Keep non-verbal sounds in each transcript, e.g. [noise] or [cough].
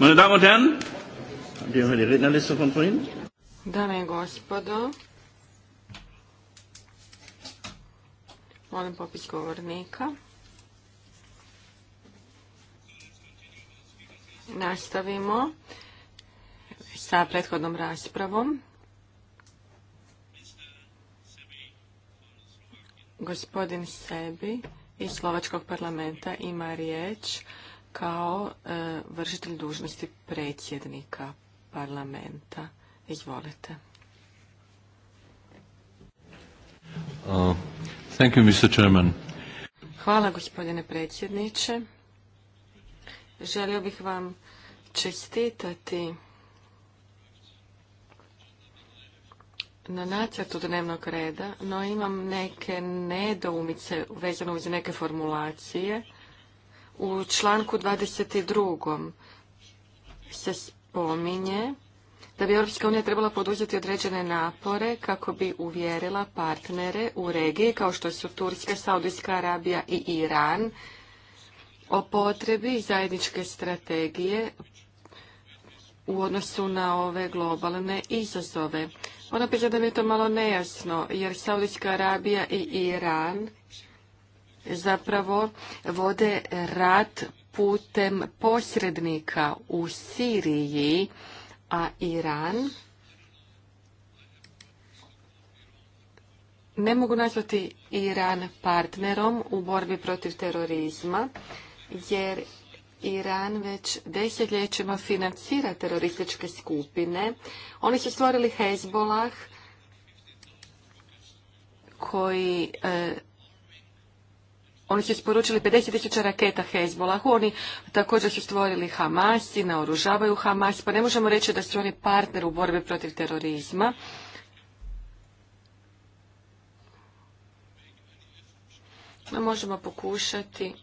Meine Damen und Herren, Dame i gospodo, molim popis govornika. Nastavimo sa prethodnom raspravom. Gospodin Sebi iz Slovačkog parlamenta ima riječ kao e, vršitelj dužnosti predsjednika parlamenta. Izvolite. Uh, Hvala gospodine predsjedniče. Želio bih vam čestitati na nacrtu dnevnog reda, no imam neke nedoumice vezano uz neke formulacije. U članku 22. se spominje da bi Europska unija trebala poduzeti određene napore kako bi uvjerila partnere u regiji kao što su Turska, Saudijska Arabija i Iran o potrebi zajedničke strategije u odnosu na ove globalne izazove. Ona priča da mi je to malo nejasno, jer Saudijska Arabija i Iran zapravo vode rat putem posrednika u Siriji, a Iran ne mogu nazvati Iran partnerom u borbi protiv terorizma, jer Iran već desetljećima financira terorističke skupine. Oni su stvorili Hezbolah koji e, oni su isporučili 50 tisuća raketa Hezbollahu, oni također su stvorili Hamas i naoružavaju Hamas, pa ne možemo reći da su oni partner u borbi protiv terorizma. No, možemo pokušati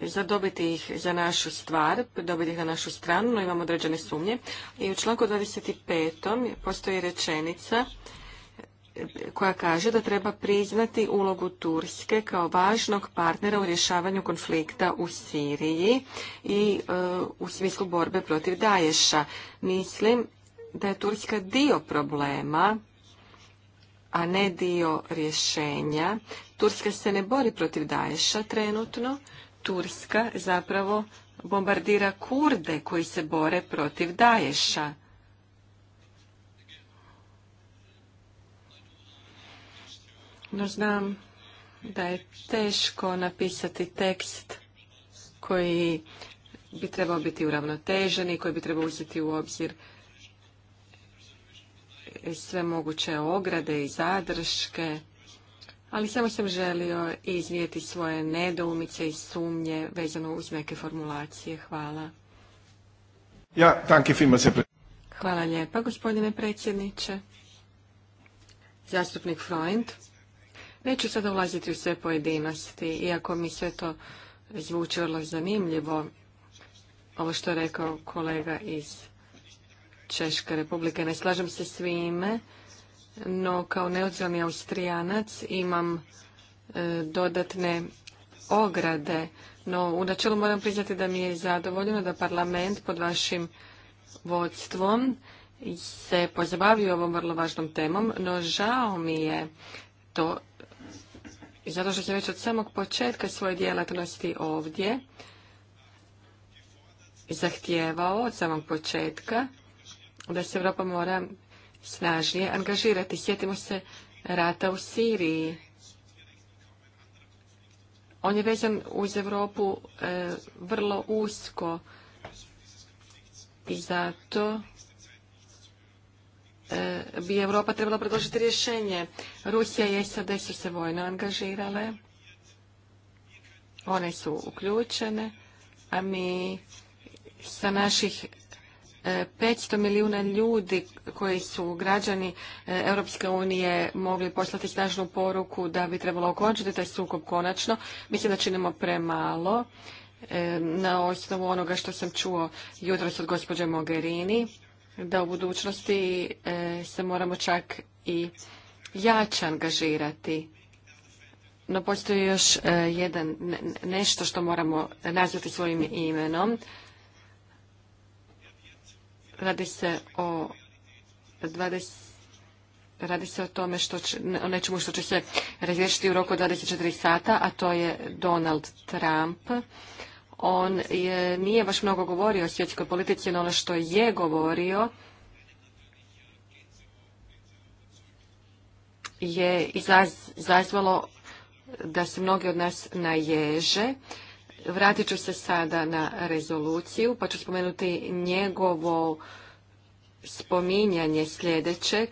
zadobiti ih za našu stvar, dobiti ih na našu stranu, no imamo određene sumnje. I u članku 25. postoji rečenica koja kaže da treba priznati ulogu Turske kao važnog partnera u rješavanju konflikta u Siriji i e, u smislu borbe protiv Daješa. Mislim da je Turska dio problema, a ne dio rješenja. Turska se ne bori protiv Daješa trenutno. Turska zapravo bombardira kurde koji se bore protiv Daješa. No znam da je teško napisati tekst koji bi trebao biti uravnoteženi, i koji bi trebao uzeti u obzir sve moguće ograde i zadrške, ali samo sam želio iznijeti svoje nedoumice i sumnje vezano uz neke formulacije. Hvala. Ja, Hvala lijepa, gospodine predsjedniče. Zastupnik Freund. Neću sada ulaziti u sve pojedinosti, iako mi sve to zvuči vrlo zanimljivo, ovo što je rekao kolega iz Češke republike. Ne slažem se svime, no kao neozilni austrijanac imam e, dodatne ograde, no u načelu moram priznati da mi je zadovoljno da parlament pod vašim vodstvom se pozabavio ovom vrlo važnom temom, no žao mi je to i zato što sam već od samog početka svoje djelatnosti ovdje zahtijevao od samog početka da se Europa mora snažnije angažirati. Sjetimo se rata u Siriji. On je vezan uz Europu e, vrlo usko i zato E, bi Europa trebala predložiti rješenje. Rusija i SAD su se vojno angažirale, one su uključene, a mi sa naših 500 e, milijuna ljudi koji su građani e, Europske unije mogli poslati snažnu poruku da bi trebalo okončiti taj sukob konačno. Mislim da činimo premalo na osnovu onoga što sam čuo jutros od gospođe Mogherini da u budućnosti e, se moramo čak i jače angažirati. No postoji još e, jedan nešto što moramo nazvati svojim imenom. Radi se o 20, radi se o tome što o nečemu što će se razriješiti u roku 24 sata, a to je Donald Trump on je, nije baš mnogo govorio o svjetskoj politici, no ono što je govorio je izazvalo da se mnogi od nas naježe. Vratit ću se sada na rezoluciju, pa ću spomenuti njegovo spominjanje sljedećeg.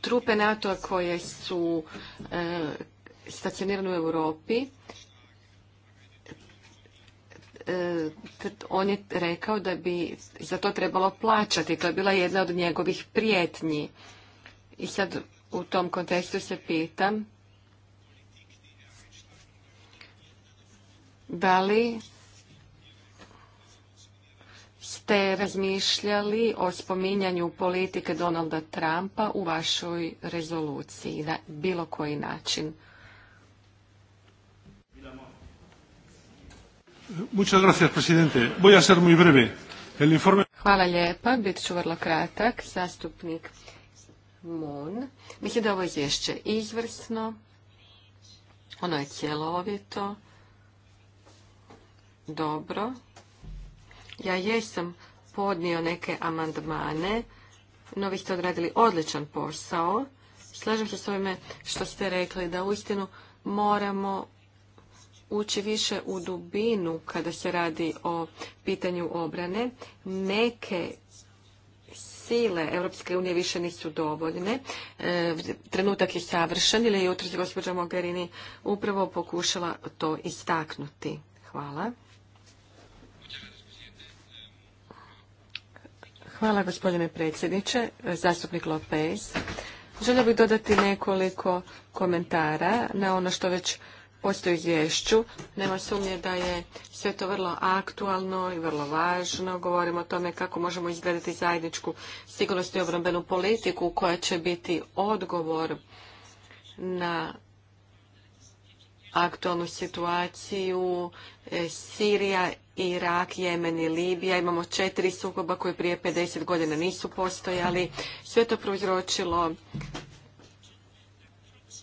Trupe NATO-a koje su e, stacionirane u Europi E, on je rekao da bi za to trebalo plaćati. To je bila jedna od njegovih prijetnji. I sad u tom kontekstu se pitam da li ste razmišljali o spominjanju politike Donalda Trumpa u vašoj rezoluciji na bilo koji način? Hvala lijepa, bit ću vrlo kratak. Zastupnik Mon. Mislim da je ovo izvješće izvrsno. Ono je cjelovito. Dobro. Ja jesam podnio neke amandmane, no vi ste odradili odličan posao. Slažem se s ovime što ste rekli da uistinu moramo ući više u dubinu kada se radi o pitanju obrane. Neke sile Europske unije više nisu dovoljne. E, trenutak je savršen ili je se gospođa Mogherini upravo pokušala to istaknuti. Hvala. Hvala gospodine predsjedniče, zastupnik Lopez. Želio bih dodati nekoliko komentara na ono što već postoji izvješću. Nema sumnje da je sve to vrlo aktualno i vrlo važno. Govorimo o tome kako možemo izgledati zajedničku sigurnost i obrambenu politiku koja će biti odgovor na aktualnu situaciju e, Sirija, Irak, Jemen i Libija. Imamo četiri sukoba koje prije 50 godina nisu postojali. Sve to prouzročilo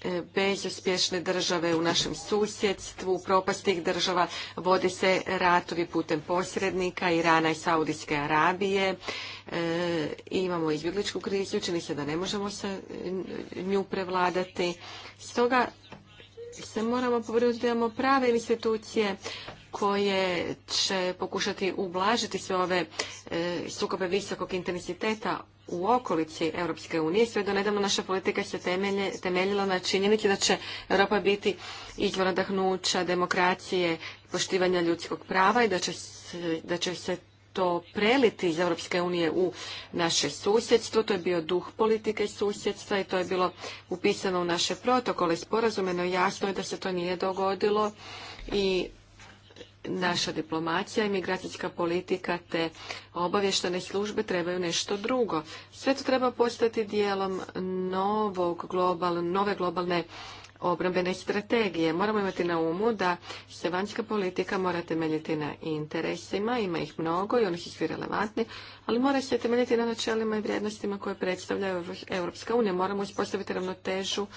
E, bezuspješne države u našem susjedstvu, propastih država, vode se ratovi putem posrednika Irana i Saudijske Arabije. E, imamo izbjegličku krizu, čini se da ne možemo se nju prevladati. Stoga se moramo pobrinuti imamo prave institucije, koje će pokušati ublažiti sve ove e, sukobe visokog intenziteta u okolici Europske unije. Sve do nedavno naša politika se temeljila na činjenici da će Europa biti izvor nadahnuća demokracije, poštivanja ljudskog prava i da će se, da će se to preliti iz Europske unije u naše susjedstvo. To je bio duh politike susjedstva i to je bilo upisano u naše protokole. Sporazumeno jasno je da se to nije dogodilo i naša diplomacija imigracijska politika te obavještane službe trebaju nešto drugo. Sve to treba postati dijelom novog global, nove globalne obrambene strategije. Moramo imati na umu da se vanjska politika mora temeljiti na interesima, ima ih mnogo i oni su svi relevantni, ali mora se temeljiti na načelima i vrijednostima koje predstavlja Europska unija. Moramo uspostaviti ravnotežu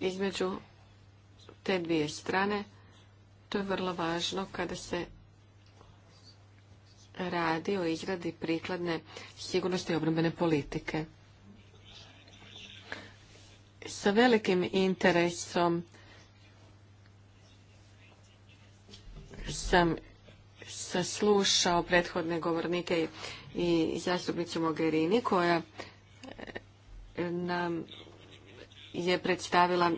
između te dvije strane to je vrlo važno kada se radi o izradi prikladne sigurnosti i obrambene politike. Sa velikim interesom sam saslušao prethodne govornike i zastupnicu Mogherini koja eh, nam je predstavila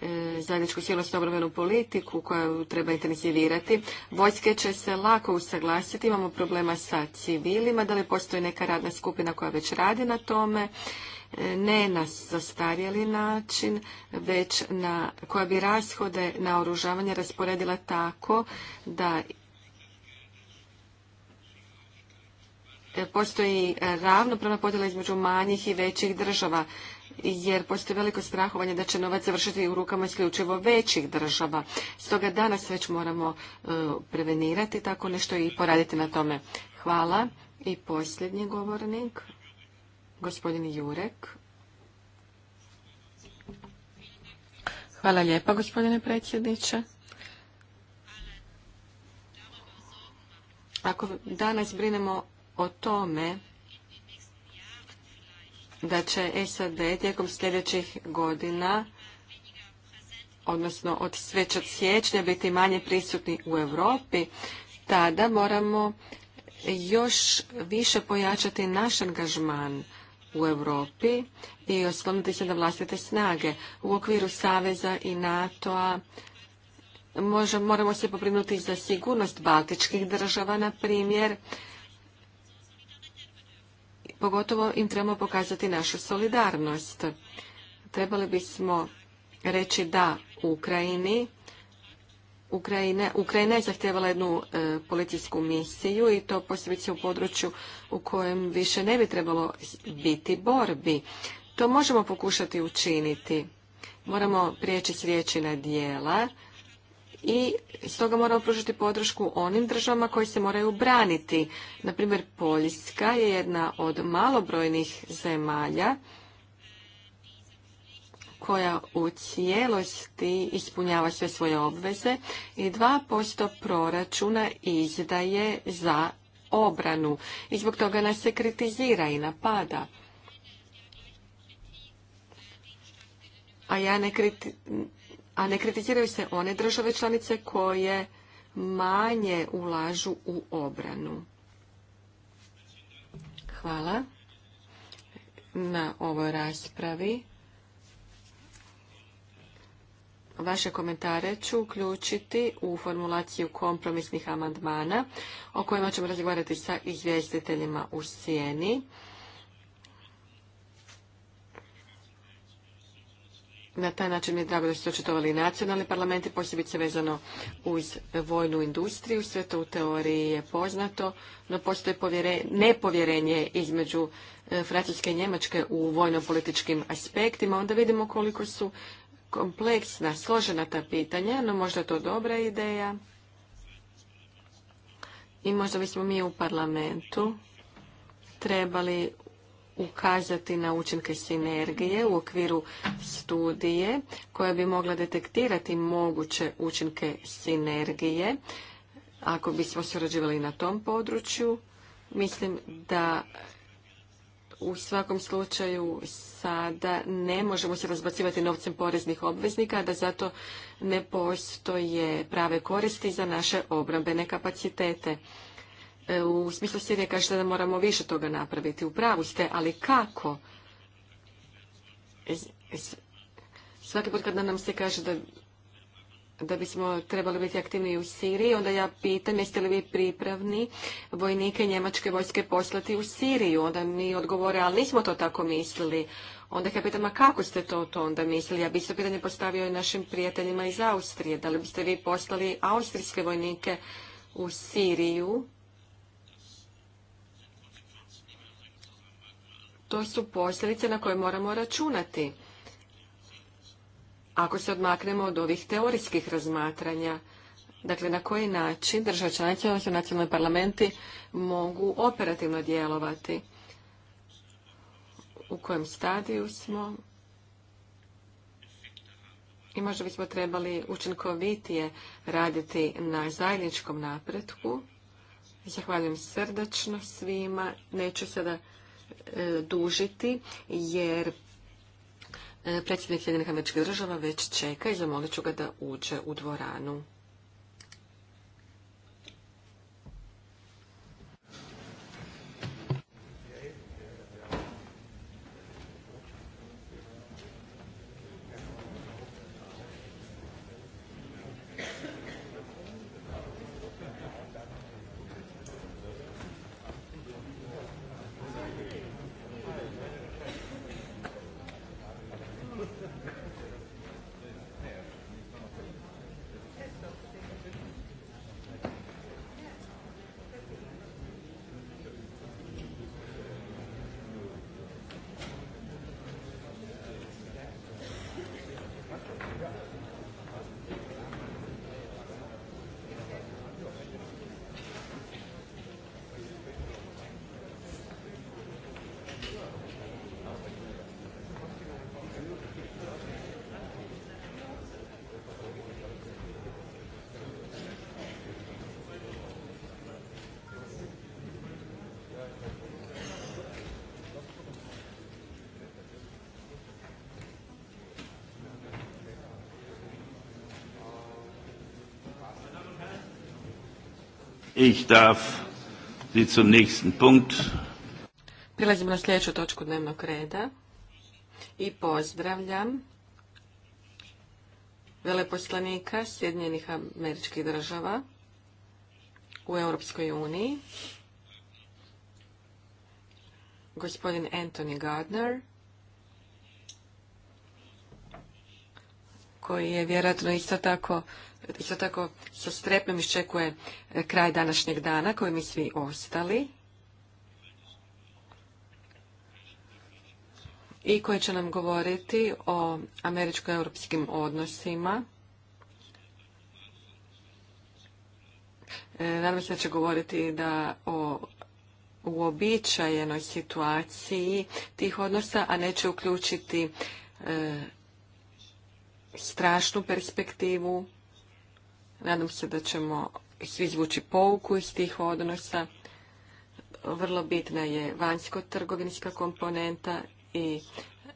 E, zajedničku sigurnosnu obrambenu politiku koju treba intenzivirati. Vojske će se lako usaglasiti, imamo problema sa civilima, da li postoji neka radna skupina koja već radi na tome, e, ne na zastarjeli način, već na, koja bi rashode na oružavanje rasporedila tako da postoji ravnopravna podjela između manjih i većih država jer postoji veliko strahovanje da će novac završiti u rukama isključivo većih država. Stoga danas već moramo e, prevenirati tako nešto i poraditi na tome. Hvala. I posljednji govornik, gospodin Jurek. Hvala lijepa, gospodine predsjedniče. Ako danas brinemo o tome da će SAD tijekom sljedećih godina odnosno od od siječnja biti manje prisutni u Europi, tada moramo još više pojačati naš angažman u Europi i osloniti se na vlastite snage. U okviru Saveza i NATO-a moramo se pobrinuti za sigurnost baltičkih država, na primjer, Pogotovo im trebamo pokazati našu solidarnost. Trebali bismo reći da Ukrajini, Ukrajine, Ukrajina je zahtjevala jednu e, policijsku misiju i to posebice u području u kojem više ne bi trebalo biti borbi. To možemo pokušati učiniti. Moramo prijeći s riječi na dijela i stoga moramo pružiti podršku onim državama koji se moraju braniti. Naprimjer, Poljska je jedna od malobrojnih zemalja koja u cijelosti ispunjava sve svoje obveze i 2% proračuna izdaje za obranu. I zbog toga nas se kritizira i napada. A ja ne a ne kritiziraju se one države članice koje manje ulažu u obranu. Hvala na ovoj raspravi. Vaše komentare ću uključiti u formulaciju kompromisnih amandmana o kojima ćemo razgovarati sa izvjestiteljima u sjeni. na taj način mi je drago da su se i nacionalni parlamenti, posebice vezano uz vojnu industriju. Sve to u teoriji je poznato, no postoje nepovjerenje između e, Francuske i Njemačke u vojno-političkim aspektima. Onda vidimo koliko su kompleksna, složena ta pitanja, no možda je to dobra ideja. I možda bismo mi u parlamentu trebali ukazati na učinke sinergije u okviru studije koja bi mogla detektirati moguće učinke sinergije. Ako bismo surađivali na tom području, mislim da u svakom slučaju sada ne možemo se razbacivati novcem poreznih obveznika, da zato ne postoje prave koristi za naše obrambene kapacitete. E, u smislu Sirije kažete da moramo više toga napraviti. U pravu ste, ali kako? Svaki put kad nam se kaže da, da bismo trebali biti aktivni u Siriji, onda ja pitam jeste li vi pripravni vojnike njemačke vojske poslati u Siriju? Onda mi odgovore, ali nismo to tako mislili. Onda ja pitam, a kako ste to, to onda mislili? Ja bi se pitanje postavio i našim prijateljima iz Austrije. Da li biste vi poslali austrijske vojnike u Siriju? to su posljedice na koje moramo računati. Ako se odmaknemo od ovih teorijskih razmatranja, dakle na koji način države članice, odnosno nacionalni parlamenti, mogu operativno djelovati. U kojem stadiju smo i možda bismo trebali učinkovitije raditi na zajedničkom napretku. Zahvaljujem srdačno svima. Neću sada E, dužiti jer e, predsjednik Jedinih američkih država već čeka i zamolit ću ga da uđe u dvoranu. Ich darf Sie zum nächsten Punkt. Prelazimo na sljedeću točku dnevnog reda i pozdravljam veleposlanika Sjedinjenih američkih država u Europskoj uniji, gospodin Anthony Gardner, koji je vjerojatno isto tako isto tako sa strepnom iščekuje e, kraj današnjeg dana koji mi svi ostali i koji će nam govoriti o američko-europskim odnosima. E, nadam se da će govoriti da o uobičajenoj situaciji tih odnosa, a neće uključiti e, strašnu perspektivu Nadam se da ćemo svi izvući pouku iz tih odnosa. Vrlo bitna je vanjsko-trgovinska komponenta i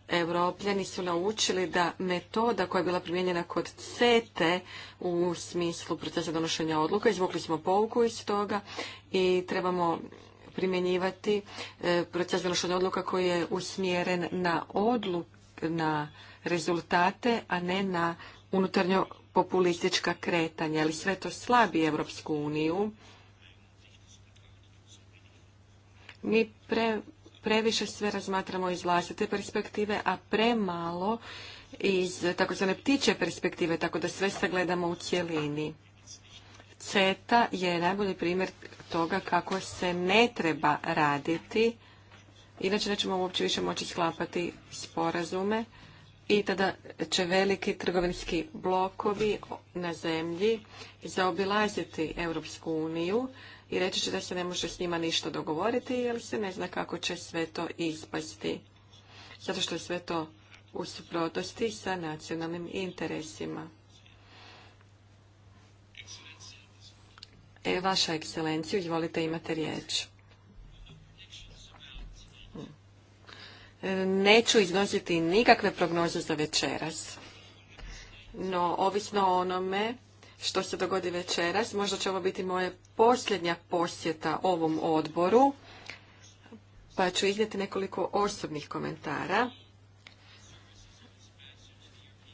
Evropljani su naučili da metoda koja je bila primijenjena kod CETE u smislu procesa donošenja odluka, izvukli smo pouku iz toga i trebamo primjenjivati e, proces donošenja odluka koji je usmjeren na odluk, na rezultate, a ne na unutarnjo populistička kretanja, ali sve to slabi Evropsku uniju. Mi pre, previše sve razmatramo iz vlastite perspektive, a premalo iz takozvane ptiče perspektive, tako da sve sagledamo u cjelini. CETA je najbolji primjer toga kako se ne treba raditi, inače nećemo uopće više moći sklapati sporazume i tada će veliki trgovinski blokovi na zemlji zaobilaziti Europsku uniju i reći će da se ne može s njima ništa dogovoriti jer se ne zna kako će sve to ispasti. Zato što je sve to u suprotnosti sa nacionalnim interesima. E, vaša ekscelenciju, izvolite, imate riječ. neću iznositi nikakve prognoze za večeras. No, ovisno o onome što se dogodi večeras, možda će ovo biti moja posljednja posjeta ovom odboru, pa ću iznijeti nekoliko osobnih komentara.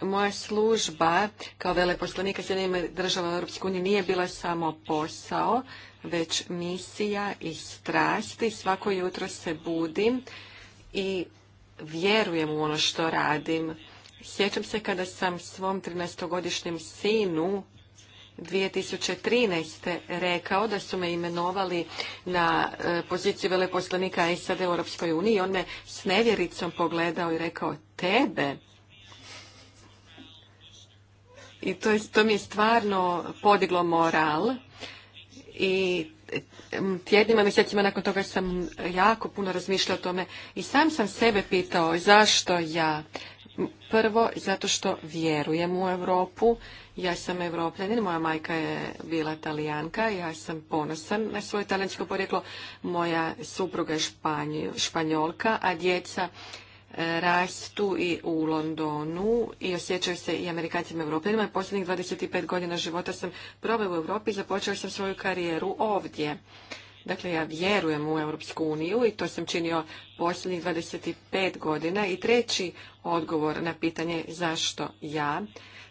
Moja služba kao veleposlanika Sjedinjenih država Europske unije nije bila samo posao, već misija i strasti. Svako jutro se budim i vjerujem u ono što radim. Sjećam se kada sam svom 13-godišnjem sinu 2013. rekao da su me imenovali na e, poziciju veleposlanika SAD u Europskoj uniji i on me s nevjericom pogledao i rekao tebe. I to, to mi je stvarno podiglo moral i tjednima, mjesecima nakon toga sam jako puno razmišljala o tome i sam sam sebe pitao zašto ja. Prvo, zato što vjerujem u Europu. Ja sam evropljanin, moja majka je bila talijanka, ja sam ponosan na svoje talijansko porijeklo. Moja supruga je španjolka, a djeca rastu i u Londonu i osjećaju se i Amerikancima i Evropljanima. I posljednjih 25 godina života sam probao u Europi i započeo sam svoju karijeru ovdje. Dakle, ja vjerujem u Europsku uniju i to sam činio posljednjih 25 godina. I treći odgovor na pitanje zašto ja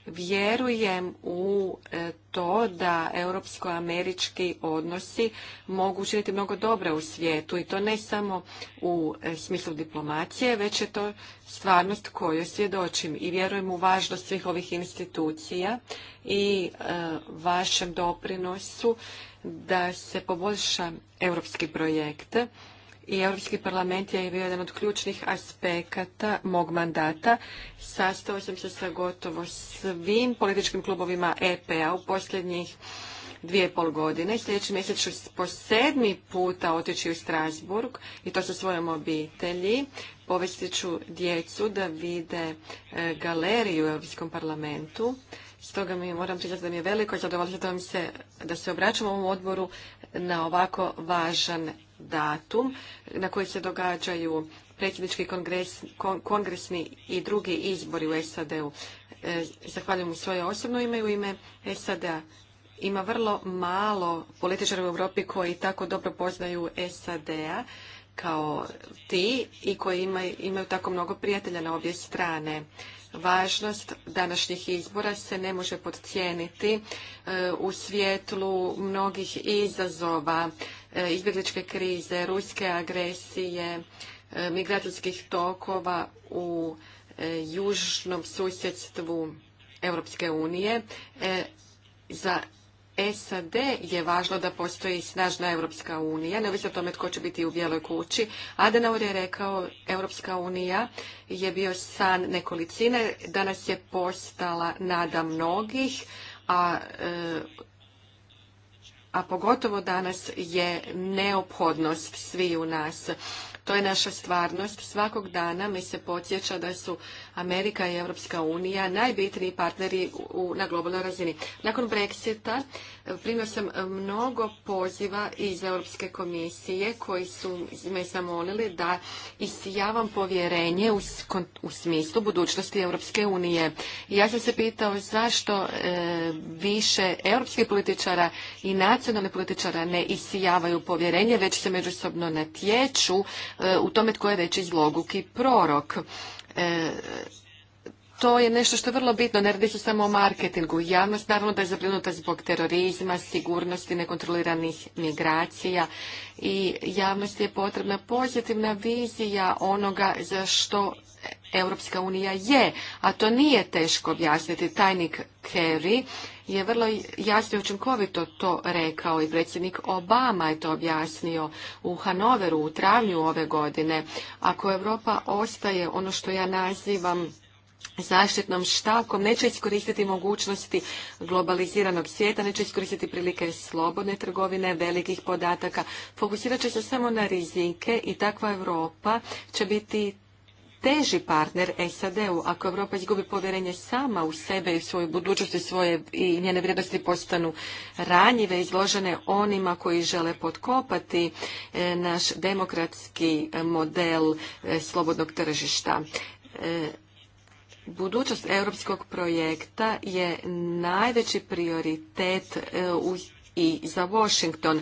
Vjerujem u e, to da europsko-američki odnosi mogu učiniti mnogo dobra u svijetu i to ne samo u e, smislu diplomacije, već je to stvarnost koju svjedočim i vjerujem u važnost svih ovih institucija i e, vašem doprinosu da se poboljša europski projekt i Europski parlament je bio jedan od ključnih aspekata mog mandata. Sastao sam se sa gotovo svim političkim klubovima EPA u posljednjih dvije i pol godine. Sljedeći mjesec ću po sedmi puta otići u Strasburg i to sa svojom obitelji. Povesti ću djecu da vide e, galeriju u Europskom parlamentu. Stoga mi moram priznati da mi je veliko zadovoljstvo da, se, da se obraćam ovom odboru na ovako važan datum na koji se događaju predsjednički kongresni i drugi izbori u SAD-u. E, zahvaljujem u svoje osobno ime i u ime SAD-a. Ima vrlo malo političara u Europi koji tako dobro poznaju SAD-a kao ti i koji imaju, tako mnogo prijatelja na obje strane. Važnost današnjih izbora se ne može podcijeniti e, u svjetlu mnogih izazova e, izbjegličke krize, ruske agresije, e, migracijskih tokova u južnom susjedstvu Europske unije. Za SAD je važno da postoji snažna Europska unija, neovisno o tome tko će biti u bijeloj kući. Adenauer je rekao, Europska unija je bio san nekolicine, danas je postala nada mnogih, a, e, a pogotovo danas je neophodnost svi u nas. To je naša stvarnost. Svakog dana mi se podsjeća da su Amerika i Europska unija najbitniji partneri u, na globalnoj razini. Nakon Brexita primio sam mnogo poziva iz Europske komisije koji su me zamolili da isijavam povjerenje u, smislu budućnosti Europske unije. Ja sam se pitao zašto e, više europskih političara i nacionalnih političara ne isijavaju povjerenje, već se međusobno natječu e, u tome tko je veći zloguki i prorok. E, to je nešto što je vrlo bitno, ne radi se samo o marketingu. Javnost naravno da je zabrinuta zbog terorizma, sigurnosti, nekontroliranih migracija i javnosti je potrebna pozitivna vizija onoga za što Europska unija je, a to nije teško objasniti. Tajnik Kerry je vrlo jasno i učinkovito to rekao i predsjednik Obama je to objasnio u Hanoveru u travnju ove godine. Ako Europa ostaje ono što ja nazivam zaštitnom štakom, neće iskoristiti mogućnosti globaliziranog svijeta, neće iskoristiti prilike slobodne trgovine, velikih podataka. Fokusirat će se samo na rizike i takva Europa će biti teži partner SAD-u. Ako Evropa izgubi povjerenje sama u sebe i svoju budućnost i svoje i njene vrijednosti postanu ranjive, izložene onima koji žele potkopati e, naš demokratski model e, slobodnog tržišta. E, budućnost europskog projekta je najveći prioritet u i za Washington. E,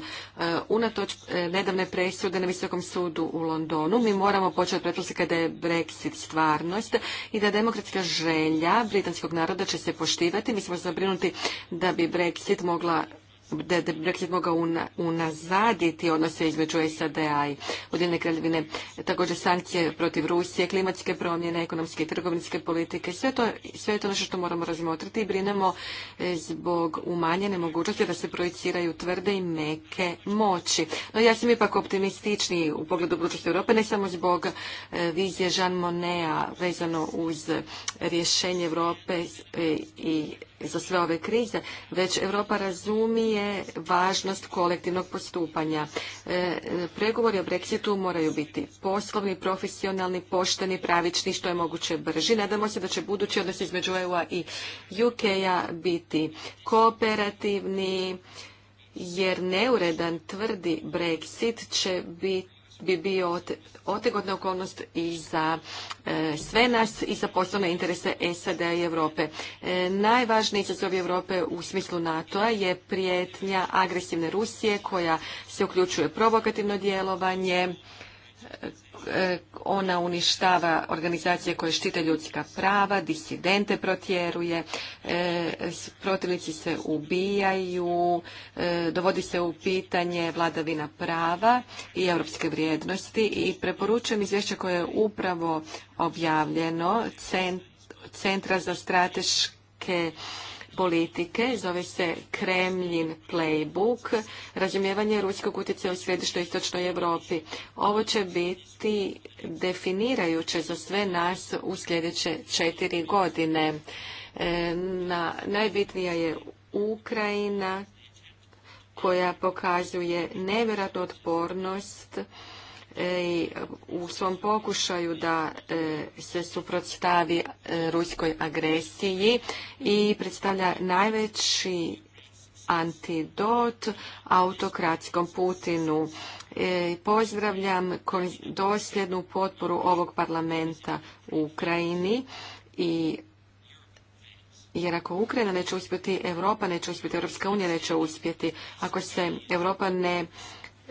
unatoč e, nedavne presude na Visokom sudu u Londonu, mi moramo početi pretpostavke da je Brexit stvarnost i da demokratska želja britanskog naroda će se poštivati. Mi smo zabrinuti da bi Brexit mogla da, bi rekli mogao unazaditi odnose između SAD-a i Ujedinjene kraljevine, također sankcije protiv Rusije, klimatske promjene, ekonomske i trgovinske politike, sve to, sve je to nešto što moramo razmotriti i brinemo e, zbog umanjene mogućnosti da se projiciraju tvrde i meke moći. No ja sam ipak optimistični u pogledu budućnosti Europe, ne samo zbog e, vizije Jean Monnet vezano uz rješenje Europe e, i za sve ove krize, već Europa razumije važnost kolektivnog postupanja. E, pregovori o Brexitu moraju biti poslovni, profesionalni, pošteni, pravični, što je moguće brži. Nadamo se da će budući odnos između EU-a i UK-a biti kooperativni, jer neuredan tvrdi Brexit će biti bi bio otegodna okolnost i za e, sve nas i za poslovne interese SAD i Europe. E, najvažniji izazov Europe u smislu NATO-a je prijetnja agresivne Rusije koja se uključuje provokativno djelovanje, E, ona uništava organizacije koje štite ljudska prava, disidente protjeruje, e, protivnici se ubijaju, e, dovodi se u pitanje vladavina prava i europske vrijednosti i preporučujem izvješće koje je upravo objavljeno Centra za strateške politike, zove se Kremljin playbook, razumijevanje ruskog utjecaja u središtu istočnoj Europi. Ovo će biti definirajuće za sve nas u sljedeće četiri godine. E, na, najbitnija je Ukrajina koja pokazuje nevjerojatnu otpornost E, u svom pokušaju da e, se suprotstavi e, ruskoj agresiji i predstavlja najveći antidot autokratskom Putinu. Pozdravljam dosljednu potporu ovog parlamenta u Ukrajini i jer ako Ukrajina neće uspjeti, Europa neće uspjeti, Europska unija neće uspjeti. Ako se Europa ne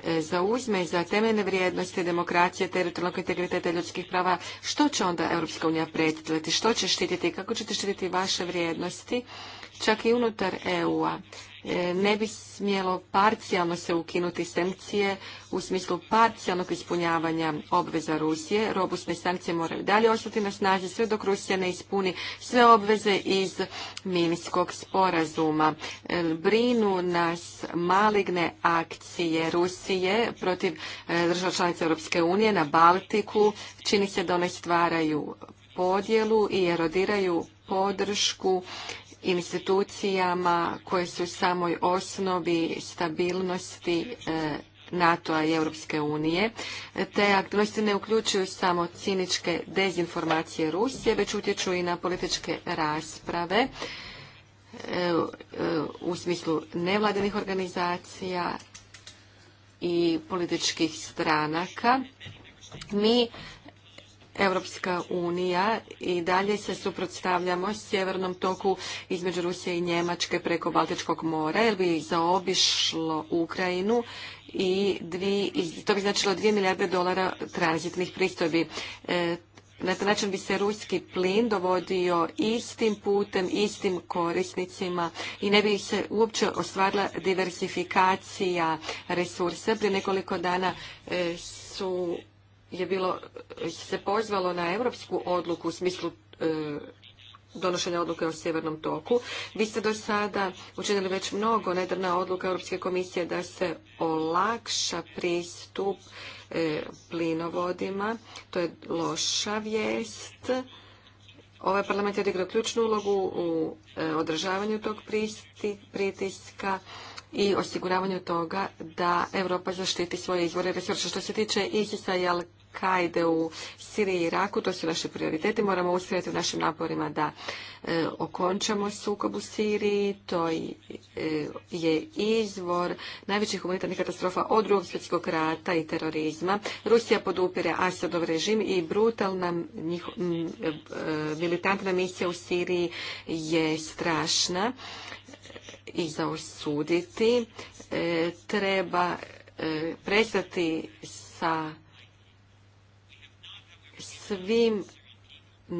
E, zauzme za temeljne vrijednosti demokracije, teritorijalnog integriteta ljudskih prava, što će onda Europska unija predstaviti, što će štititi, kako ćete štititi vaše vrijednosti, čak i unutar EU-a. E, ne bi smjelo parcijalno se ukinuti sankcije u smislu parcijalnog ispunjavanja obveza Rusije. Robustne sankcije moraju dalje ostati na snazi sve dok Rusija ne ispuni sve obveze iz Minskog sporazuma. E, brinu nas maligne akcije Rusije protiv e, država članica Europske unije na Baltiku. Čini se da one stvaraju podjelu i erodiraju podršku institucijama koje su u samoj osnovi stabilnosti e, NATO-a i Europske unije. Te aktivnosti ne uključuju samo ciničke dezinformacije Rusije, već utječu i na političke rasprave e, e, u smislu nevladinih organizacija i političkih stranaka. Mi Europska unija i dalje se suprotstavljamo sjevernom toku između Rusije i Njemačke preko Baltičkog mora, jer bi zaobišlo Ukrajinu i to bi značilo 2 milijarde dolara tranzitnih pristojbi. E, na taj način bi se ruski plin dovodio istim putem, istim korisnicima i ne bi se uopće ostvarila diversifikacija resursa. Prije nekoliko dana e, su je bilo, se pozvalo na europsku odluku u smislu e, donošenja odluke o sjevernom toku. Vi ste do sada učinili već mnogo nedrna odluka Europske komisije da se olakša pristup e, plinovodima. To je loša vijest. Ovaj parlament je odigrao ključnu ulogu u e, održavanju tog pristi, pritiska i osiguravanju toga da Europa zaštiti svoje izvore resursa. Što se tiče ISIS-a i Al-Kaide u Siriji i Iraku, to su naše prioriteti. Moramo uspjeti u našim naporima da e, okončamo sukob u Siriji. To e, je izvor najvećih humanitarnih katastrofa od drugog svjetskog rata i terorizma. Rusija podupire Asadov režim i brutalna e, militantna misija u Siriji je strašna i za e, treba e, prestati sa svim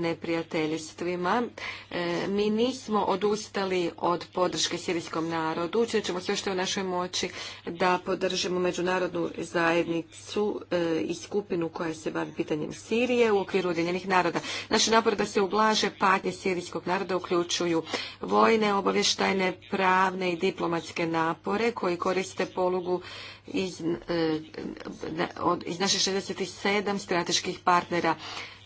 neprijateljstvima. E, mi nismo odustali od podrške sirijskom narodu. Učinit ćemo sve što je u našoj moći da podržimo međunarodnu zajednicu e, i skupinu koja se bavi pitanjem Sirije u okviru Ujedinjenih naroda. Naši napor da se ublaže patnje sirijskog naroda uključuju vojne, obavještajne, pravne i diplomatske napore koji koriste polugu iz, e, iz naših 67 strateških partnera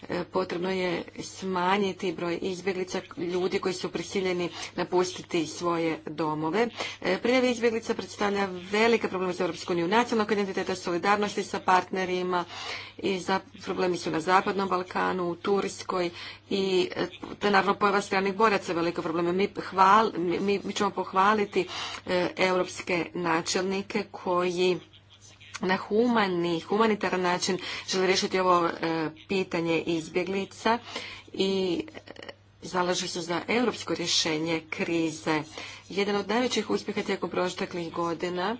E, potrebno je smanjiti broj izbjeglica ljudi koji su prisiljeni napustiti svoje domove. E, priljev izbjeglica predstavlja velike probleme za Europsku uniju nacionalnog identiteta, solidarnosti sa partnerima i za, problemi su na Zapadnom Balkanu, u Turskoj i e, te naravno pojava stranih boraca velike probleme. Mi, mi, ćemo pohvaliti europske načelnike koji na humani, humanitaran način želi riješiti ovo e, pitanje izbjeglica i e, zalaže se za europsko rješenje krize. Jedan od najvećih uspjeha tijekom proteklih godina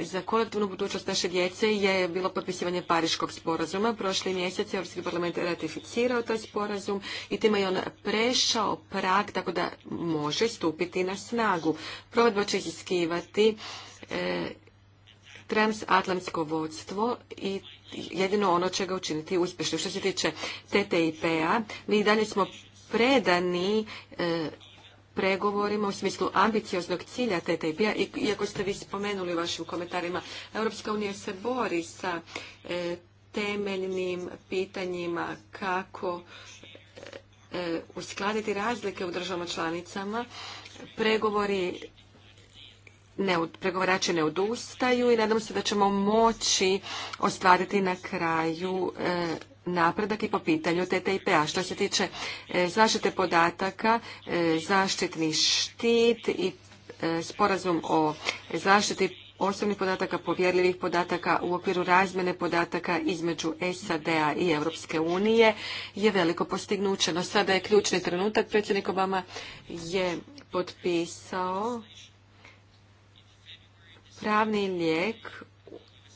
za, kolektivnu budućnost naše djece je bilo potpisivanje Pariškog sporazuma. Prošli mjesec je Europski parlament ratificirao taj sporazum i time je on prešao prag tako da može stupiti na snagu. Provedba će iziskivati e, transatlantsko vodstvo i jedino ono će ga učiniti uspješno. Što se tiče TTIP-a, mi dalje smo predani e, pregovorima u smislu ambicioznog cilja TTIP-a, iako ste vi spomenuli u vašim komentarima, Europska unija se bori sa e, temeljnim pitanjima kako e, e, uskladiti razlike u državama članicama. Pregovori ne, ne odustaju i nadam se da ćemo moći ostvariti na kraju napredak i po pitanju TTIP-a. Što se tiče e, zaštite podataka, e, zaštitni štit i e, sporazum o zaštiti osobnih podataka, povjerljivih podataka u okviru razmjene podataka između SAD-a i Europske unije je veliko postignuće. No sada je ključni trenutak. Predsjednik Obama je potpisao pravni lijek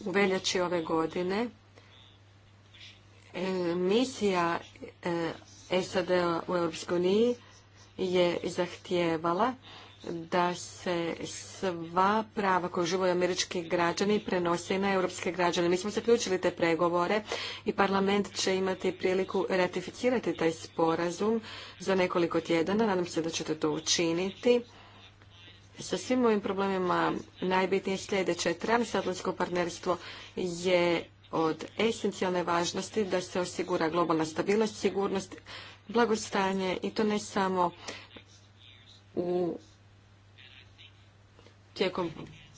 u veljači ove godine E, misija e, SAD u Europskoj uniji je zahtijevala da se sva prava koje uživaju američki građani prenose na europske građane. Mi smo zaključili te pregovore i parlament će imati priliku ratificirati taj sporazum za nekoliko tjedana. Nadam se da ćete to učiniti. Sa svim ovim problemima najbitnije sljedeće. Transatlantsko partnerstvo je od esencijalne važnosti da se osigura globalna stabilnost, sigurnost, blagostanje i to ne samo u tijekom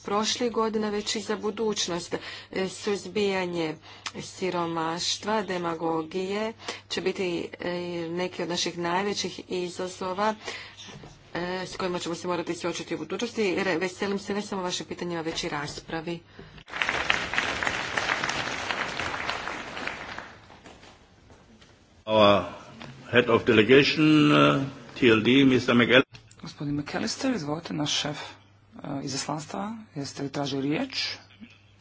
prošlih godina, već i za budućnost. E, suzbijanje siromaštva, demagogije će biti e, neki od naših najvećih izazova e, s kojima ćemo se morati suočiti u budućnosti. Veselim se ne samo vašim pitanjima, već i raspravi. head of uh, Gospodin McAllister, izvolite, naš šef uh, izaslanstva. Jeste li tražili riječ?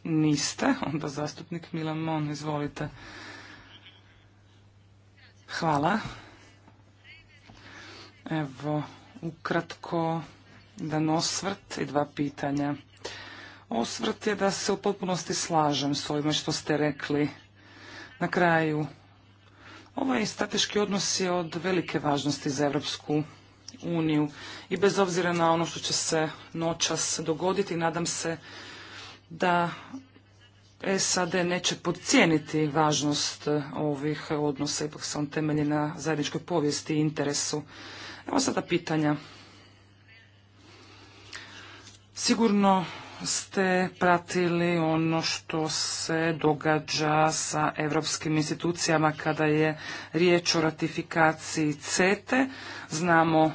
Niste. [laughs] Onda zastupnik Milan Mon, izvolite. Hvala. Evo, ukratko, dan osvrt i dva pitanja. Osvrt je da se u potpunosti slažem s ovime što ste rekli. Na kraju Ovaj strateški odnos je od velike važnosti za Europsku uniju i bez obzira na ono što će se noćas dogoditi, nadam se da SAD neće podcijeniti važnost e, ovih odnosa, ipak se on temelji na zajedničkoj povijesti i interesu. Evo sada pitanja. Sigurno ste pratili ono što se događa sa europskim institucijama kada je riječ o ratifikaciji CETE. Znamo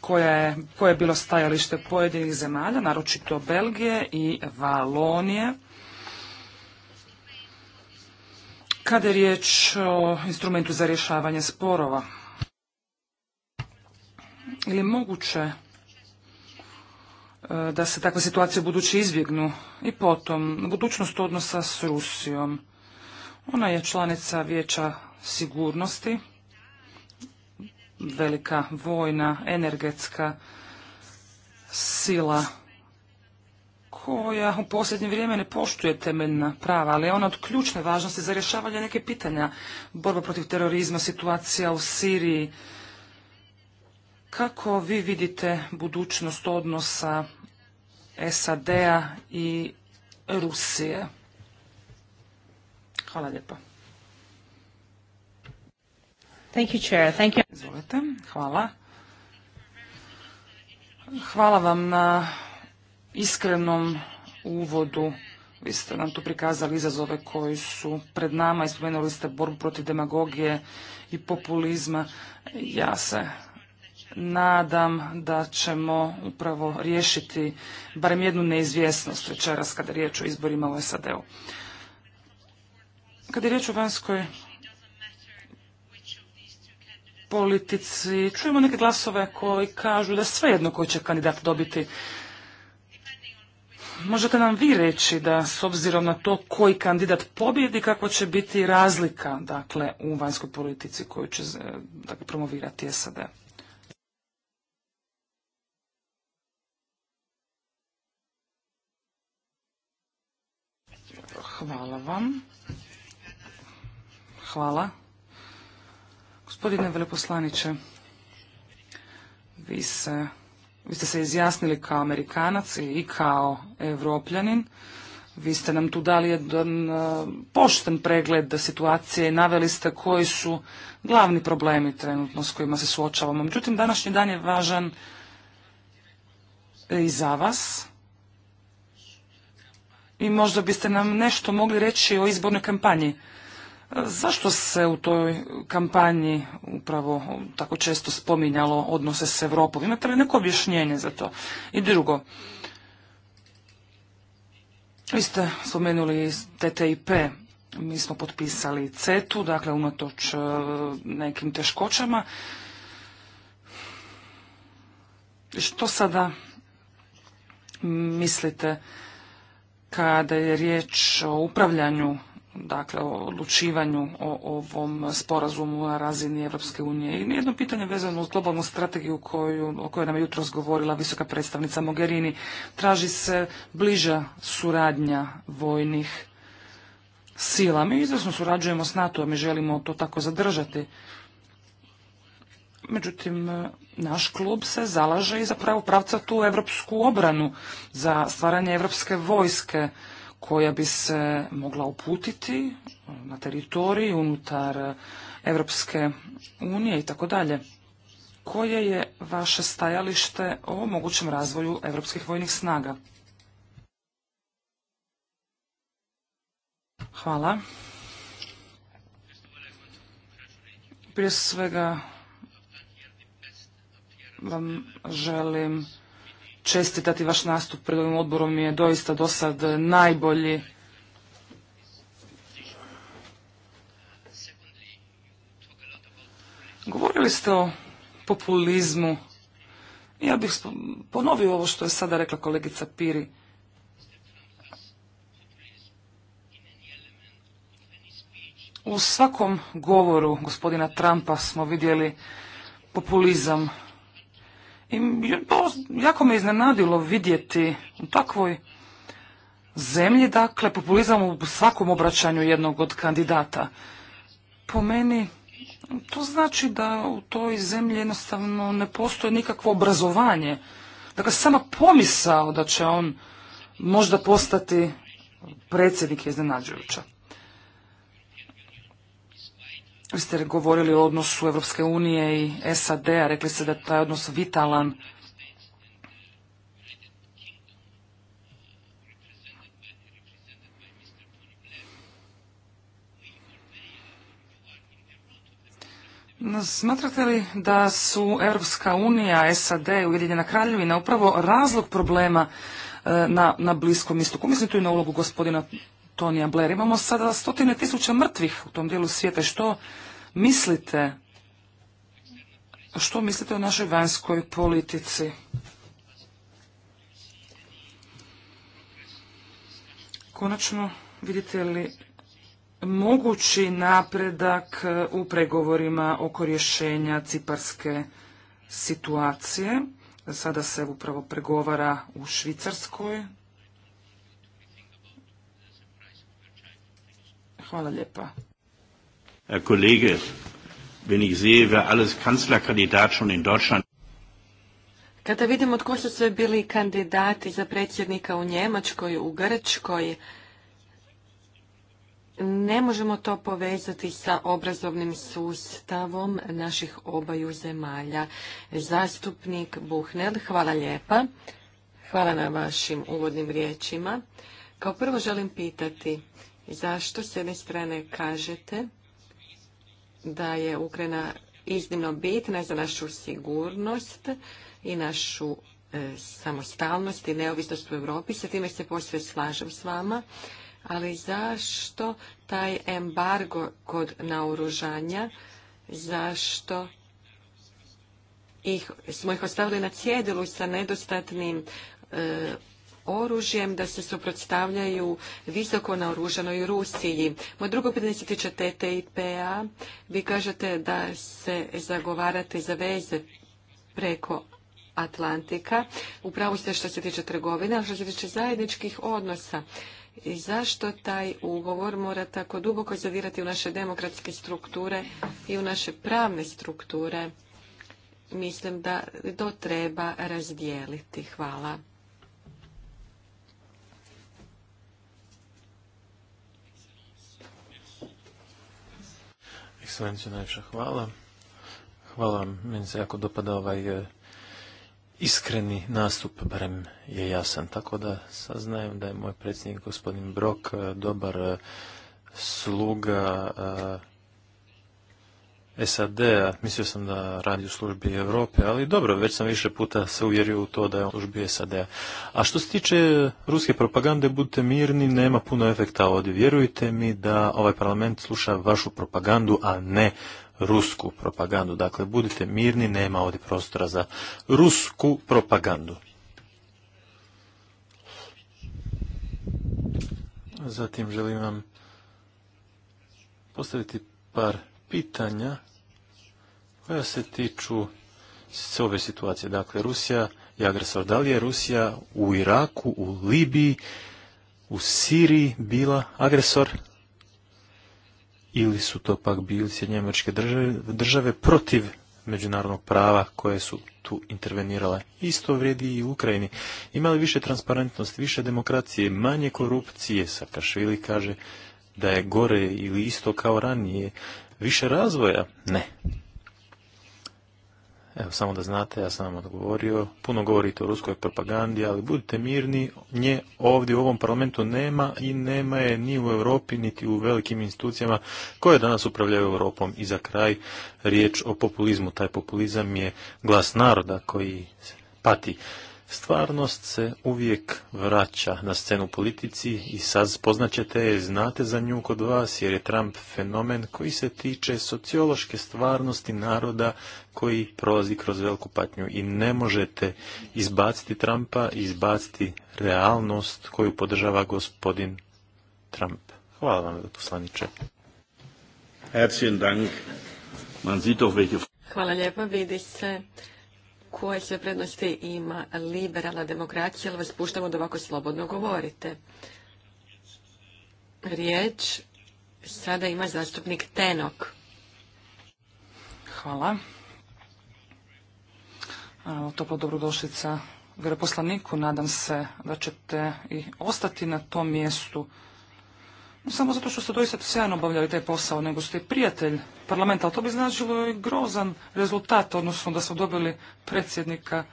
koje je, koje je bilo stajalište pojedinih zemalja, naročito Belgije i Valonije. Kada je riječ o instrumentu za rješavanje sporova, ili moguće E, da se takve situacije budući izbjegnu. I potom, budućnost odnosa s Rusijom. Ona je članica Vijeća sigurnosti, velika vojna, energetska sila koja u posljednje vrijeme ne poštuje temeljna prava, ali je ona od ključne važnosti za rješavanje neke pitanja. Borba protiv terorizma, situacija u Siriji, kako vi vidite budućnost odnosa SAD-a i Rusije? Hvala lijepa. Izvolite. Hvala. Hvala vam na iskrenom uvodu. Vi ste nam tu prikazali izazove koji su pred nama Ispomenuli spomenuli ste borbu protiv demagogije i populizma. Ja se nadam da ćemo upravo riješiti barem jednu neizvjesnost večeras kada je riječ o izborima u SAD-u. Kada je riječ o vanjskoj politici, čujemo neke glasove koji kažu da svejedno koji će kandidat dobiti. Možete nam vi reći da s obzirom na to koji kandidat pobjedi, kako će biti razlika dakle, u vanjskoj politici koju će eh, dakle, promovirati SAD? Hvala vam. Hvala. Gospodine veleposlaniče, vi, se, vi ste se izjasnili kao Amerikanac i kao Evropljanin. Vi ste nam tu dali jedan e, pošten pregled situacije i naveli ste koji su glavni problemi trenutno s kojima se suočavamo. Međutim, današnji dan je važan i za vas, i možda biste nam nešto mogli reći o izbornoj kampanji. E, zašto se u toj kampanji upravo tako često spominjalo odnose s Evropom? Imate li neko objašnjenje za to? I drugo, vi ste spomenuli TTIP, mi smo potpisali CETU, dakle unatoč e, nekim teškoćama. Što sada mislite kada je riječ o upravljanju, dakle o odlučivanju o ovom sporazumu na razini Europske unije. I jedno pitanje vezano uz globalnu strategiju koju, o kojoj nam je jutros govorila visoka predstavnica Mogherini. Traži se bliža suradnja vojnih sila. Mi izvrsno surađujemo s NATO-om i želimo to tako zadržati. Međutim, naš klub se zalaže i zapravo pravca tu evropsku obranu za stvaranje evropske vojske koja bi se mogla uputiti na teritoriji unutar Evropske unije i tako dalje. Koje je vaše stajalište o mogućem razvoju evropskih vojnih snaga? Hvala. Prije svega vam želim čestitati vaš nastup pred ovim odborom je doista do sad najbolji. Govorili ste o populizmu. Ja bih ponovio ovo što je sada rekla kolegica Piri. U svakom govoru gospodina Trumpa smo vidjeli populizam i jako me iznenadilo vidjeti u takvoj zemlji, dakle, populizam u svakom obraćanju jednog od kandidata. Po meni, to znači da u toj zemlji jednostavno ne postoji nikakvo obrazovanje. Dakle, sama pomisao da će on možda postati predsjednik je iznenađujuća. Vi ste govorili o odnosu Evropske unije i SAD-a, rekli ste da je taj odnos vitalan. Smatrate li da su Evropska unija, SAD i Ujedinjena kraljevina upravo razlog problema e, na, na Bliskom istoku? Mislim tu i na ulogu gospodina Tonija Blair. Imamo sada stotine tisuća mrtvih u tom dijelu svijeta. Što mislite? Što mislite o našoj vanjskoj politici? Konačno, vidite li mogući napredak u pregovorima oko rješenja ciparske situacije? Sada se upravo pregovara u Švicarskoj, Hvala lijepa. kolege wenn ich sehe, wer alles Kanzlerkandidat schon in Deutschland kada vidimo tko su sve bili kandidati za predsjednika u Njemačkoj, u Grčkoj, ne možemo to povezati sa obrazovnim sustavom naših obaju zemalja. Zastupnik Buhnel, hvala lijepa. Hvala na vašim uvodnim riječima. Kao prvo želim pitati, Zašto s jedne strane kažete da je Ukrajina iznimno bitna za našu sigurnost i našu e, samostalnost i neovisnost u Europi. Sa time se posve slažem s vama. Ali zašto taj embargo kod naoružanja? Zašto smo ih ostavili na cjedilu sa nedostatnim e, oružjem da se suprotstavljaju visoko naoružanoj Rusiji. Moje drugo pitanje se tiče TTIP-a. Vi kažete da se zagovarate za veze preko Atlantika. Upravo ste što se tiče trgovine, ali što se tiče zajedničkih odnosa. I zašto taj ugovor mora tako duboko zadirati u naše demokratske strukture i u naše pravne strukture? Mislim da to treba razdijeliti. Hvala. Ekscelenciju, hvala. Hvala vam, meni se jako dopada ovaj e, iskreni nastup, barem je jasan, tako da saznajem da je moj predsjednik gospodin Brok e, dobar e, sluga SAD-a, mislio sam da radi u službi Europe, ali dobro, već sam više puta se uvjerio u to da je u službi SAD-a. A što se tiče ruske propagande, budite mirni, nema puno efekta ovdje. Vjerujte mi da ovaj parlament sluša vašu propagandu, a ne rusku propagandu. Dakle, budite mirni, nema ovdje prostora za rusku propagandu. Zatim želim vam postaviti par pitanja koja se tiču s ove situacije. Dakle, Rusija je agresor. Da li je Rusija u Iraku, u Libiji, u Siriji bila agresor? Ili su to pak bili Sjedinje države, države protiv međunarodnog prava koje su tu intervenirale. Isto vrijedi i u Ukrajini. Imali više transparentnost, više demokracije, manje korupcije. Sakašvili kaže da je gore ili isto kao ranije. Više razvoja? Ne. Evo, samo da znate, ja sam vam odgovorio. Puno govorite o ruskoj propagandi, ali budite mirni, nje ovdje u ovom parlamentu nema i nema je ni u Europi, niti u velikim institucijama koje danas upravljaju Europom. I za kraj riječ o populizmu. Taj populizam je glas naroda koji pati. Stvarnost se uvijek vraća na scenu politici i sad poznaćete je, znate za nju kod vas, jer je Trump fenomen koji se tiče sociološke stvarnosti naroda koji prolazi kroz veliku patnju i ne možete izbaciti Trumpa i izbaciti realnost koju podržava gospodin Trump. Hvala vam, poslaniče. Hvala se koje sve prednosti ima liberalna demokracija, ali vas puštamo da ovako slobodno govorite. Riječ sada ima zastupnik Tenok. Hvala. E, Topla dobrodošlica poslaniku, Nadam se da ćete i ostati na tom mjestu samo zato što ste doista sjajno obavljali taj posao, nego ste prijatelj parlamenta, ali to bi značilo i grozan rezultat, odnosno da smo dobili predsjednika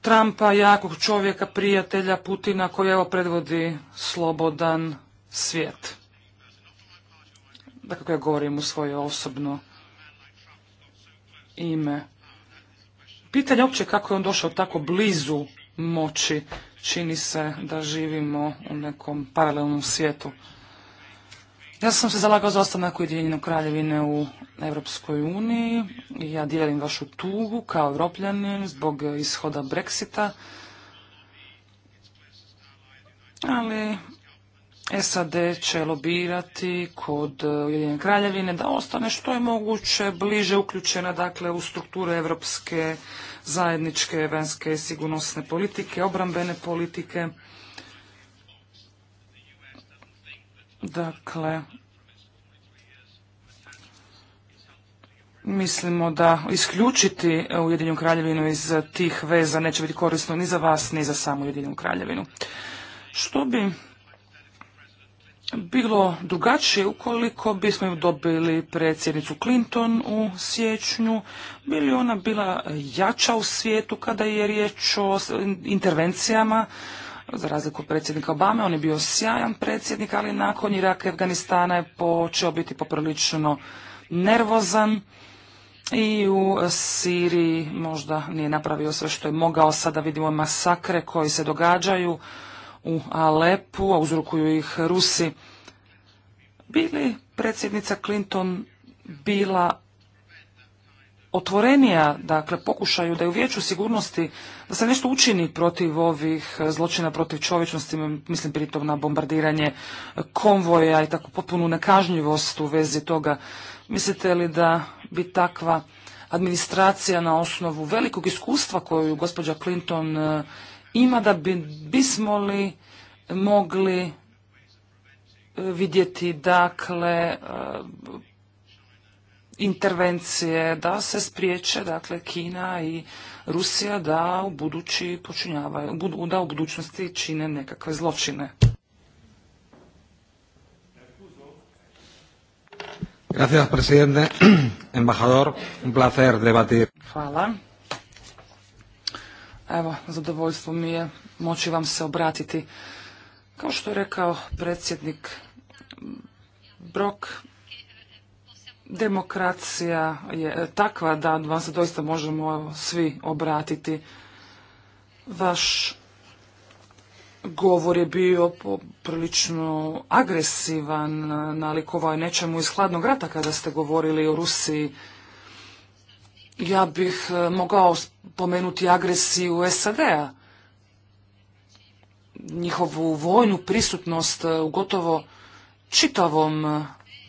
Trumpa, jakog čovjeka, prijatelja Putina, koji evo predvodi slobodan svijet. Dakle, ja govorim u svoje osobno ime. Pitanje je uopće kako je on došao tako blizu moći čini se da živimo u nekom paralelnom svijetu. Ja sam se zalagao za ostanak Ujedinjene kraljevine u Europskoj uniji i ja dijelim vašu tugu kao evropljanin zbog ishoda Brexita, ali SAD će lobirati kod Ujedinjene kraljevine da ostane što je moguće bliže uključena dakle u strukture Europske zajedničke vanjske sigurnosne politike, obrambene politike. Dakle, mislimo da isključiti Ujedinjenu kraljevinu iz tih veza neće biti korisno ni za vas, ni za samu Ujedinjenu kraljevinu. Što bi bilo drugačije ukoliko bismo ju dobili predsjednicu Clinton u siječnju, li ona bila jača u svijetu kada je riječ o intervencijama, za razliku od predsjednika Obame, on je bio sjajan predsjednik, ali nakon Iraka i Afganistana je počeo biti poprilično nervozan i u Siriji možda nije napravio sve što je mogao, sada vidimo masakre koji se događaju, u Alepu, a uzrokuju ih Rusi. Bili predsjednica Clinton bila otvorenija, dakle, pokušaju da je u vijeću sigurnosti da se nešto učini protiv ovih zločina protiv čovječnosti, mislim pritom na bombardiranje konvoja i tako potpunu nekažnjivost u vezi toga. Mislite li da bi takva administracija na osnovu velikog iskustva koju gospođa Clinton ima da bi, bismo li mogli e, vidjeti dakle e, intervencije da se spriječe dakle Kina i Rusija da u budući počinjavaju da u budućnosti čine nekakve zločine. Gracias, presidente. [clears throat] Embajador, un placer debatir. Hvala. Evo, zadovoljstvo mi je moći vam se obratiti. Kao što je rekao predsjednik Brok, demokracija je takva da vam se doista možemo svi obratiti. Vaš govor je bio prilično agresivan, nalikovao je nečemu iz hladnog rata kada ste govorili o Rusiji ja bih e, mogao spomenuti agresiju SAD-a, njihovu vojnu prisutnost e, u gotovo čitavom e,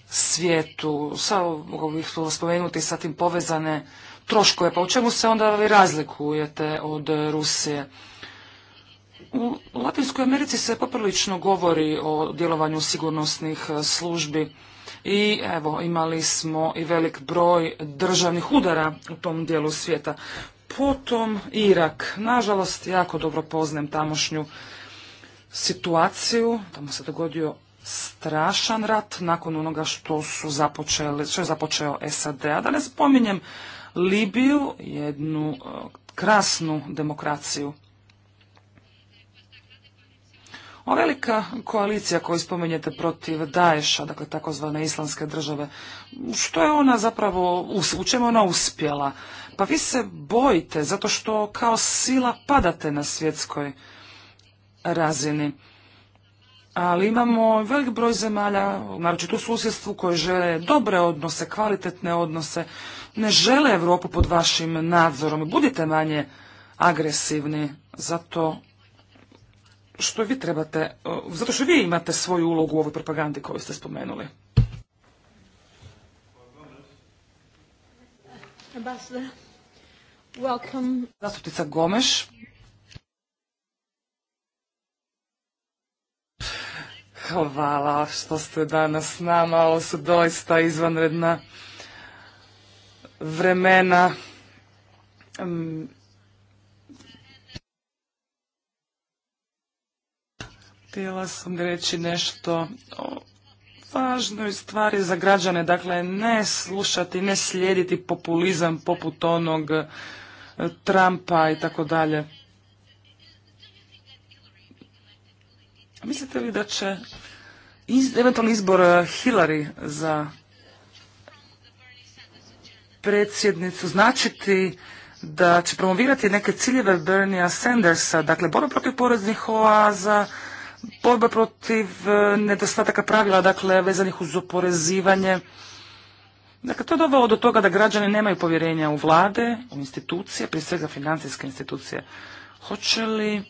svijetu, samo mogu bih spomenuti sa tim povezane troškove, pa u čemu se onda vi razlikujete od Rusije? U Latinskoj Americi se poprilično govori o djelovanju sigurnosnih službi i evo imali smo i velik broj državnih udara u tom dijelu svijeta. Potom Irak. Nažalost, jako dobro poznajem tamošnju situaciju. Tamo se dogodio strašan rat nakon onoga što su započeli, što je započeo SAD. A da ne spominjem Libiju, jednu e, krasnu demokraciju. Ova velika koalicija koju spomenjete protiv Daesha, dakle takozvane islamske države, što je ona zapravo, u čemu ona uspjela? Pa vi se bojite zato što kao sila padate na svjetskoj razini. Ali imamo velik broj zemalja, naročito u susjedstvu, koje žele dobre odnose, kvalitetne odnose, ne žele Europu pod vašim nadzorom. Budite manje agresivni, zato što vi trebate, zato što vi imate svoju ulogu u ovoj propagandi koju ste spomenuli. Zastupnica Gomeš. Hvala što ste danas s nama, ovo su doista izvanredna vremena. Mm, Htjela sam reći nešto o važnoj stvari za građane, dakle ne slušati, ne slijediti populizam poput onog e, Trumpa i tako dalje. Mislite li da će eventualni izbor e, Hillary za predsjednicu značiti da će promovirati neke ciljeve Bernia Sandersa, dakle borba protiv poreznih oaza, borba protiv e, nedostataka pravila, dakle, vezanih uz oporezivanje. Dakle, to je dovelo do toga da građani nemaju povjerenja u vlade, u institucije, prije svega financijske institucije. Hoće li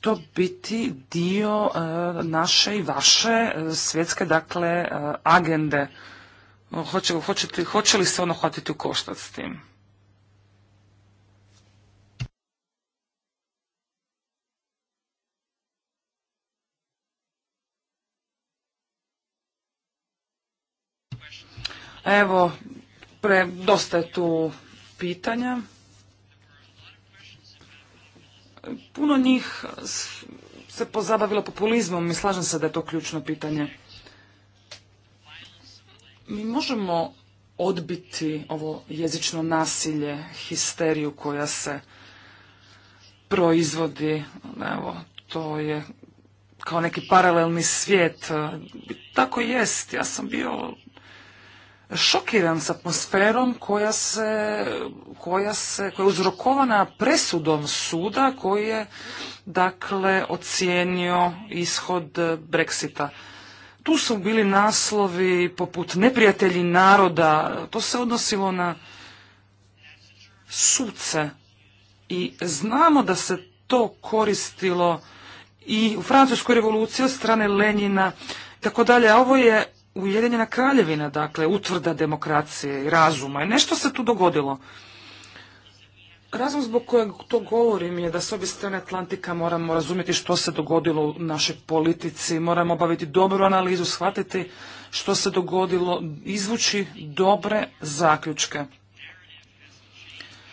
to biti dio e, naše i vaše e, svjetske, dakle, agende? Hoće, hoće li se ono hvatiti u koštac s tim? Evo, pre, dosta je tu pitanja. Puno njih se pozabavilo populizmom i slažem se da je to ključno pitanje. Mi možemo odbiti ovo jezično nasilje, histeriju koja se proizvodi. Evo, to je kao neki paralelni svijet. Tako jest. Ja sam bio šokiran s atmosferom koja se, koja se, koja je uzrokovana presudom suda koji je, dakle, ocijenio ishod Brexita. Tu su bili naslovi poput neprijatelji naroda, to se odnosilo na suce i znamo da se to koristilo i u Francuskoj revoluciji od strane Lenjina, tako dalje, a ovo je Ujedinjena kraljevina, dakle, utvrda demokracije i razuma. I nešto se tu dogodilo. Razum zbog kojeg to govorim je da s obje strane Atlantika moramo razumjeti što se dogodilo u našoj politici, moramo obaviti dobru analizu, shvatiti što se dogodilo, izvući dobre zaključke.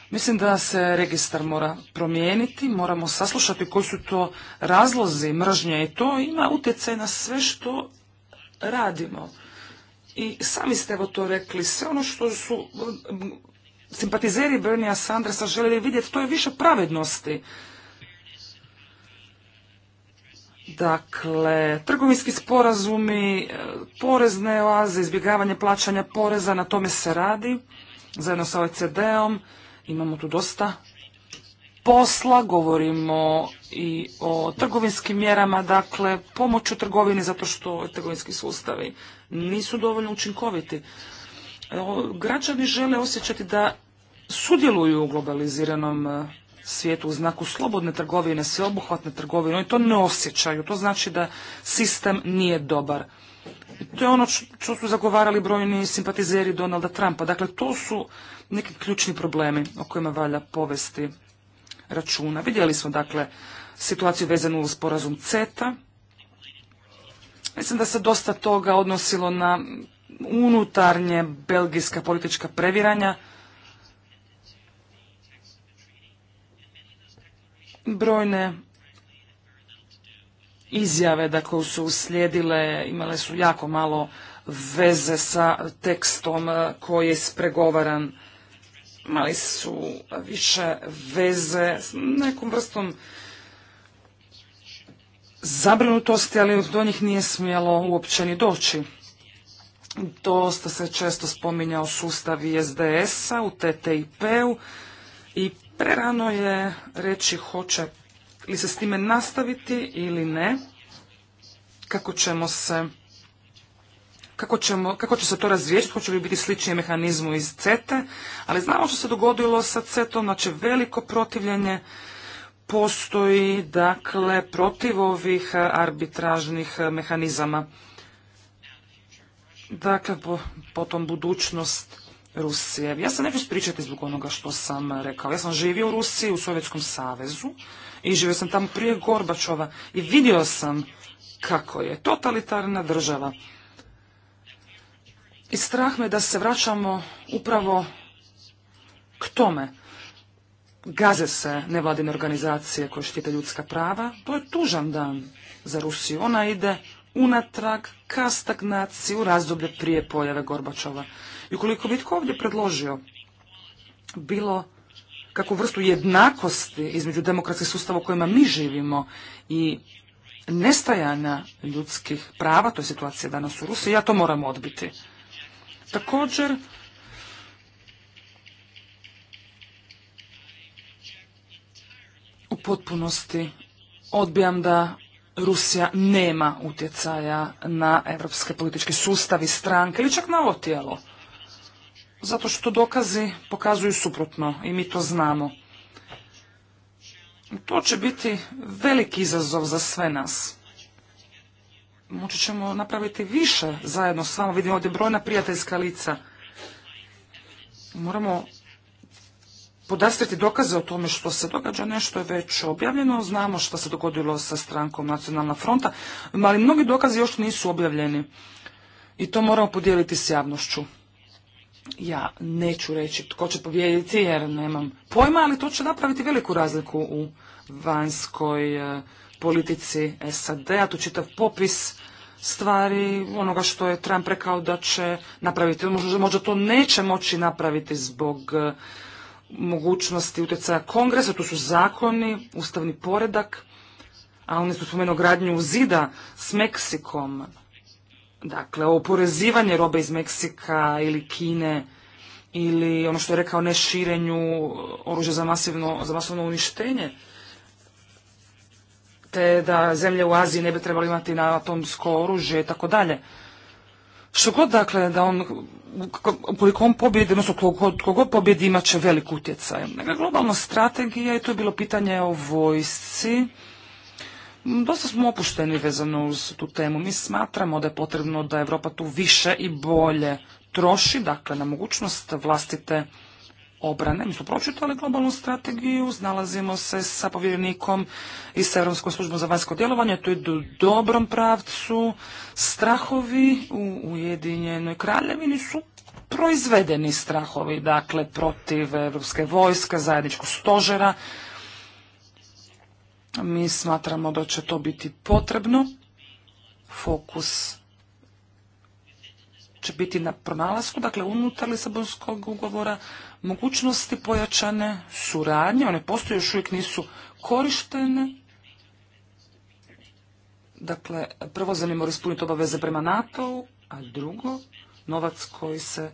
Mislim da se registar mora promijeniti, moramo saslušati koji su to razlozi mržnje i to ima utjecaj na sve što radimo. I sami ste evo to rekli, sve ono što su simpatizeri Bernija Sandresa željeli vidjeti, to je više pravednosti. Dakle, trgovinski sporazumi, e, porezne oaze, izbjegavanje plaćanja poreza, na tome se radi, zajedno sa OECD-om. Imamo tu dosta posla, govorimo i o trgovinskim mjerama, dakle pomoć u trgovini zato što trgovinski sustavi nisu dovoljno učinkoviti. Građani žele osjećati da sudjeluju u globaliziranom e, svijetu u znaku slobodne trgovine, sveobuhvatne trgovine, oni to ne osjećaju, to znači da sistem nije dobar. To je ono što su zagovarali brojni simpatizeri Donalda Trumpa. Dakle, to su neki ključni problemi o kojima valja povesti računa. Vidjeli smo dakle situaciju vezanu uz sporazum CETA. Mislim da se dosta toga odnosilo na unutarnje belgijska politička previranja. Brojne izjave da koje su uslijedile imale su jako malo veze sa tekstom eh, koji je spregovaran imali su više veze s nekom vrstom zabrinutosti, ali do njih nije smjelo uopće ni doći. Dosta se često spominjao sustavi sds a u TTIP-u i prerano je reći hoće li se s time nastaviti ili ne, kako ćemo se kako, ćemo, kako će se to razriješiti, hoće li biti slični mehanizmu iz CETE, ali znamo što se dogodilo sa CETom, znači veliko protivljenje postoji, dakle, protiv ovih e, arbitražnih e, mehanizama. Dakle, po, potom budućnost Rusije. Ja se neću spričati zbog onoga što sam rekao. Ja sam živio u Rusiji, u Sovjetskom savezu i živio sam tamo prije Gorbačova i vidio sam kako je totalitarna država. I strah me da se vraćamo upravo k tome. Gaze se nevladine organizacije koje štite ljudska prava. To je tužan dan za Rusiju. Ona ide unatrag ka stagnaciji u razdoblje prije pojave Gorbačova. I ukoliko bi tko ovdje predložio bilo kakvu vrstu jednakosti između demokratskih sustava u kojima mi živimo i nestajanja ljudskih prava, to je situacija danas u Rusiji, ja to moram odbiti. Također, u potpunosti odbijam da Rusija nema utjecaja na evropske politički sustavi stranke ili čak na ovo tijelo. Zato što dokazi pokazuju suprotno i mi to znamo. To će biti veliki izazov za sve nas moći ćemo napraviti više zajedno s vama. Vidimo ovdje brojna prijateljska lica. Moramo podastriti dokaze o tome što se događa. Nešto je već objavljeno. Znamo što se dogodilo sa strankom Nacionalna fronta, ali mnogi dokazi još nisu objavljeni. I to moramo podijeliti s javnošću. Ja neću reći tko će pobijediti jer nemam pojma, ali to će napraviti veliku razliku u vanjskoj eh, politici SAD-a, tu čitav popis stvari, onoga što je Trump rekao da će napraviti. Možda, to neće moći napraviti zbog e, mogućnosti utjecaja kongresa, tu su zakoni, ustavni poredak, a oni su spomenuo gradnju zida s Meksikom, dakle oporezivanje robe iz Meksika ili Kine ili ono što je rekao ne širenju oružja za masivno, za masovno uništenje da zemlje u Aziji ne bi trebali imati na atomsko oružje i tako dalje. Što god dakle da on, koliko on pobjedi, odnosno koliko pobjedi imat će velik utjecaj. Globalna strategija, i to je bilo pitanje o vojsci, dosta smo opušteni vezano uz tu temu. Mi smatramo da je potrebno da Europa tu više i bolje troši, dakle na mogućnost vlastite obrane. Mi smo pročitali globalnu strategiju, znalazimo se sa povjerenikom i sa Europskom službom za vanjsko djelovanje, to idu u dobrom pravcu. Strahovi u Ujedinjenoj kraljevini su proizvedeni strahovi, dakle protiv Europske vojske, zajedničkog stožera. Mi smatramo da će to biti potrebno. Fokus će biti na pronalasku, dakle unutar Lisabonskog ugovora, mogućnosti pojačane suradnje, one postoje, još uvijek nisu korištene. Dakle, prvo zanimo ispuniti obaveze prema nato a drugo, novac koji se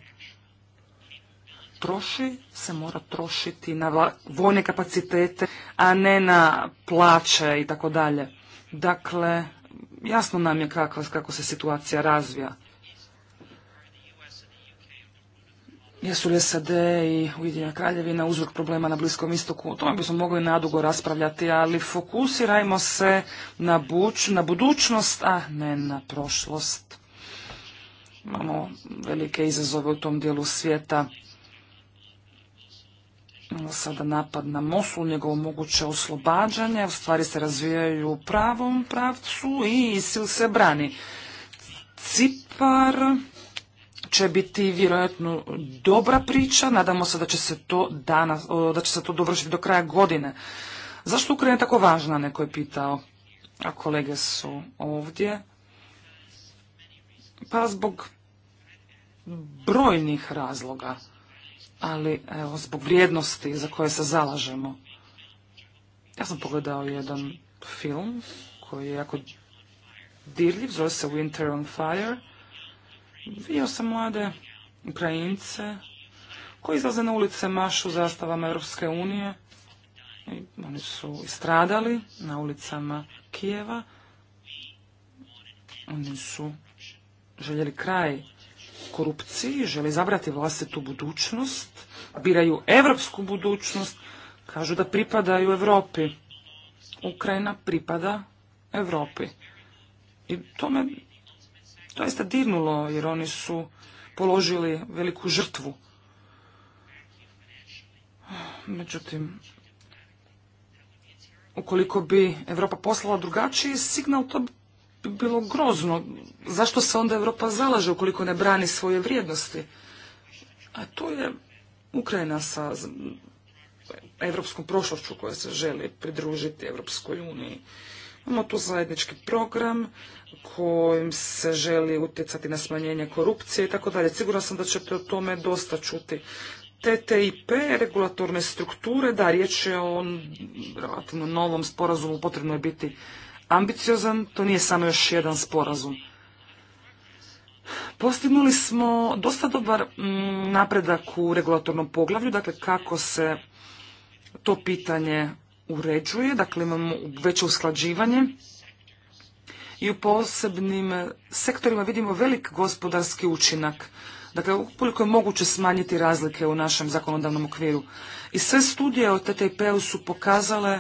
troši se mora trošiti na vojne kapacitete, a ne na plaće i tako dalje. Dakle, jasno nam je kako, kako se situacija razvija. jesu li SAD i Ujedinja Kraljevina uzrok problema na Bliskom istoku, o tome bismo mogli nadugo raspravljati, ali fokusirajmo se na, buč, na budućnost, a ne na prošlost. Imamo velike izazove u tom dijelu svijeta. Sada napad na Mosul, njegovo moguće oslobađanje, stvari se razvijaju u pravom pravcu i sil se brani. Cipar će biti vjerojatno dobra priča, nadamo se da će se to danas, da će se to dovršiti do kraja godine. Zašto Ukrajina je tako važna, neko je pitao, a kolege su ovdje. Pa zbog brojnih razloga, ali evo, zbog vrijednosti za koje se zalažemo. Ja sam pogledao jedan film koji je jako dirljiv, zove se Winter on Fire. Vidio sam mlade Ukrajince koji izlaze na ulice mašu zastavama Europske unije. Oni su stradali na ulicama Kijeva. Oni su željeli kraj korupciji, želi zabrati vlastitu budućnost, biraju evropsku budućnost, kažu da pripadaju Europi. Ukrajina pripada Europi. I to me to dirnulo jer oni su položili veliku žrtvu. Međutim, ukoliko bi Europa poslala drugačiji signal, to bi bilo grozno. Zašto se onda Europa zalaže ukoliko ne brani svoje vrijednosti? A to je Ukrajina sa evropskom prošlošću koja se želi pridružiti Evropskoj uniji. Imamo tu zajednički program, kojim se želi utjecati na smanjenje korupcije i tako dalje. Siguran sam da ćete o tome dosta čuti. TTIP, regulatorne strukture, da, riječ je o relativno novom sporazumu, potrebno je biti ambiciozan, to nije samo još jedan sporazum. Postignuli smo dosta dobar mm, napredak u regulatornom poglavlju, dakle kako se to pitanje uređuje, dakle imamo veće usklađivanje i u posebnim eh, sektorima vidimo velik gospodarski učinak. Dakle, ukoliko je moguće smanjiti razlike u našem zakonodavnom okviru. I sve studije o TTIP-u su pokazale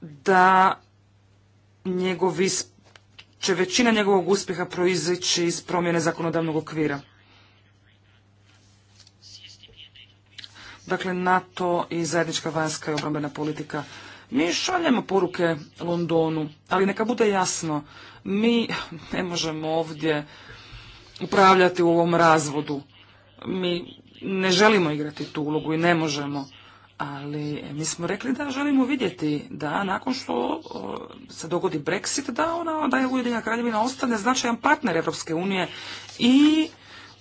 da njegovi, će većina njegovog uspjeha proizići iz promjene zakonodavnog okvira. Dakle, NATO i zajednička vanjska i obrambena politika mi šaljemo poruke Londonu, ali neka bude jasno, mi ne možemo ovdje upravljati u ovom razvodu. Mi ne želimo igrati tu ulogu i ne možemo. Ali mi smo rekli da želimo vidjeti da nakon što se dogodi Brexit, da ona, da je Ujedinjena kraljevina ostane značajan partner Europske unije i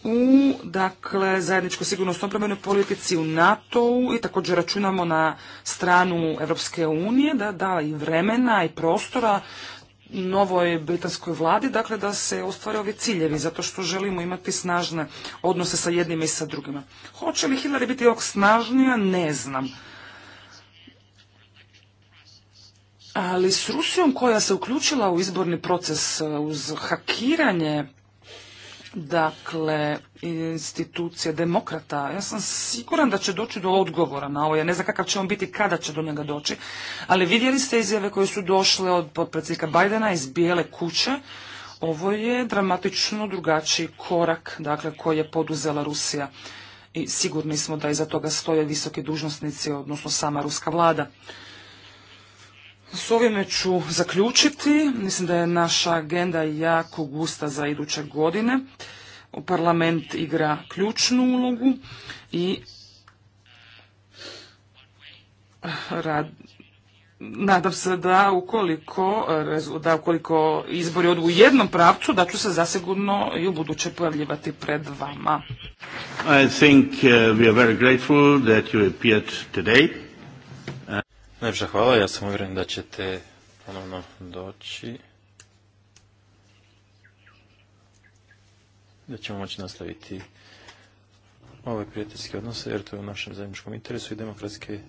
u dakle, zajedničkoj sigurnosno obrambenoj politici u NATO-u i također računamo na stranu Europske unije da da i vremena i prostora novoj britanskoj vladi, dakle da se ostvare ovi ciljevi, zato što želimo imati snažne odnose sa jednima i sa drugima. Hoće li Hillary biti ovog snažnija, ne znam. Ali s Rusijom koja se uključila u izborni proces eh, uz hakiranje dakle, institucija demokrata, ja sam siguran da će doći do odgovora na ovo, ja ne znam kakav će on biti, kada će do njega doći, ali vidjeli ste izjave koje su došle od potpredsjednika Bajdena iz Bijele kuće, ovo je dramatično drugačiji korak, dakle, koji je poduzela Rusija i sigurni smo da iza toga stoje visoki dužnosnici, odnosno sama ruska vlada. S ovime ću zaključiti. Mislim da je naša agenda jako gusta za iduće godine. Parlament igra ključnu ulogu i rad, nadam se da ukoliko, da ukoliko izbori odu u jednom pravcu, da ću se zasigurno i u buduće pojavljivati pred vama. Najpša hvala, ja sam uvjeren da ćete ponovno doći. Da ćemo moći nastaviti ove prijateljske odnose, jer to je u našem zajedničkom interesu i demokratske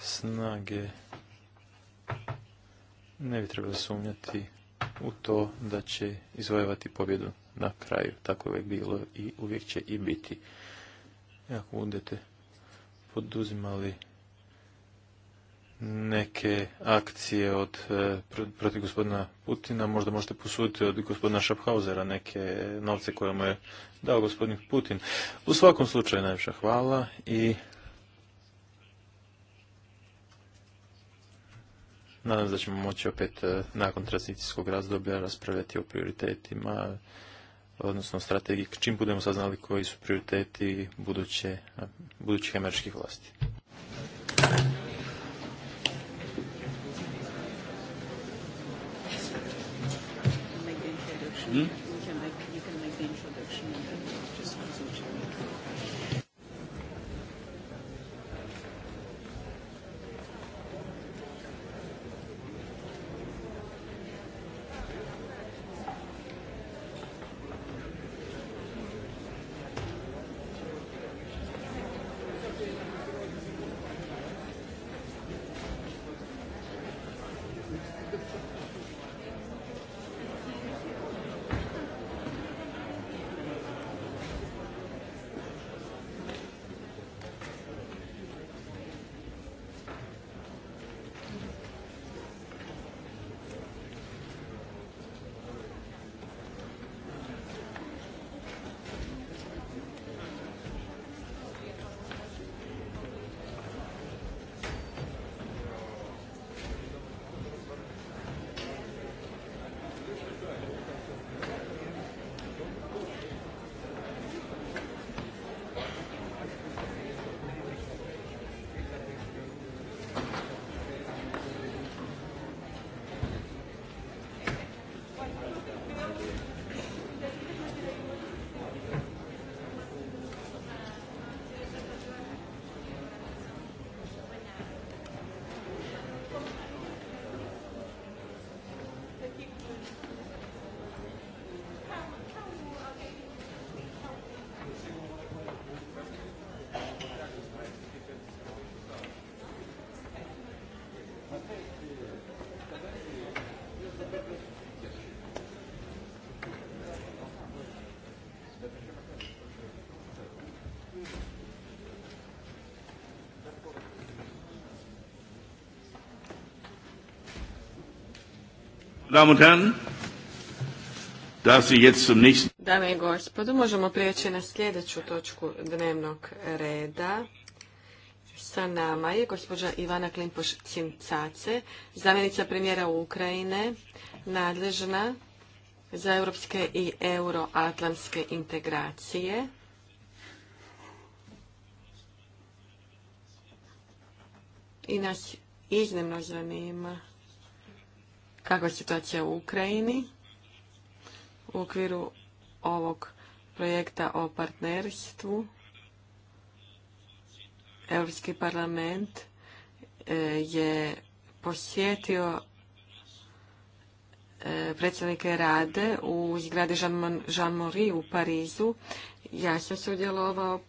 snage ne bi trebalo sumnjati u to da će izvojevati pobjedu na kraju. Tako je uvijek bilo i uvijek će i biti. Ako budete poduzimali neke akcije od, e, protiv gospodina Putina. Možda možete posuditi od gospodina Schaffhausera neke novce koje mu je dao gospodin Putin. U svakom slučaju najviše hvala i nadam se da ćemo moći opet e, nakon tranzicijskog razdoblja raspravljati o prioritetima odnosno strategiji, čim budemo saznali koji su prioriteti budućih američkih vlasti. Hm? Dame i gospodo, možemo prijeći na sljedeću točku dnevnog reda. Sa nama je gospođa Ivana Klimpoš-Cimcace, zamjenica premijera Ukrajine, nadležna za europske i euroatlantske integracije. I nas iznimno zanima kakva je situacija u Ukrajini u okviru ovog projekta o partnerstvu. Europski parlament e, je posjetio e, predsjednike rade u zgradi Jean marie u Parizu. Ja sam sudjelovao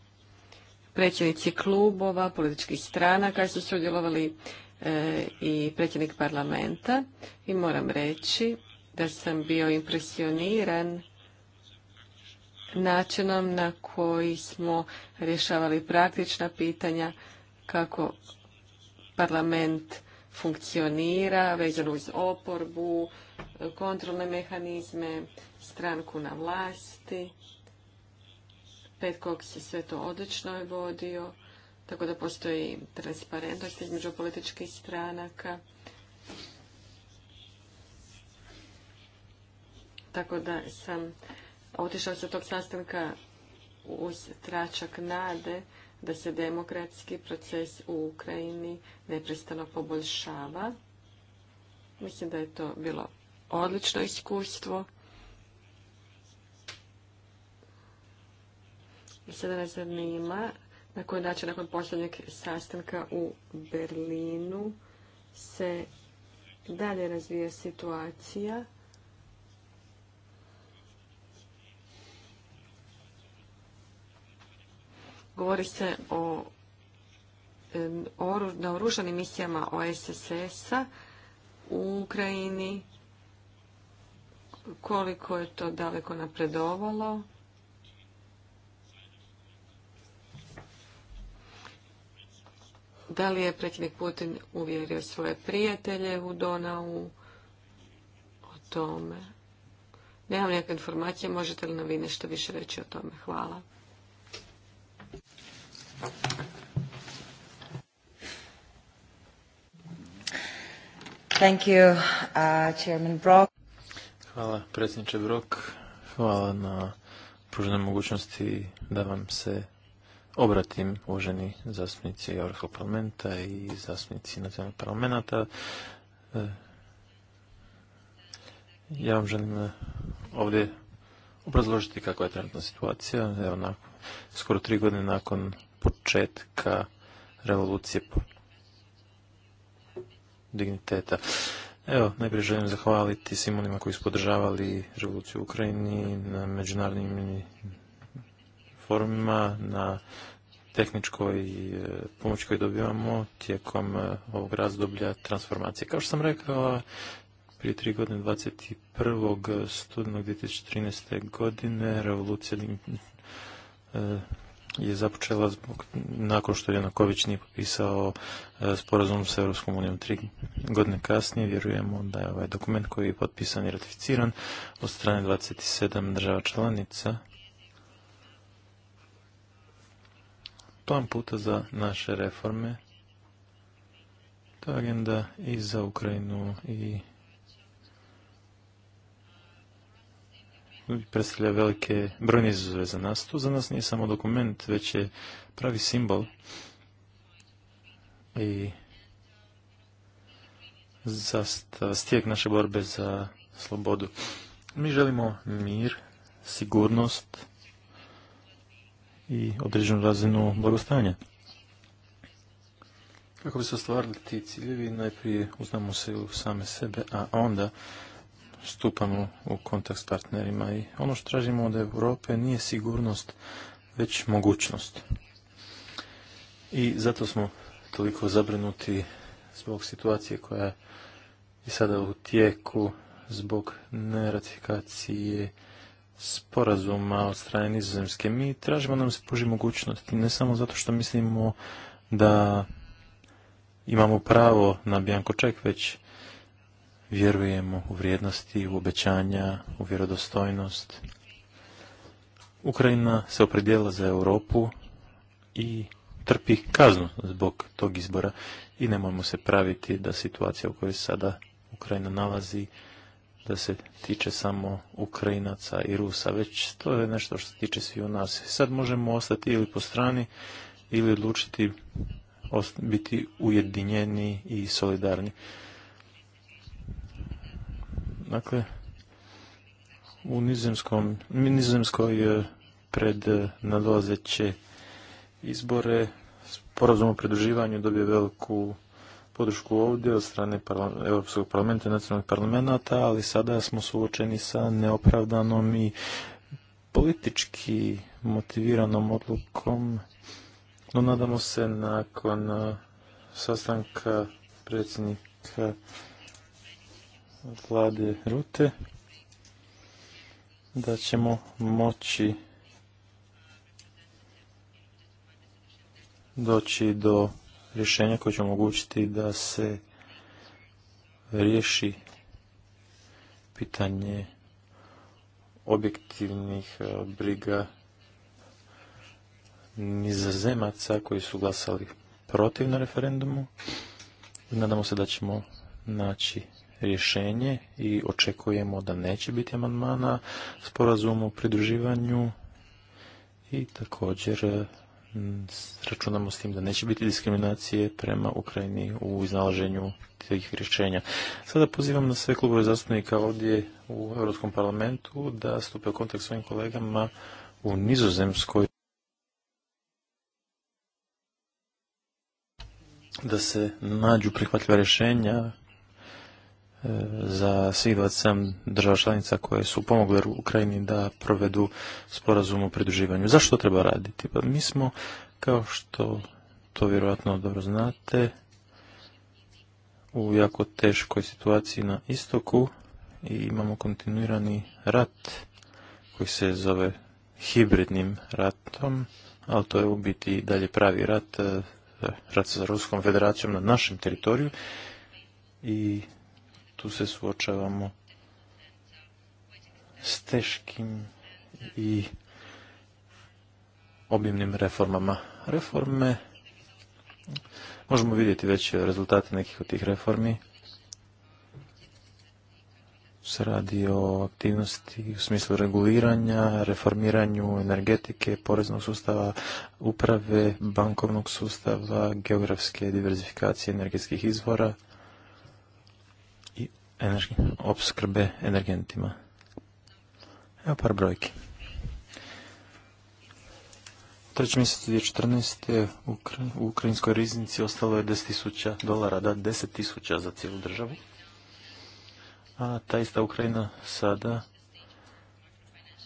predsjednici klubova, političkih stranaka su sudjelovali E, i predsjednik parlamenta i moram reći da sam bio impresioniran načinom na koji smo rješavali praktična pitanja kako parlament funkcionira vezano uz oporbu, kontrolne mehanizme, stranku na vlasti. Petkog se sve to odlično je vodio tako da postoji transparentnost između političkih stranaka. Tako da sam otišao sa tog sastanka uz tračak nade da se demokratski proces u Ukrajini neprestano poboljšava. Mislim da je to bilo odlično iskustvo. I sada nas zanima na koji način nakon posljednjeg sastanka u Berlinu se dalje razvija situacija. Govori se o naoružanim misijama OSSS-a u Ukrajini, koliko je to daleko napredovalo. da li je predsjednik Putin uvjerio svoje prijatelje u Donau o tome? Nemam neke informacije, možete li nam vi nešto više reći o tome? Hvala. Thank you, uh, Chairman Brock. Hvala predsjedniče Brok, hvala na pružnoj mogućnosti da vam se obratim uvaženi zastupnici Europskog parlamenta i zastupnici nacionalnog parlamenta. E, ja vam želim e, ovdje obrazložiti kakva je trenutna situacija. Evo, nakon, skoro tri godine nakon početka revolucije digniteta. Evo, najprije želim zahvaliti svim onima koji su podržavali revoluciju u Ukrajini na međunarodnim platformima, na tehničkoj e, pomoći koju dobivamo tijekom e, ovog razdoblja transformacije. Kao što sam rekao, prije tri godine, 21. studenog 2013. godine, revolucija e, je započela zbog, nakon što je Janaković nije popisao sporazum s Europskom unijom tri godine kasnije. Vjerujemo da je ovaj dokument koji je potpisan i ratificiran od strane 27 država članica plan puta za naše reforme. To je agenda i za Ukrajinu i predstavlja velike brojne izazove za nas. To za nas nije samo dokument, već je pravi simbol i za stijek naše borbe za slobodu. Mi želimo mir, sigurnost, i određenu razinu blagostanja. Kako bi se ostvarili ti ciljevi, najprije uznamo se u same sebe, a onda stupamo u kontakt s partnerima. I ono što tražimo od Europe nije sigurnost, već mogućnost. I zato smo toliko zabrinuti zbog situacije koja je sada u tijeku, zbog neratifikacije sporazuma od strane nizozemske. Mi tražimo nam se poži mogućnosti, ne samo zato što mislimo da imamo pravo na Bianco Ček, već vjerujemo u vrijednosti, u obećanja, u vjerodostojnost. Ukrajina se opredjela za Europu i trpi kaznu zbog tog izbora i nemojmo se praviti da situacija u kojoj sada Ukrajina nalazi da se tiče samo Ukrajinaca i Rusa, već to je nešto što se tiče svi u nas. Sad možemo ostati ili po strani ili odlučiti biti ujedinjeni i solidarni. Dakle, u nizemskom, nizemskoj e, pred e, nadolazeće izbore sporazum o pridruživanju dobije veliku podršku ovdje od strane Europskog parlamenta i nacionalnih parlamenta, ali sada smo suočeni sa neopravdanom i politički motiviranom odlukom. No, nadamo se nakon sastanka predsjednika vlade Rute da ćemo moći doći do rješenja koje će omogućiti da se riješi pitanje objektivnih e, briga nizazemaca koji su glasali protiv na referendumu. Nadamo se da ćemo naći rješenje i očekujemo da neće biti amandmana sporazumu o pridruživanju i također e, računamo s tim da neće biti diskriminacije prema Ukrajini u iznalaženju tih rješenja. Sada pozivam na sve klubove zastupnika ovdje u Europskom parlamentu da stupe u kontakt s svojim kolegama u Nizozemskoj da se nađu prihvatljiva rješenja za svih 27 država članica koje su pomogle Ukrajini da provedu sporazum o pridruživanju. Zašto treba raditi? Pa mi smo, kao što to vjerojatno dobro znate, u jako teškoj situaciji na istoku i imamo kontinuirani rat koji se zove hibridnim ratom, ali to je u biti dalje pravi rat, eh, rat sa Ruskom federacijom na našem teritoriju i tu se suočavamo s teškim i obimnim reformama. Reforme, možemo vidjeti već rezultate nekih od tih reformi. Se radi o aktivnosti u smislu reguliranja, reformiranju energetike, poreznog sustava, uprave, bankovnog sustava, geografske diverzifikacije energetskih izvora energi, opskrbe energentima. Evo par brojki. U trećem mjesecu 2014. U, u ukrajinskoj riznici ostalo je 10.000 dolara, da 10.000 za cijelu državu. A ta ista Ukrajina sada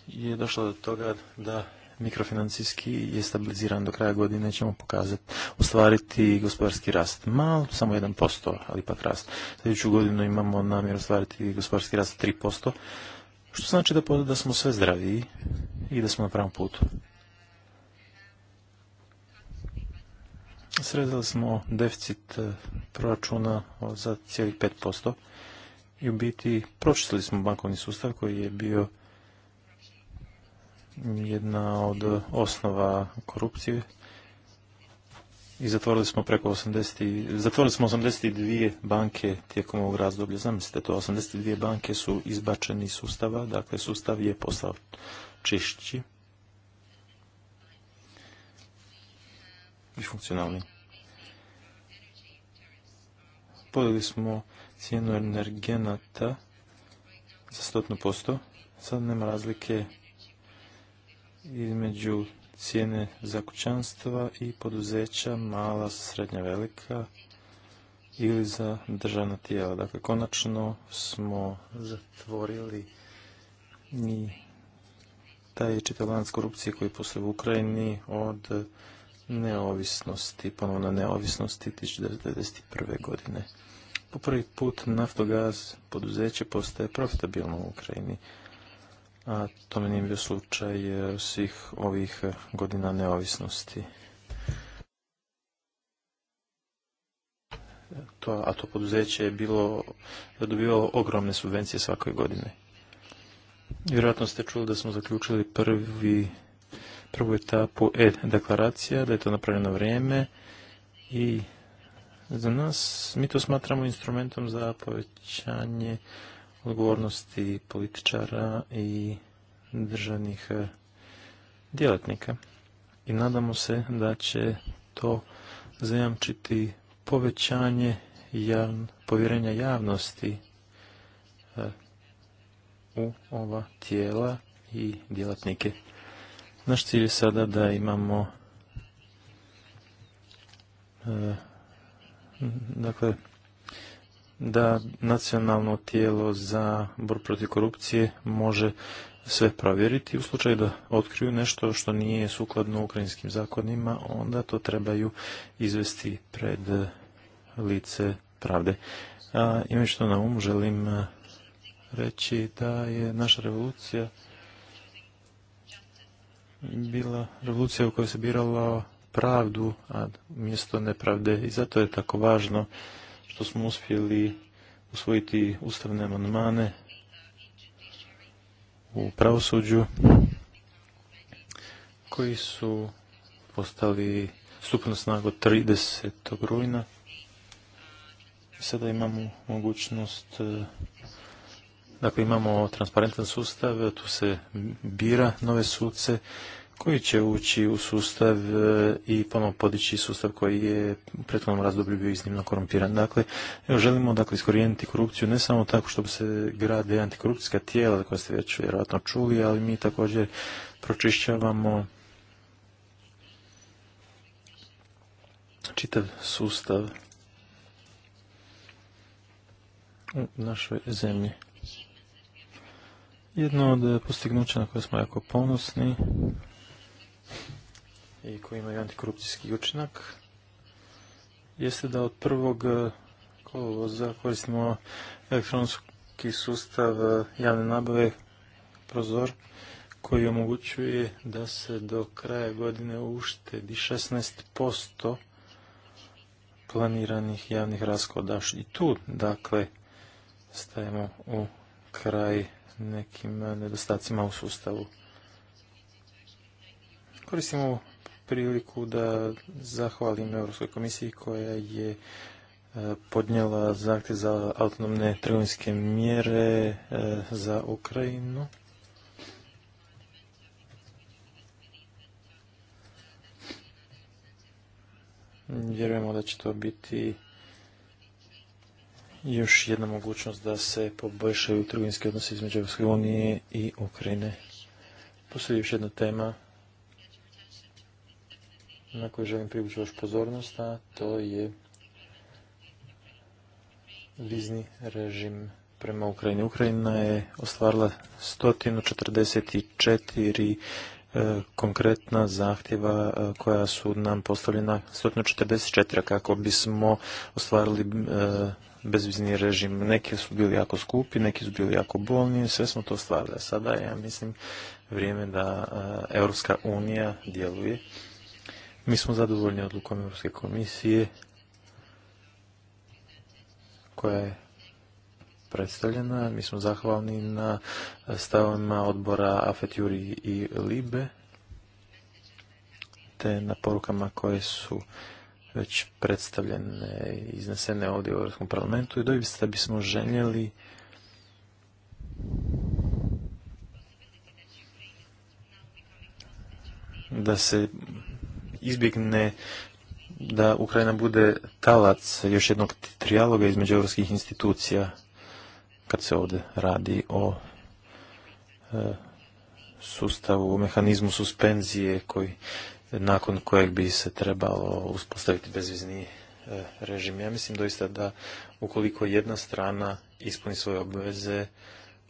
je došla do toga da mikrofinancijski je stabiliziran do kraja godine, ćemo pokazati, ostvariti gospodarski rast. Malo, samo 1%, ali ipak rast. Sljedeću godinu imamo namjer ostvariti gospodarski rast 3%, što znači da, da smo sve zdraviji i da smo na pravom putu. Srezali smo deficit e, proračuna za cijelih 5% i u biti pročistili smo bankovni sustav koji je bio jedna od osnova korupcije i zatvorili smo preko 80, zatvorili smo 82 banke tijekom ovog razdoblja. Zamislite to, 82 banke su izbačeni iz sustava, dakle sustav je postao čišći i funkcionalni. Podeli smo cijenu energenata za posto Sad nema razlike između cijene za kućanstva i poduzeća mala, srednja, velika ili za državna tijela. Dakle, konačno smo zatvorili i taj čitav korupcije koji je poslije u Ukrajini od neovisnosti, ponovno neovisnosti 1991. godine. Po prvi put naftogaz poduzeće postaje profitabilno u Ukrajini a to mi nije bio slučaj eh, svih ovih eh, godina neovisnosti. To, a to poduzeće je bilo, dobivalo ogromne subvencije svake godine. Vjerojatno ste čuli da smo zaključili prvi, prvu etapu e-deklaracija, da je to napravljeno vrijeme i za nas mi to smatramo instrumentom za povećanje odgovornosti političara i državnih eh, djelatnika. I nadamo se da će to zajamčiti povećanje povjerenja javnosti eh, u ova tijela i djelatnike. Naš cilj je sada da imamo eh, dakle da nacionalno tijelo za bor protiv korupcije može sve provjeriti. U slučaju da otkriju nešto što nije sukladno ukrajinskim zakonima, onda to trebaju izvesti pred lice pravde. A, imajući na umu želim e, reći da je naša revolucija bila revolucija u kojoj se birala pravdu, a mjesto nepravde. I zato je tako važno što smo uspjeli usvojiti ustavne amandmane u pravosuđu koji su postali stupno snago 30. rujna. Sada imamo mogućnost, e, dakle imamo transparentan sustav, tu se bira nove suce koji će ući u sustav e, i ponovno podići sustav koji je u prethodnom razdoblju bio iznimno korumpiran. Dakle, evo, želimo dakle, iskorijeniti korupciju ne samo tako što bi se grade antikorupcijska tijela koja ste već vjerojatno čuli, ali mi također pročišćavamo čitav sustav u našoj zemlji. Jedno od postignuća na koje smo jako ponosni i koji imaju antikorupcijski učinak jeste da od prvog eh, kolovoza koristimo elektronski sustav eh, javne nabave Prozor koji omogućuje da se do kraja godine uštedi 16% planiranih javnih raskoda. I tu, dakle, stajemo u kraj nekim eh, nedostacima u sustavu. Koristim ovu priliku da zahvalim Europskoj komisiji koja je e, podnijela zahtjev za autonomne trgovinske mjere e, za Ukrajinu. Vjerujemo da će to biti još jedna mogućnost da se poboljšaju trgovinske odnose između Europske unije i Ukrajine. Postoji još jedna tema na koju želim privući vaš pozornost, a to je vizni režim prema Ukrajini. Ukrajina je ostvarila 144 e, konkretna zahtjeva e, koja su nam postavljena 144 kako bismo ostvarili e, bezvizni režim. Neki su bili jako skupi, neki su bili jako bolni, sve smo to ostvarili. A sada ja mislim vrijeme da Europska unija djeluje mi smo zadovoljni odlukom Europske komisije koja je predstavljena. Mi smo zahvalni na stavovima odbora Afet i Libe te na porukama koje su već predstavljene i iznesene ovdje u Europskom parlamentu i doista bismo željeli da se izbjegne da Ukrajina bude talac još jednog trijaloga između europskih institucija kad se ovdje radi o e, sustavu, o mehanizmu suspenzije koji nakon kojeg bi se trebalo uspostaviti bezvizni e, režim. Ja mislim doista da ukoliko jedna strana ispuni svoje obveze,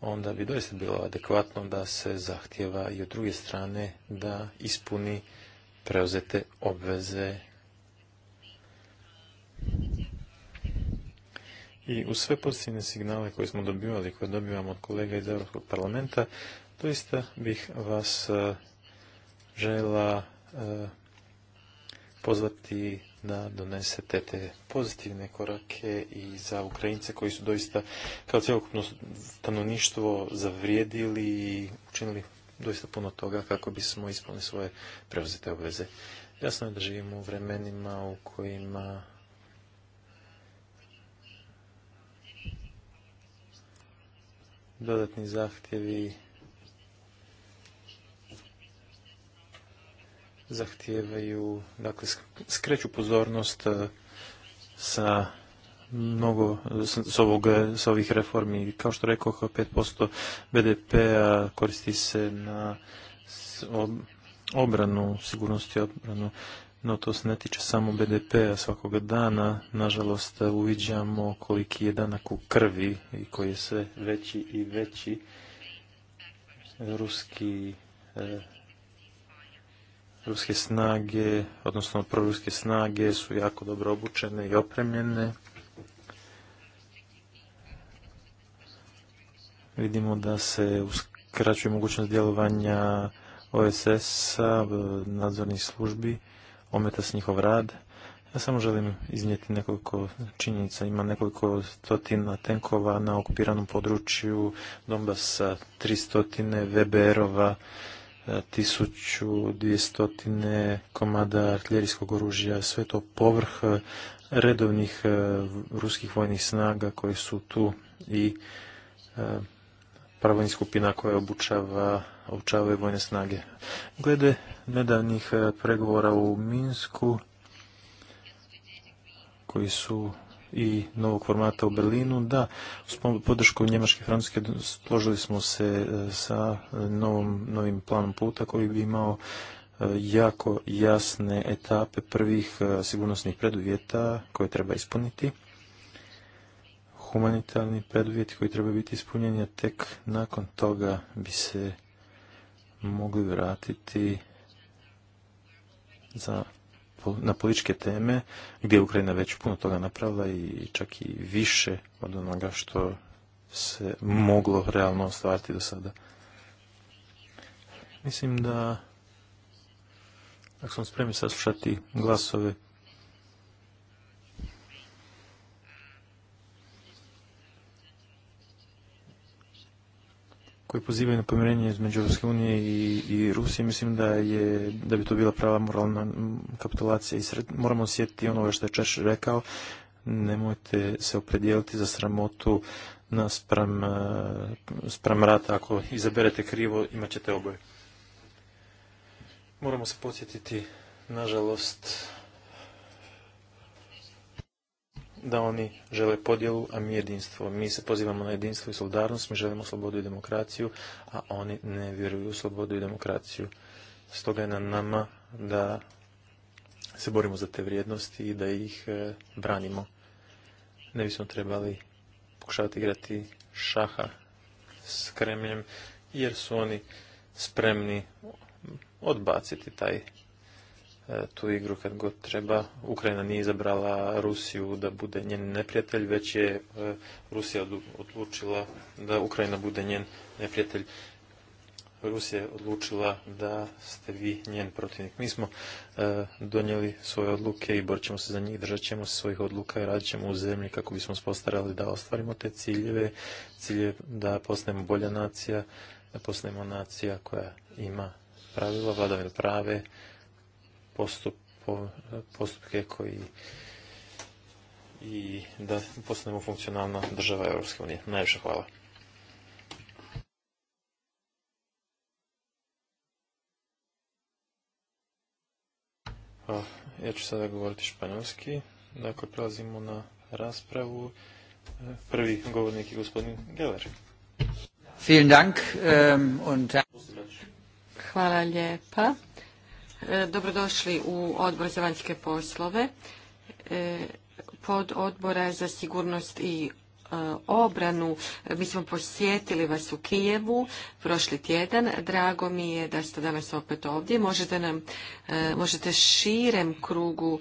onda bi doista bilo adekvatno da se zahtjeva i od druge strane da ispuni preuzete obveze i u sve pozitivne signale koje smo dobivali, koje dobivamo od kolega iz Europskog parlamenta, doista bih vas e, žela e, pozvati da donesete te pozitivne korake i za Ukrajince koji su doista kao cjelokupno stanovništvo zavrijedili i učinili doista puno toga kako bismo ispunili svoje preuzete obveze. Jasno je da živimo u vremenima u kojima dodatni zahtjevi zahtijevaju, dakle skreću pozornost eh, sa mnogo s, ovog, ovih reformi. Kao što rekao, 5% BDP-a koristi se na obranu, sigurnosti obranu, no to se ne tiče samo BDP-a svakoga dana. Nažalost, uviđamo koliki je danak u krvi i koji je sve veći i veći ruski e, ruske snage, odnosno proruske snage su jako dobro obučene i opremljene vidimo da se uskraćuje mogućnost djelovanja OSS-a, nadzornih službi, ometa s njihov rad. Ja samo želim iznijeti nekoliko činjenica. Ima nekoliko stotina tenkova na okupiranom području Donbasa, tri stotine VBR-ova, 1200 komada artiljerijskog oružja, sve to povrh redovnih eh, ruskih vojnih snaga koji su tu i eh, paravojnih skupina koje obučava, obučavaju vojne snage. Glede nedavnih e, pregovora u Minsku, koji su i novog formata u Berlinu, da, uz podršku Njemačke i Francuske složili smo se e, sa novom, novim planom puta koji bi imao e, jako jasne etape prvih sigurnosnih preduvjeta koje treba ispuniti humanitarni preduvjeti koji treba biti ispunjen a tek nakon toga bi se mogli vratiti za, na političke teme, gdje je Ukrajina već puno toga napravila i čak i više od onoga što se moglo realno ostvariti do sada. Mislim da ako smo spremni saslušati glasove koji pozivaju na pomirenje između Europske unije i, i Rusije, mislim da je da bi to bila prava moralna kapitulacija i sred, moramo sjetiti ono što je Češ rekao, nemojte se opredijeliti za sramotu na eh, sprem, rata, ako izaberete krivo imat ćete oboje. Moramo se podsjetiti, nažalost, da oni žele podjelu, a mi jedinstvo. Mi se pozivamo na jedinstvo i solidarnost, mi želimo slobodu i demokraciju, a oni ne vjeruju u slobodu i demokraciju. Stoga je na nama da se borimo za te vrijednosti i da ih e, branimo. Ne bismo trebali pokušavati igrati šaha s Kremljem, jer su oni spremni odbaciti taj E, tu igru kad god treba. Ukrajina nije izabrala Rusiju da bude njen neprijatelj, već je e, Rusija odlučila da Ukrajina bude njen neprijatelj. Rusija je odlučila da ste vi njen protivnik. Mi smo e, donijeli svoje odluke i borit ćemo se za njih, držat ćemo se svojih odluka i radit ćemo u zemlji kako bismo spostarali da ostvarimo te ciljeve, cilje da postanemo bolja nacija, da postanemo nacija koja ima pravila, vladavine prave, postupke koji i da postanemo funkcionalna država Europske unije. Najviše hvala. Ja ću sada govoriti španjolski. Dakle, prelazimo na raspravu. Prvi govornik je gospodin Geller. Ähm, hvala lijepa. E, dobrodošli u odbor za vanjske poslove. E, pod odbora za sigurnost i e, obranu. Mi smo posjetili vas u Kijevu prošli tjedan. Drago mi je da ste danas opet ovdje. Možete nam, možete širem krugu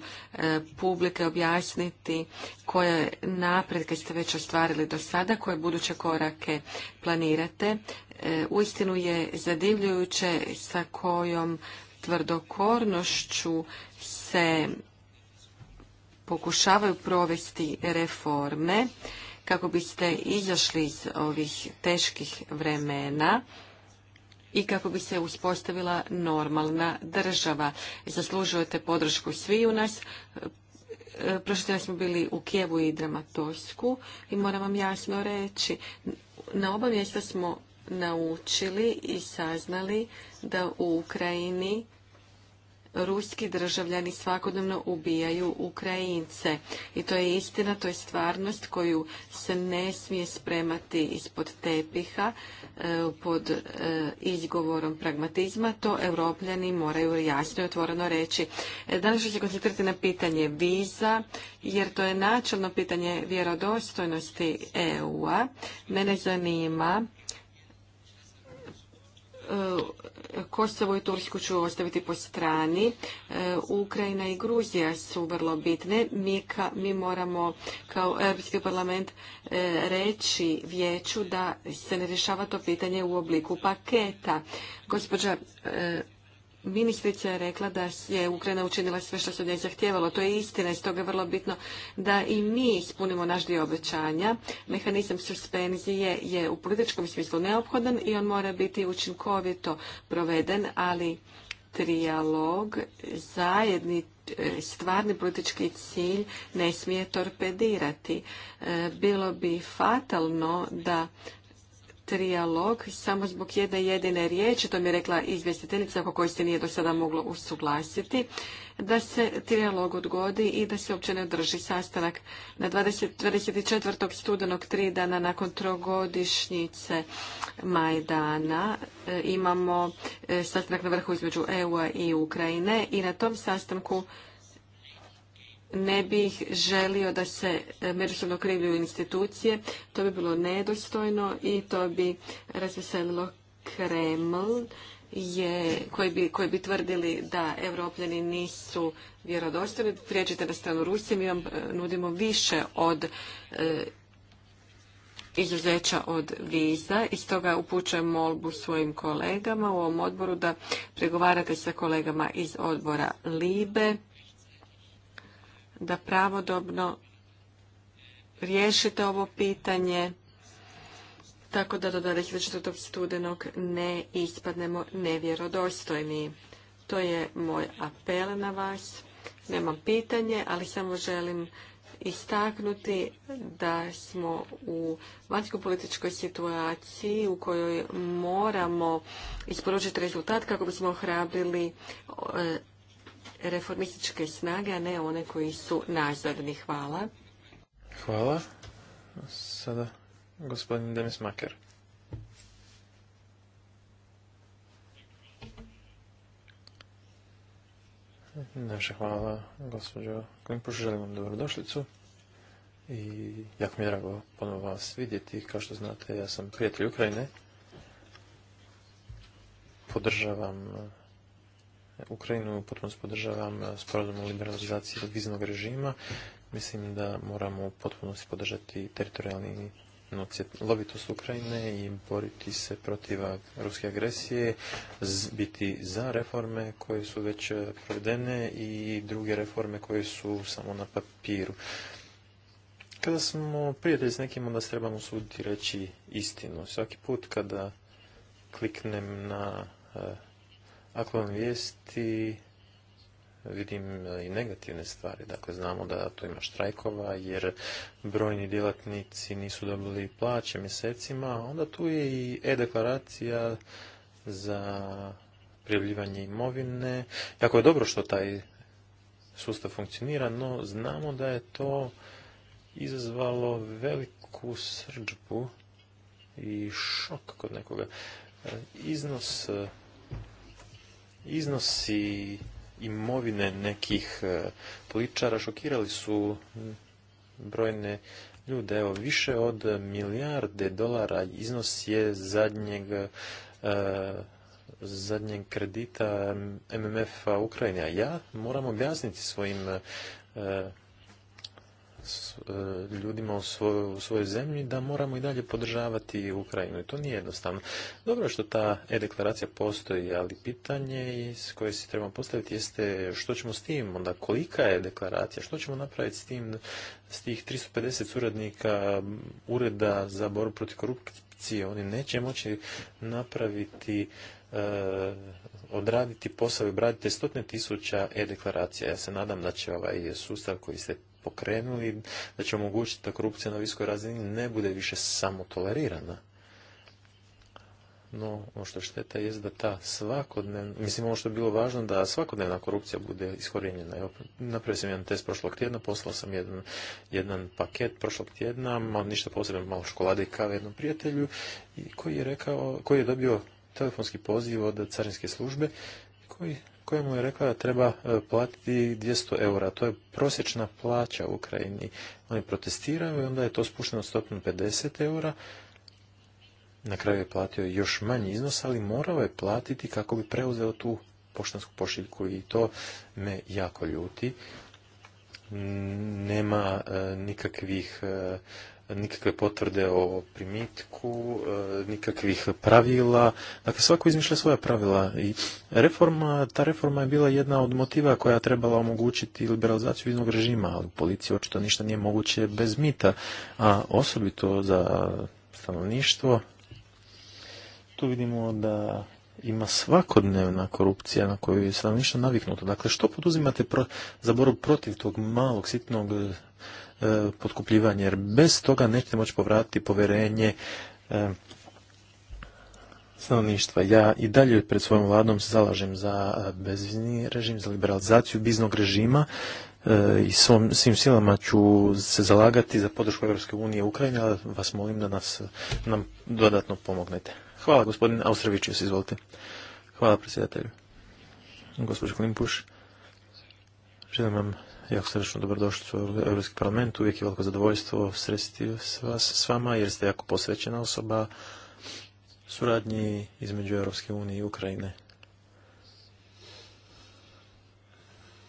publike objasniti koje napredke ste već ostvarili do sada, koje buduće korake planirate. Uistinu je zadivljujuće sa kojom tvrdokornošću se pokušavaju provesti reforme kako biste izašli iz ovih teških vremena i kako bi se uspostavila normalna država. Zaslužujete podršku svi u nas. Prošli smo bili u Kijevu i Dramatosku i moram vam jasno reći, na oba mjesta smo naučili i saznali da u Ukrajini ruski državljani svakodnevno ubijaju Ukrajince. I to je istina, to je stvarnost koju se ne smije spremati ispod tepiha e, pod e, izgovorom pragmatizma. To evropljani moraju jasno i otvoreno reći. E, danas ću se koncentrirati na pitanje viza, jer to je načelno pitanje vjerodostojnosti EU-a. Mene zanima E, Kosovo i Tursku ću ostaviti po strani. E, Ukrajina i Gruzija su vrlo bitne. Mi, mi moramo kao Europski parlament e, reći vijeću da se ne rješava to pitanje u obliku paketa. Gospođa Ministrica je rekla da je Ukrajina učinila sve što se od nje zahtijevalo. To je istina i stoga je vrlo bitno da i mi ispunimo naš dio obećanja. Mehanizam suspenzije je u političkom smislu neophodan i on mora biti učinkovito proveden, ali trijalog, zajedni e, stvarni politički cilj ne smije torpedirati. E, bilo bi fatalno da trijalog samo zbog jedne jedine riječi, to mi je rekla izvjestiteljica oko koje se nije do sada moglo usuglasiti, da se trijalog odgodi i da se uopće ne održi sastanak na 24. studenog tri dana nakon trogodišnjice Majdana. E, imamo e, sastanak na vrhu između EU-a i Ukrajine i na tom sastanku ne bih želio da se e, međusobno krivljuju institucije. To bi bilo nedostojno i to bi razveselilo Kreml koji, bi, tvrdili da evropljani nisu vjerodostojni. Prijeđite na stranu Rusije, mi vam e, nudimo više od e, izuzeća od viza i stoga upućujem molbu svojim kolegama u ovom odboru da pregovarate sa kolegama iz odbora LIBE da pravodobno riješite ovo pitanje tako da do 24. studenog ne ispadnemo nevjerodostojni. To je moj apel na vas. Nemam pitanje, ali samo želim istaknuti da smo u vanjsko-političkoj situaciji u kojoj moramo isporučiti rezultat kako bismo ohrabrili e, reformističke snage, a ne one koji su nazadni. Hvala. Hvala. Sada gospodin Demis Maker. Naša hvala, gospođo Klimpuš, želim vam dobrodošlicu i jako mi je drago ponovo vas vidjeti. Kao što znate, ja sam prijatelj Ukrajine, podržavam Ukrajinu potpuno podržavam eh, sporazum o liberalizaciji viznog režima. Mislim da moramo potpuno podržati teritorijalni lobitost Ukrajine i boriti se protiv ruske agresije, biti za reforme koje su već eh, provedene i druge reforme koje su samo na papiru. Kada smo prijatelji s nekim, onda se trebamo suditi reći istinu. Svaki put kada kliknem na eh, ako vam vijesti vidim i negativne stvari. Dakle, znamo da tu ima štrajkova jer brojni djelatnici nisu dobili plaće mjesecima. Onda tu je i e-deklaracija za prijavljivanje imovine. Jako je dobro što taj sustav funkcionira, no znamo da je to izazvalo veliku srđbu i šok kod nekoga. E, iznos iznosi imovine nekih e, političara šokirali su brojne ljude. Evo, više od milijarde dolara iznos je zadnjeg, e, zadnjeg kredita MMF-a Ukrajine. A ja moram objasniti svojim e, s e, ljudima u svojoj, u svojoj zemlji da moramo i dalje podržavati Ukrajinu i to nije jednostavno. Dobro je što ta e-deklaracija postoji, ali pitanje iz koje se trebamo postaviti jeste što ćemo s tim, onda kolika je deklaracija, što ćemo napraviti s tim, s tih 350 suradnika Ureda za borbu protiv korupcije, oni neće moći napraviti e, odraditi posao i obraditi stotne tisuća e-deklaracija. Ja se nadam da će ovaj sustav koji ste pokrenuli, da će omogućiti da korupcija na viskoj razini ne bude više samo tolerirana. No, ono što šteta je da ta svakodnevna, mislim ono što je bilo važno da svakodnevna korupcija bude iskorijenjena. Evo, napravio sam jedan test prošlog tjedna, poslao sam jedan, jedan paket prošlog tjedna, malo ništa posebno, malo školade i kave jednom prijatelju, koji je rekao, koji je dobio telefonski poziv od carinske službe, koji koja je rekla da treba e, platiti 200 eura. To je prosječna plaća u Ukrajini. Oni protestiraju i onda je to spušteno od 150 eura. Na kraju je platio još manji iznos, ali morao je platiti kako bi preuzeo tu poštansku pošiljku i to me jako ljuti. Nema e, nikakvih e, nikakve potvrde o primitku, e, nikakvih pravila. Dakle, svako izmišlja svoja pravila i reforma, ta reforma je bila jedna od motiva koja je trebala omogućiti liberalizaciju iznog režima, ali policija policiji očito ništa nije moguće bez mita, a osobito za stanovništvo. Tu vidimo da ima svakodnevna korupcija na koju je stanovništvo naviknuto. Dakle, što poduzimate za borbu protiv tog malog, sitnog E, podkupljivanje, jer bez toga nećete moći povratiti poverenje e, stanovništva. Ja i dalje pred svojom vladom se zalažem za e, bezvizni režim, za liberalizaciju biznog režima i svim silama ću se zalagati za podršku Europske unije Ukrajine, ali vas molim da nas, nam dodatno pomognete. Hvala gospodin Austravičius, izvolite. Hvala predsjedatelju. Gospođo Klimpuš, želim vam jako srdečno dobrodošli u Europski parlament. Uvijek je veliko zadovoljstvo sresti s, vas, s vama jer ste jako posvećena osoba suradnji između Europske unije i Ukrajine.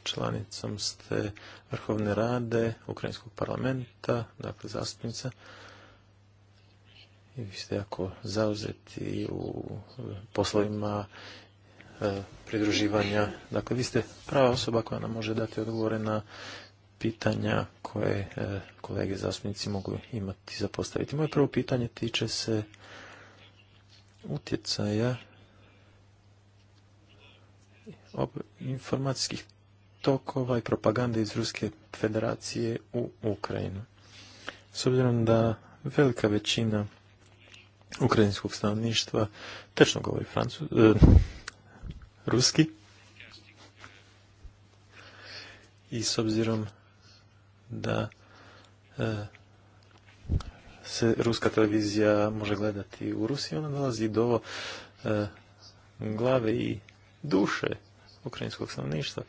Članicom ste Vrhovne rade Ukrajinskog parlamenta, dakle zastupnica. I vi ste jako zauzeti u poslovima E, pridruživanja. Dakle, vi ste prava osoba koja nam može dati odgovore na pitanja koje e, kolege zastupnici mogu imati za postaviti. Moje prvo pitanje tiče se utjecaja informacijskih tokova i propagande iz Ruske federacije u Ukrajinu. S obzirom da velika većina ukrajinskog stanovništva tečno govori francu, e, ruski. I s obzirom da e, se ruska televizija može gledati u Rusiji, ona nalazi do e, glave i duše ukrajinskog stanovništva.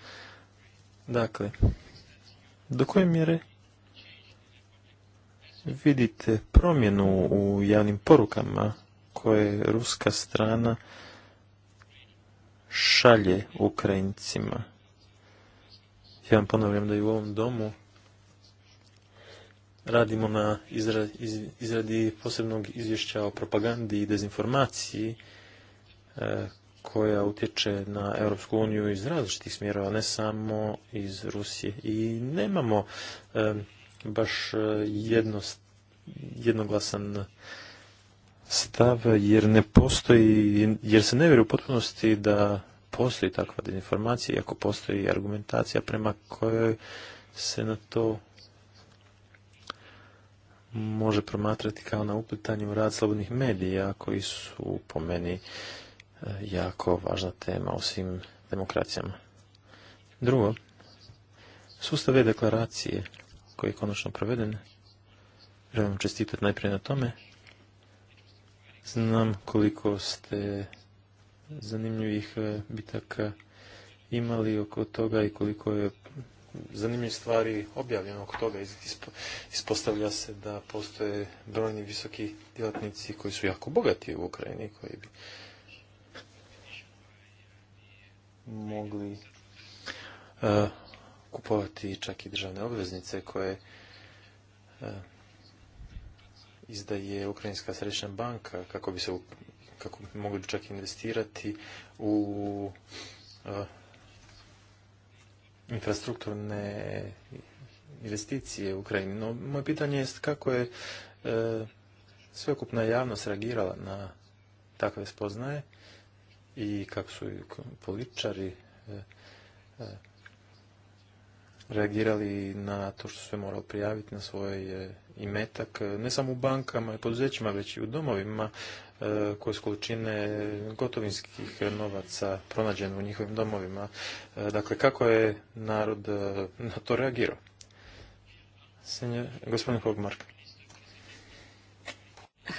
Dakle, do koje mjere vidite promjenu u javnim porukama koje ruska strana šalje Ukrajincima. Ja vam ponavljam da i u ovom domu radimo na izradi posebnog izvješća o propagandi i dezinformaciji e, koja utječe na Europsku uniju iz različitih smjerova, ne samo iz Rusije. I nemamo e, baš e, jednost, jednoglasan stav jer ne postoji, jer se ne vjeruje u potpunosti da postoji takva dezinformacija, iako postoji argumentacija prema kojoj se na to može promatrati kao na uplitanju rad slobodnih medija koji su po meni e, jako važna tema u svim demokracijama. Drugo, sustave deklaracije koji je konačno proveden, želim čestitati najprije na tome, Znam koliko ste zanimljivih e, bitaka imali oko toga i koliko je zanimljivih stvari objavljeno oko toga. Ispostavlja se da postoje brojni visoki djelatnici koji su jako bogati u Ukrajini, koji bi mogli e, kupovati čak i državne obveznice koje e, izdaje Ukrajinska središnja banka kako bi se kako bi mogli čak investirati u e, infrastrukturne investicije u Ukrajini. No, moje pitanje je kako je e, sveukupna javnost reagirala na takve spoznaje i kako su političari e, reagirali na to što su sve morali prijaviti na svoje i metak e, ne samo u bankama i poduzećima, već i u domovima e, koje su količine gotovinskih novaca pronađene u njihovim domovima. E, dakle, kako je narod na to reagirao? Senjor, gospodin Hogmark.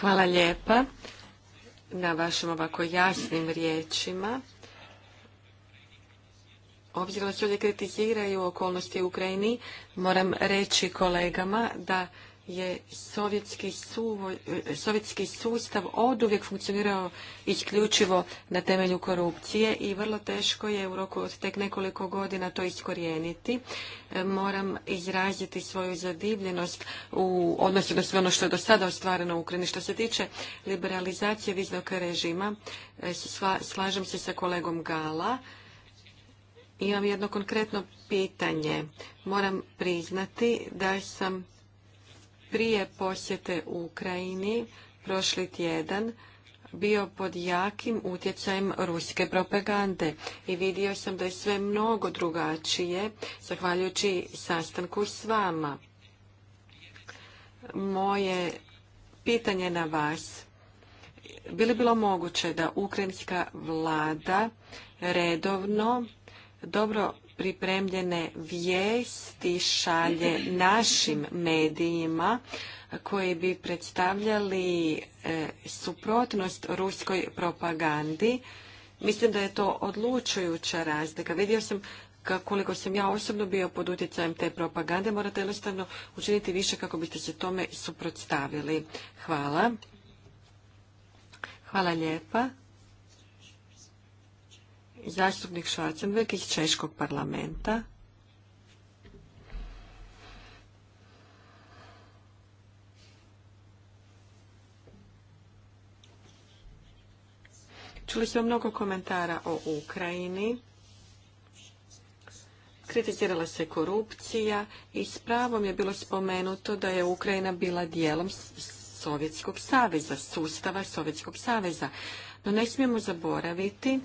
Hvala lijepa na vašim ovako jasnim riječima. Obzirom da se ovdje kritiziraju okolnosti u Ukrajini, moram reći kolegama da je sovjetski, od e, sustav oduvijek funkcionirao isključivo na temelju korupcije i vrlo teško je u roku od tek nekoliko godina to iskorijeniti. E, moram izraziti svoju zadivljenost u odnosu na sve ono što je do sada ostvareno u Ukrajini. Što se tiče liberalizacije viznog režima, e, slažem se sa kolegom Gala. Imam jedno konkretno pitanje. Moram priznati da sam prije posjete u Ukrajini prošli tjedan bio pod jakim utjecajem ruske propagande i vidio sam da je sve mnogo drugačije zahvaljujući sastanku s vama. Moje pitanje na vas. Bi li bilo moguće da ukrajinska vlada redovno dobro pripremljene vijesti šalje našim medijima koji bi predstavljali e, suprotnost ruskoj propagandi. Mislim da je to odlučujuća razlika. Vidio sam koliko sam ja osobno bio pod utjecajem te propagande, morate jednostavno učiniti više kako biste se tome suprotstavili. Hvala. Hvala lijepa zastupnik Schwarzenberg iz Češkog parlamenta. Čuli smo mnogo komentara o Ukrajini. Kritizirala se korupcija i s pravom je bilo spomenuto da je Ukrajina bila dijelom Sovjetskog saveza, sustava Sovjetskog saveza. No ne smijemo zaboraviti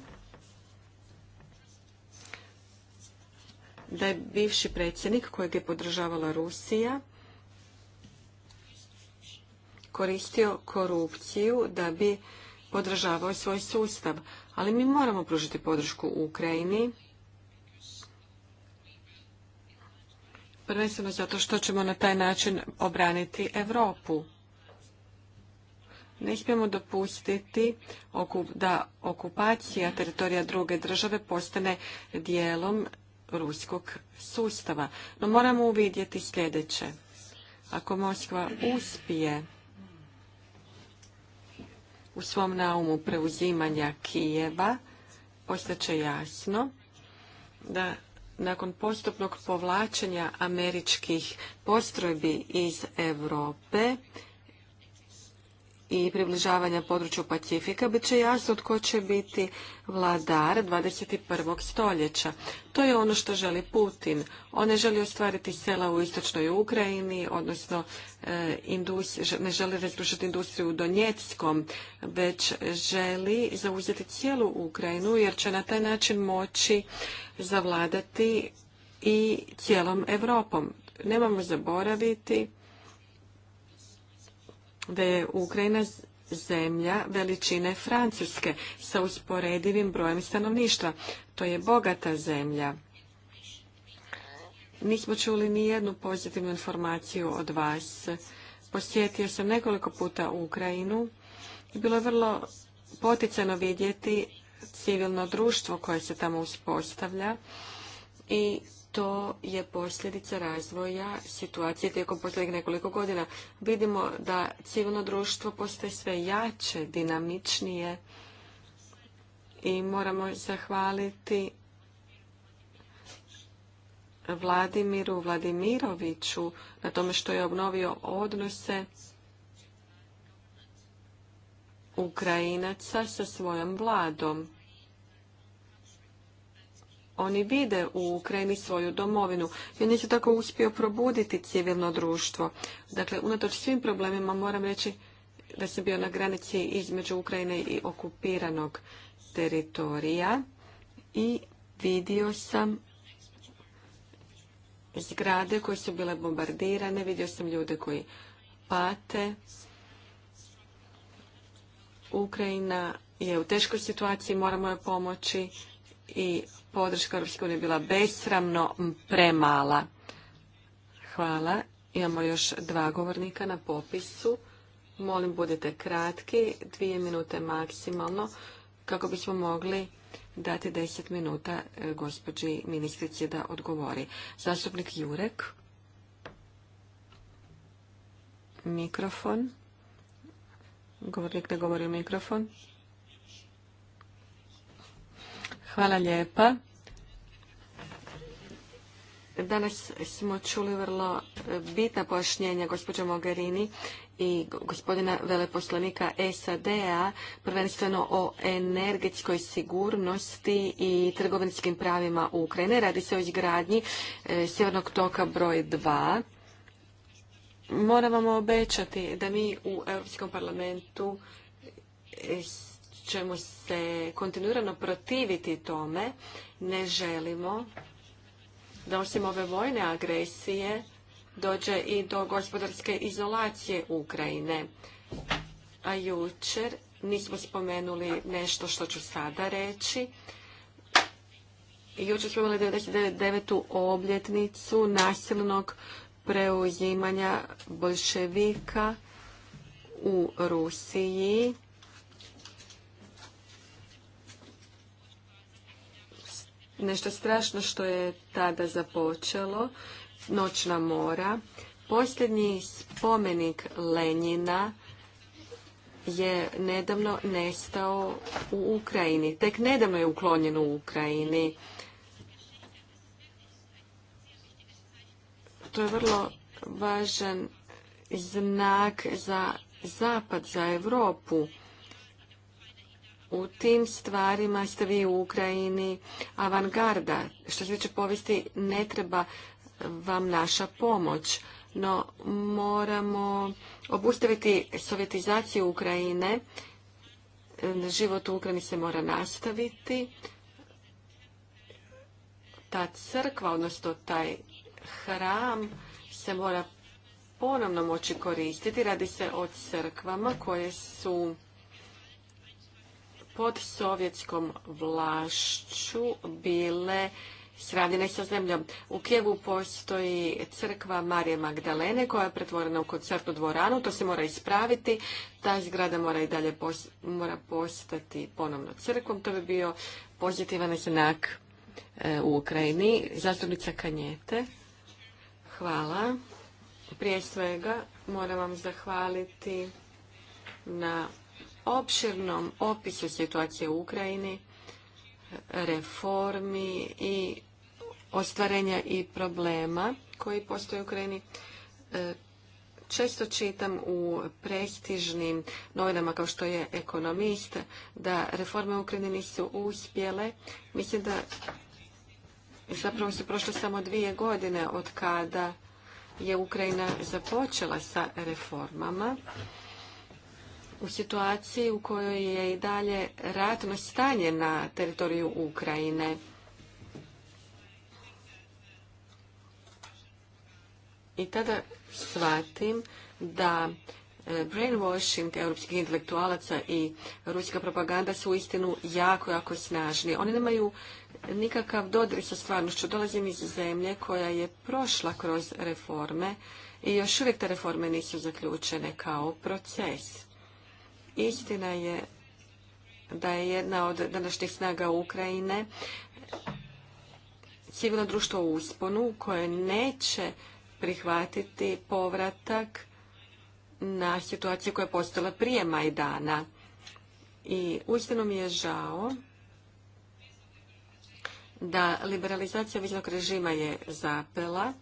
da je bivši predsjednik kojeg je podržavala Rusija koristio korupciju da bi podržavao svoj sustav. Ali mi moramo pružiti podršku Ukrajini. Prvenstveno zato što ćemo na taj način obraniti Europu. Ne smijemo dopustiti da okupacija teritorija druge države postane dijelom ruskog sustava. No moramo uvidjeti sljedeće. Ako Moskva uspije u svom naumu preuzimanja Kijeva, postaće jasno da nakon postupnog povlačenja američkih postrojbi iz Europe i približavanja području Pacifika bit će jasno tko će biti vladar 21. stoljeća. To je ono što želi Putin. On ne želi ostvariti sela u istočnoj Ukrajini, odnosno e, ne želi razrušiti industriju u Donjeckom, već želi zauzeti cijelu Ukrajinu jer će na taj način moći zavladati i cijelom Europom. Nemamo zaboraviti da je Ukrajina zemlja veličine Francuske sa usporedivim brojem stanovništva. To je bogata zemlja. Nismo čuli ni jednu pozitivnu informaciju od vas. Posjetio sam nekoliko puta Ukrajinu i bilo je vrlo poticano vidjeti civilno društvo koje se tamo uspostavlja i to je posljedica razvoja situacije tijekom posljednjih nekoliko godina. Vidimo da civilno društvo postaje sve jače, dinamičnije i moramo zahvaliti Vladimiru Vladimiroviću na tome što je obnovio odnose Ukrajinaca sa svojom vladom oni vide u Ukrajini svoju domovinu. I on tako uspio probuditi civilno društvo. Dakle, unatoč svim problemima moram reći da sam bio na granici između Ukrajine i okupiranog teritorija i vidio sam zgrade koje su bile bombardirane, vidio sam ljude koji pate. Ukrajina je u teškoj situaciji, moramo joj pomoći i podrška Europske unije bila besramno premala. Hvala. Imamo još dva govornika na popisu. Molim, budite kratki, dvije minute maksimalno, kako bismo mogli dati deset minuta e, gospođi ministrici da odgovori. Zastupnik Jurek. Mikrofon. Govornik ne govori u mikrofon. Hvala lijepa. Danas smo čuli vrlo e, bitna pojašnjenja gospođa Mogherini i gospodina veleposlanika SAD-a, prvenstveno o energetskoj sigurnosti i trgovinskim pravima Ukrajine. Radi se o izgradnji e, Sjevernog toka broj 2. Moramo vam obećati da mi u Europskom parlamentu ćemo se kontinuirano protiviti tome. Ne želimo da osim ove vojne agresije dođe i do gospodarske izolacije Ukrajine. A jučer nismo spomenuli nešto što ću sada reći. Jučer smo imali 99. obljetnicu nasilnog preuzimanja bolševika u Rusiji. nešto strašno što je tada započelo, noćna mora. Posljednji spomenik Lenjina je nedavno nestao u Ukrajini. Tek nedavno je uklonjen u Ukrajini. To je vrlo važan znak za zapad, za Europu. U tim stvarima ste vi u Ukrajini avangarda. Što se tiče povijesti, ne treba vam naša pomoć. No, moramo obustaviti sovjetizaciju Ukrajine. Život u Ukrajini se mora nastaviti. Ta crkva, odnosno taj hram, se mora ponovno moći koristiti. Radi se o crkvama koje su pod sovjetskom vlašću bile sradine sa zemljom. U Kijevu postoji crkva Marije Magdalene koja je pretvorena u koncertnu dvoranu. To se mora ispraviti. Ta zgrada mora i dalje mora postati ponovno crkvom. To bi bio pozitivan znak e, u Ukrajini. Zastupnica Kanjete. Hvala. Prije svega moram vam zahvaliti na opširnom opisu situacije u Ukrajini, reformi i ostvarenja i problema koji postoje u Ukrajini. E, često čitam u prestižnim novinama kao što je ekonomist da reforme u Ukrajini nisu uspjele. Mislim da zapravo su prošle samo dvije godine od kada je Ukrajina započela sa reformama u situaciji u kojoj je i dalje ratno stanje na teritoriju Ukrajine. I tada shvatim da e, brainwashing europskih intelektualaca i ruska propaganda su uistinu jako, jako snažni. Oni nemaju nikakav dodir sa stvarnošću. Dolazim iz zemlje koja je prošla kroz reforme i još uvijek te reforme nisu zaključene kao proces. Istina je da je jedna od današnjih snaga Ukrajine civilno društvo u usponu koje neće prihvatiti povratak na situaciju koja je postala prije Majdana. I uistinu mi je žao da liberalizacija viznog režima je zapela,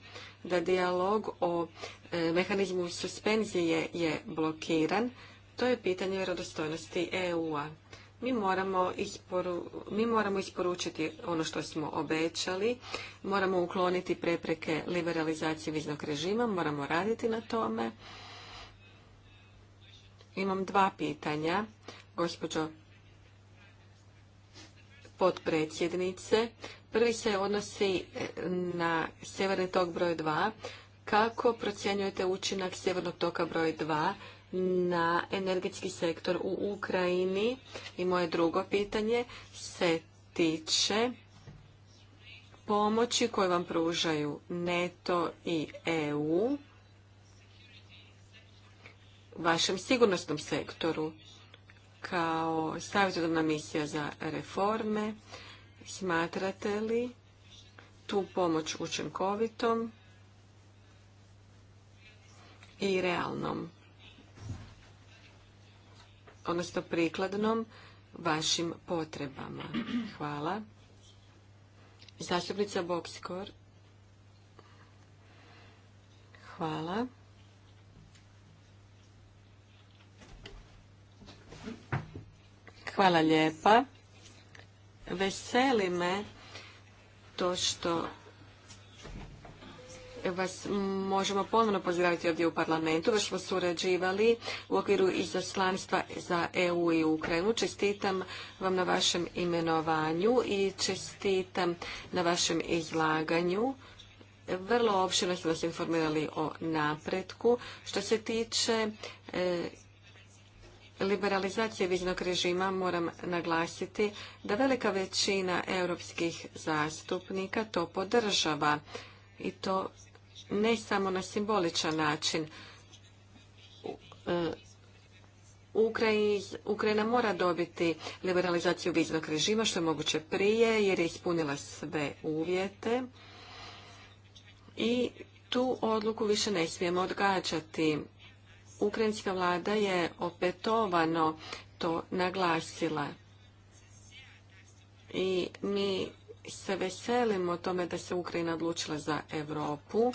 da dijalog o e, mehanizmu suspenzije je blokiran, to je pitanje vjerodostojnosti EU-a. Mi moramo, mi moramo isporučiti ono što smo obećali, moramo ukloniti prepreke liberalizacije viznog režima, moramo raditi na tome. Imam dva pitanja, gospođo potpredsjednice. Prvi se odnosi e, na sjeverni tok broj 2. Kako procjenjujete učinak sjevernog toka broj 2 na energetski sektor u Ukrajini. I moje drugo pitanje se tiče pomoći koje vam pružaju NATO i EU vašem sigurnosnom sektoru kao savjetodavna misija za reforme. Smatrate li tu pomoć učinkovitom i realnom? odnosno prikladnom vašim potrebama. Hvala. Zastupnica Bokskor. Hvala. Hvala lijepa. Veseli me to što vas možemo ponovno pozdraviti ovdje u parlamentu. Već smo surađivali u okviru izaslanstva za EU i Ukrajinu. Čestitam vam na vašem imenovanju i čestitam na vašem izlaganju. Vrlo opširno ste vas informirali o napretku. Što se tiče e, liberalizacije viznog režima moram naglasiti da velika većina europskih zastupnika to podržava i to ne samo na simboličan način. E, Ukrajina mora dobiti liberalizaciju viznog režima što je moguće prije jer je ispunila sve uvjete i tu odluku više ne smijemo odgađati. Ukrajinska vlada je opetovano to naglasila i mi se veselimo tome da se Ukrajina odlučila za Europu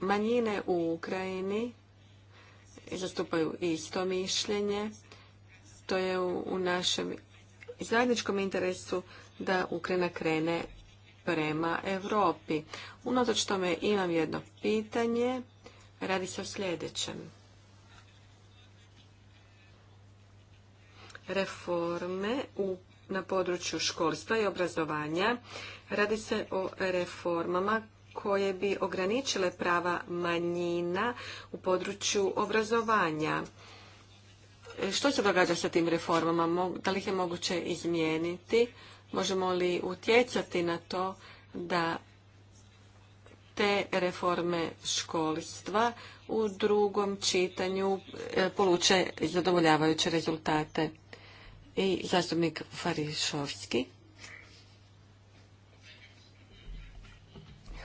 Manjine u Ukrajini zastupaju isto mišljenje. To je u našem zajedničkom interesu da Ukrajina krene prema Europi. Unatoč tome imam jedno pitanje. Radi se o sljedećem. Reforme u, na području školstva i obrazovanja. Radi se o reformama koje bi ograničile prava manjina u području obrazovanja. E, što se događa sa tim reformama? Da li ih je moguće izmijeniti? Možemo li utjecati na to da te reforme školstva u drugom čitanju e, poluče zadovoljavajuće rezultate? I zastupnik Farišovski.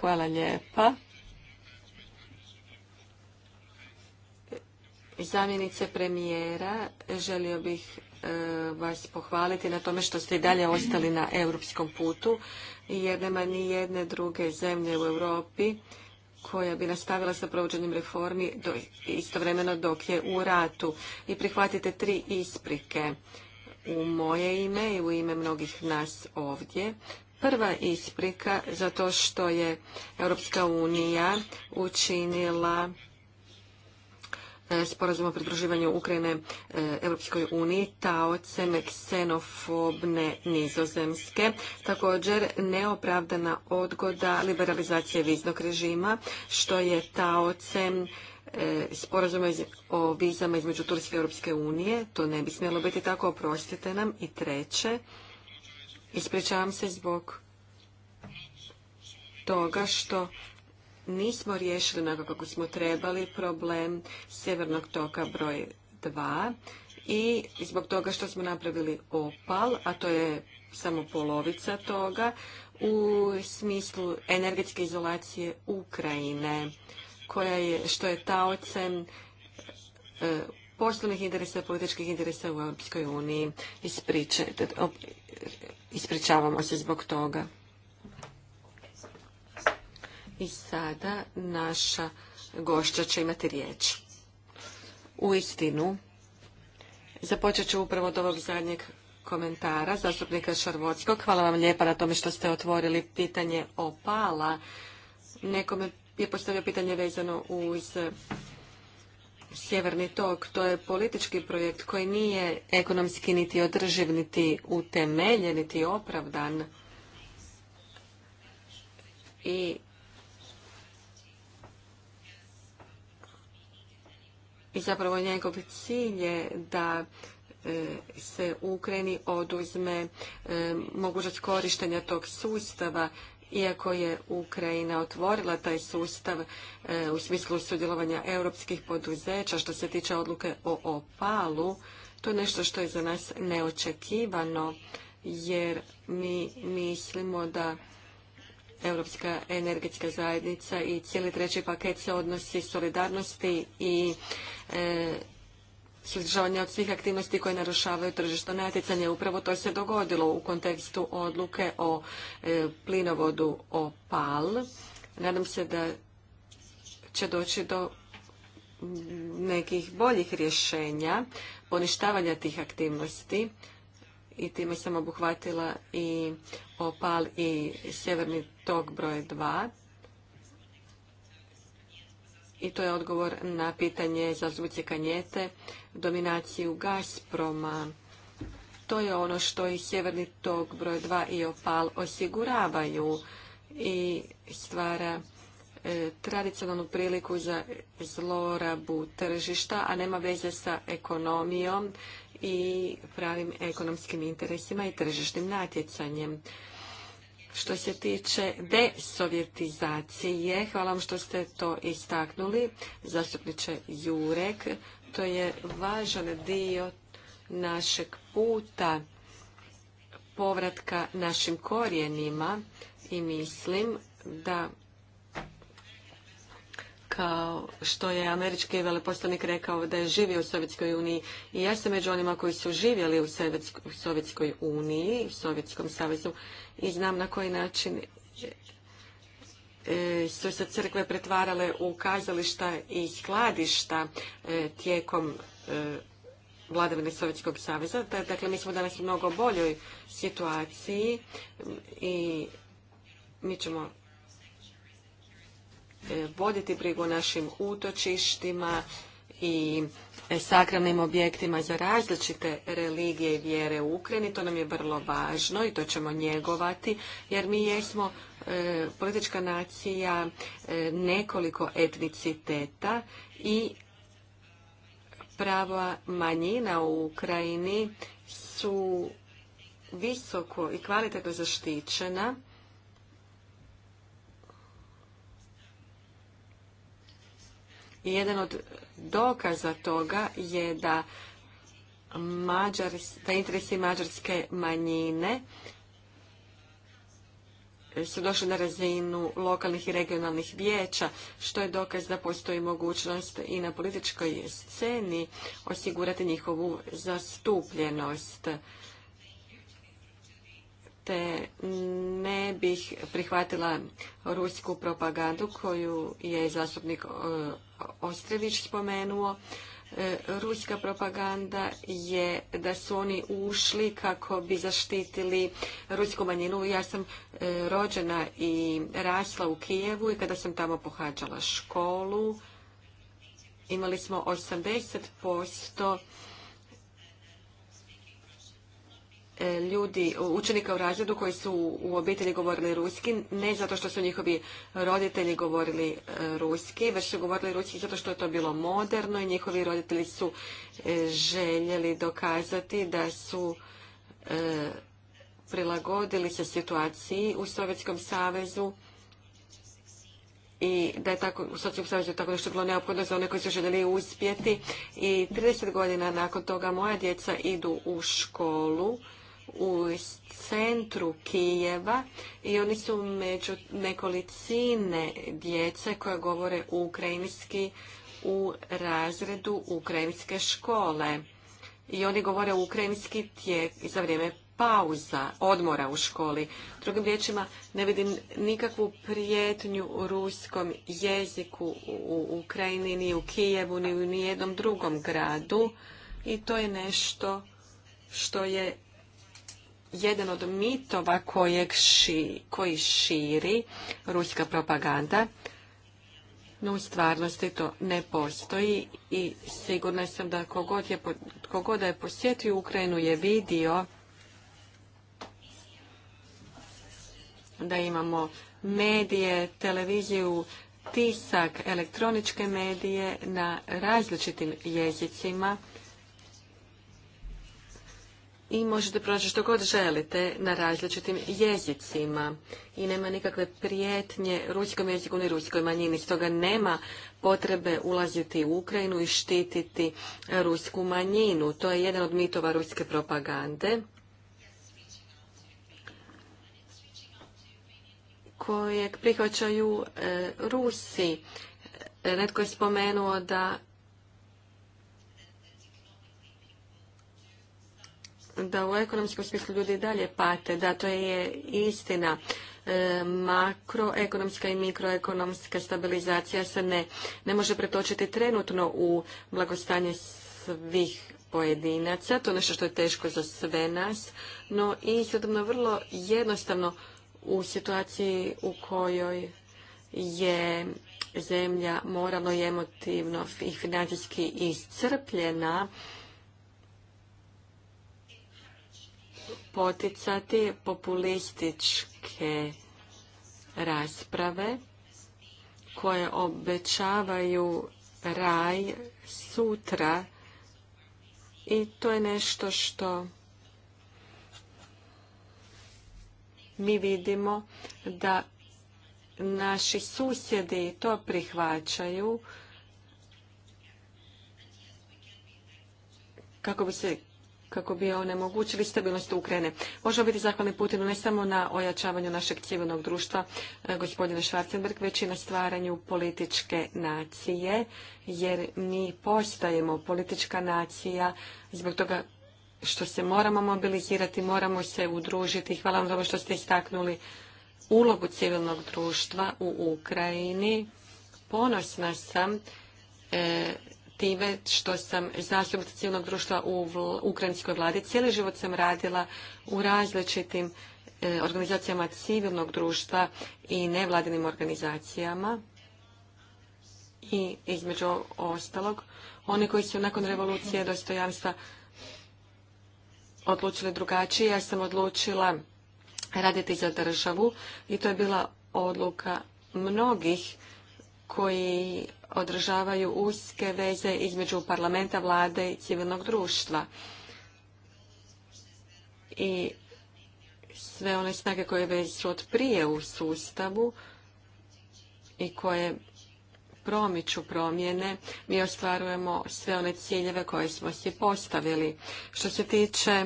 Hvala lijepa. Zamjenice premijera, želio bih e, vas pohvaliti na tome što ste i dalje ostali na europskom putu, jer nema ni jedne druge zemlje u Europi koja bi nastavila sa provođenjem reformi do, istovremeno dok je u ratu. I prihvatite tri isprike u moje ime i u ime mnogih nas ovdje. Prva isprika zato što je Europska unija učinila e, sporazum o pridruživanju Ukrajine e, Europskoj uniji taocem ksenofobne nizozemske. Također neopravdana odgoda liberalizacije viznog režima što je taocem e, sporazuma o vizama između Turske i Europske unije. To ne bi smjelo biti tako, oprostite nam. I treće, Ispričavam se zbog toga što nismo riješili onako kako smo trebali problem Sjevernog toka broj 2 i zbog toga što smo napravili opal, a to je samo polovica toga, u smislu energetske izolacije Ukrajine, koja je, što je taocem e, poslovnih interesa, političkih interesa u Europskoj uniji. Ispričajte, Ispričavamo se zbog toga. I sada naša gošća će imati riječ. U istinu, započet ću upravo od ovog zadnjeg komentara zastupnika Šarvotskog. Hvala vam lijepa na tome što ste otvorili pitanje opala. Nekome je postavio pitanje vezano uz Sjeverni tok, to je politički projekt koji nije ekonomski niti održiv, niti utemeljen, niti opravdan. I zapravo njegov cilj je da e, se Ukrajini oduzme e, mogućnost korištenja tog sustava iako je Ukrajina otvorila taj sustav e, u smislu sudjelovanja europskih poduzeća što se tiče odluke o opalu, to je nešto što je za nas neočekivano jer mi mislimo da Europska energetska zajednica i cijeli treći paket se odnosi solidarnosti i e, suzdržavanja od svih aktivnosti koje narušavaju tržišno natjecanje. Upravo to se dogodilo u kontekstu odluke o e, plinovodu OPAL. Nadam se da će doći do nekih boljih rješenja, poništavanja tih aktivnosti i time sam obuhvatila i OPAL i Sjeverni tok broj 2. I to je odgovor na pitanje zastupnice Kanjete, dominaciju Gazproma. To je ono što i Sjeverni tok broj 2 i Opal osiguravaju i stvara e, tradicionalnu priliku za zlorabu tržišta, a nema veze sa ekonomijom i pravim ekonomskim interesima i tržišnim natjecanjem. Što se tiče desovjetizacije, hvala vam što ste to istaknuli, zastupniče Jurek. To je važan dio našeg puta povratka našim korijenima i mislim da kao što je američki veleposlanik rekao da je živio u Sovjetskoj uniji i ja sam među onima koji su živjeli u Sovjetskoj uniji, u Sovjetskom savezu i znam na koji način e, su se crkve pretvarale u kazališta i skladišta e, tijekom e, vladavine Sovjetskog saveza. Dakle, mi smo danas u mnogo boljoj situaciji i mi ćemo E, voditi brigu našim utočištima i e, sakralnim objektima za različite religije i vjere u Ukrajini. To nam je vrlo važno i to ćemo njegovati jer mi jesmo e, politička nacija nekoliko etniciteta i prava manjina u Ukrajini su visoko i kvalitetno zaštićena I jedan od dokaza toga je da, da interesi mađarske manjine su došli na razinu lokalnih i regionalnih vijeća, što je dokaz da postoji mogućnost i na političkoj sceni osigurati njihovu zastupljenost. Te ne bih prihvatila rusku propagandu koju je zastupnik Ostrević spomenuo, e, ruska propaganda je da su oni ušli kako bi zaštitili rusku manjinu. Ja sam e, rođena i rasla u Kijevu i kada sam tamo pohađala školu, imali smo 80% E, ljudi, učenika u razredu koji su u obitelji govorili ruski, ne zato što su njihovi roditelji govorili e, ruski, već su govorili ruski zato što je to bilo moderno i njihovi roditelji su e, željeli dokazati da su prilagodili se situaciji u Sovjetskom savezu i da je tako, u Sovjetskom savezu tako nešto bilo neophodno za one koji su željeli uspjeti. I 30 godina nakon toga moja djeca idu u školu u centru Kijeva i oni su među nekolicine djece koje govore ukrajinski u razredu ukrajinske škole. I oni govore ukrajinski tijek za vrijeme pauza, odmora u školi. Drugim riječima, ne vidim nikakvu prijetnju u ruskom jeziku u Ukrajini, ni u Kijevu, ni u nijednom drugom gradu. I to je nešto što je jedan od mitova kojeg koji širi ruska propaganda, no u stvarnosti to ne postoji i sigurna sam da kogod je posjetio Ukrajinu je vidio da imamo medije, televiziju, tisak, elektroničke medije na različitim jezicima i možete pronaći što god želite na različitim jezicima. I nema nikakve prijetnje ruskom jeziku ni ruskoj manjini. Stoga nema potrebe ulaziti u Ukrajinu i štititi rusku manjinu. To je jedan od mitova ruske propagande. kojeg prihvaćaju e, Rusi. E, netko je spomenuo da da u ekonomskom smislu ljudi dalje pate, da to je istina. E, makroekonomska i mikroekonomska stabilizacija se ne, ne može pretočiti trenutno u blagostanje svih pojedinaca. To je nešto što je teško za sve nas, no i sredobno vrlo jednostavno u situaciji u kojoj je zemlja moralno i emotivno i financijski iscrpljena, poticati populističke rasprave koje obećavaju raj sutra i to je nešto što mi vidimo da naši susjedi to prihvaćaju kako bi se kako bi onemogućili stabilnost Ukrajine. Možemo biti zahvalni Putinu ne samo na ojačavanju našeg civilnog društva, e, gospodine Schwarzenberg, već i na stvaranju političke nacije, jer mi postajemo politička nacija zbog toga što se moramo mobilizirati, moramo se udružiti. Hvala vam dobro što ste istaknuli ulogu civilnog društva u Ukrajini. Ponosna sam e, time što sam zastupnica civilnog društva u ukrajinskoj vladi. Cijeli život sam radila u različitim e, organizacijama civilnog društva i nevladinim organizacijama i između ostalog oni koji su nakon revolucije dostojanstva odlučili drugačije. Ja sam odlučila raditi za državu i to je bila odluka mnogih koji održavaju uske veze između parlamenta, vlade i civilnog društva. I sve one snage koje već su od prije u sustavu i koje promiču promjene, mi ostvarujemo sve one ciljeve koje smo si postavili. Što se tiče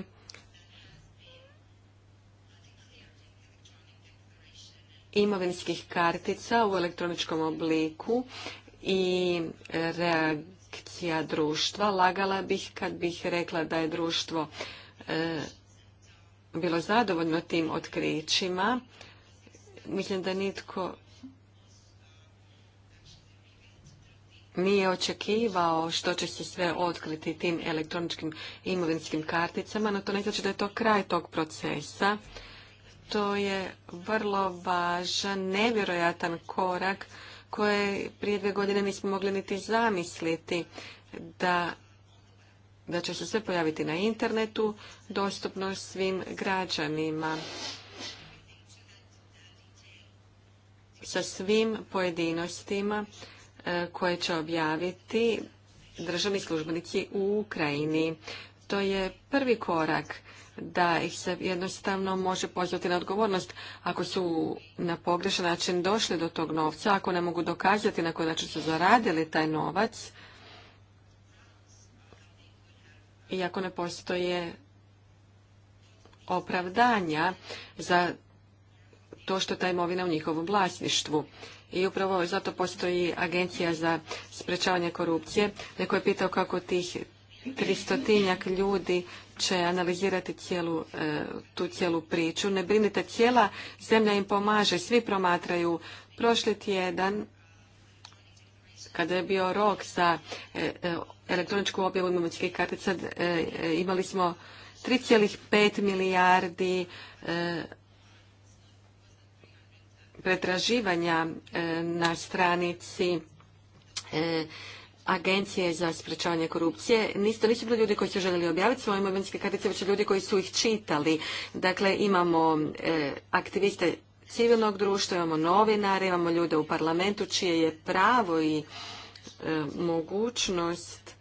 imovinskih kartica u elektroničkom obliku i reakcija društva. Lagala bih kad bih rekla da je društvo e, bilo zadovoljno tim otkrićima. Mislim da nitko nije očekivao što će se sve otkriti tim elektroničkim imovinskim karticama, no to ne znači da je to kraj tog procesa. To je vrlo važan, nevjerojatan korak koje prije dve godine nismo mogli niti zamisliti da da će se sve pojaviti na internetu, dostupno svim građanima. Sa svim pojedinostima e, koje će objaviti državni službenici u Ukrajini. To je prvi korak da ih se jednostavno može pozvati na odgovornost ako su na pogrešan način došli do tog novca, ako ne mogu dokazati na koji način su zaradili taj novac i ako ne postoje opravdanja za to što ta imovina u njihovom vlasništvu. I upravo zato postoji agencija za sprečavanje korupcije. Neko je pitao kako tih tristotinjak ljudi će analizirati cijelu, e, tu cijelu priču. Ne brinite, cijela zemlja im pomaže, svi promatraju. Prošli tjedan, kada je bio rok za e, e, elektroničku objavu imovinskih kartica, imali smo 3,5 milijardi pretraživanja na stranici agencije za sprečavanje korupcije. Nisto nisu bili ljudi koji su željeli objaviti svoje imovinske kartice, već ljudi koji su ih čitali. Dakle, imamo e, aktiviste civilnog društva, imamo novinare, imamo ljude u parlamentu čije je pravo i e, mogućnost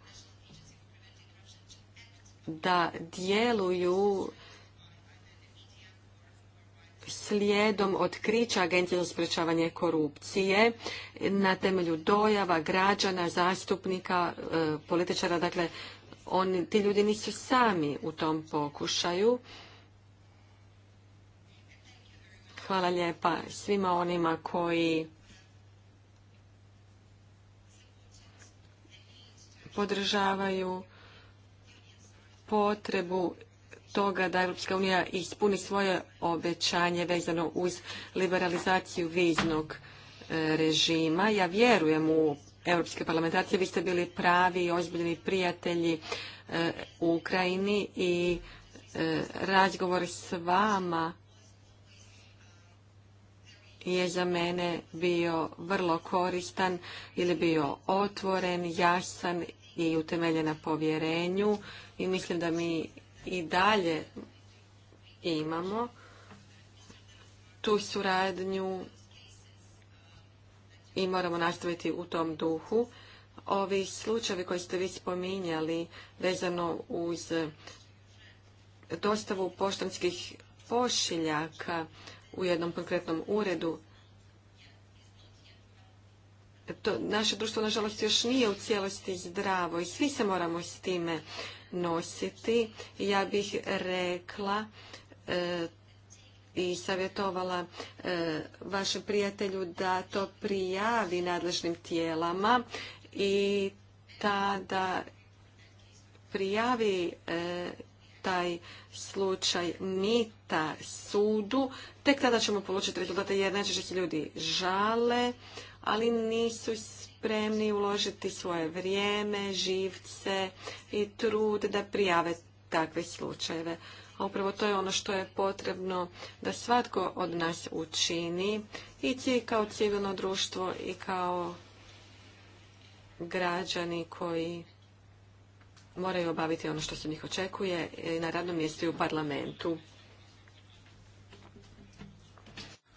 da djeluju slijedom otkrića Agencije za sprečavanje korupcije na temelju dojava građana, zastupnika, e, političara. Dakle, ti ljudi nisu sami u tom pokušaju. Hvala lijepa svima onima koji podržavaju potrebu toga da Europska unija ispuni svoje obećanje vezano uz liberalizaciju viznog e, režima. Ja vjerujem u europske parlamentarce. Vi ste bili pravi i ozbiljni prijatelji e, u Ukrajini i e, razgovor s vama je za mene bio vrlo koristan ili bio otvoren, jasan i utemeljen na povjerenju i mislim da mi i dalje imamo tu suradnju i moramo nastaviti u tom duhu. Ovi slučajevi koji ste vi spominjali vezano uz dostavu poštanskih pošiljaka u jednom konkretnom uredu, to, naše društvo, nažalost, još nije u cijelosti zdravo i svi se moramo s time nositi. Ja bih rekla e, i savjetovala e, vašem prijatelju da to prijavi nadležnim tijelama i tada prijavi e, taj slučaj mita sudu, tek tada ćemo polučiti rezultate jer najčešće se ljudi žale, ali nisu spremni uložiti svoje vrijeme, živce i trud da prijave takve slučajeve. A upravo to je ono što je potrebno da svatko od nas učini i kao civilno društvo i kao građani koji moraju obaviti ono što se njih očekuje na radnom mjestu i u parlamentu.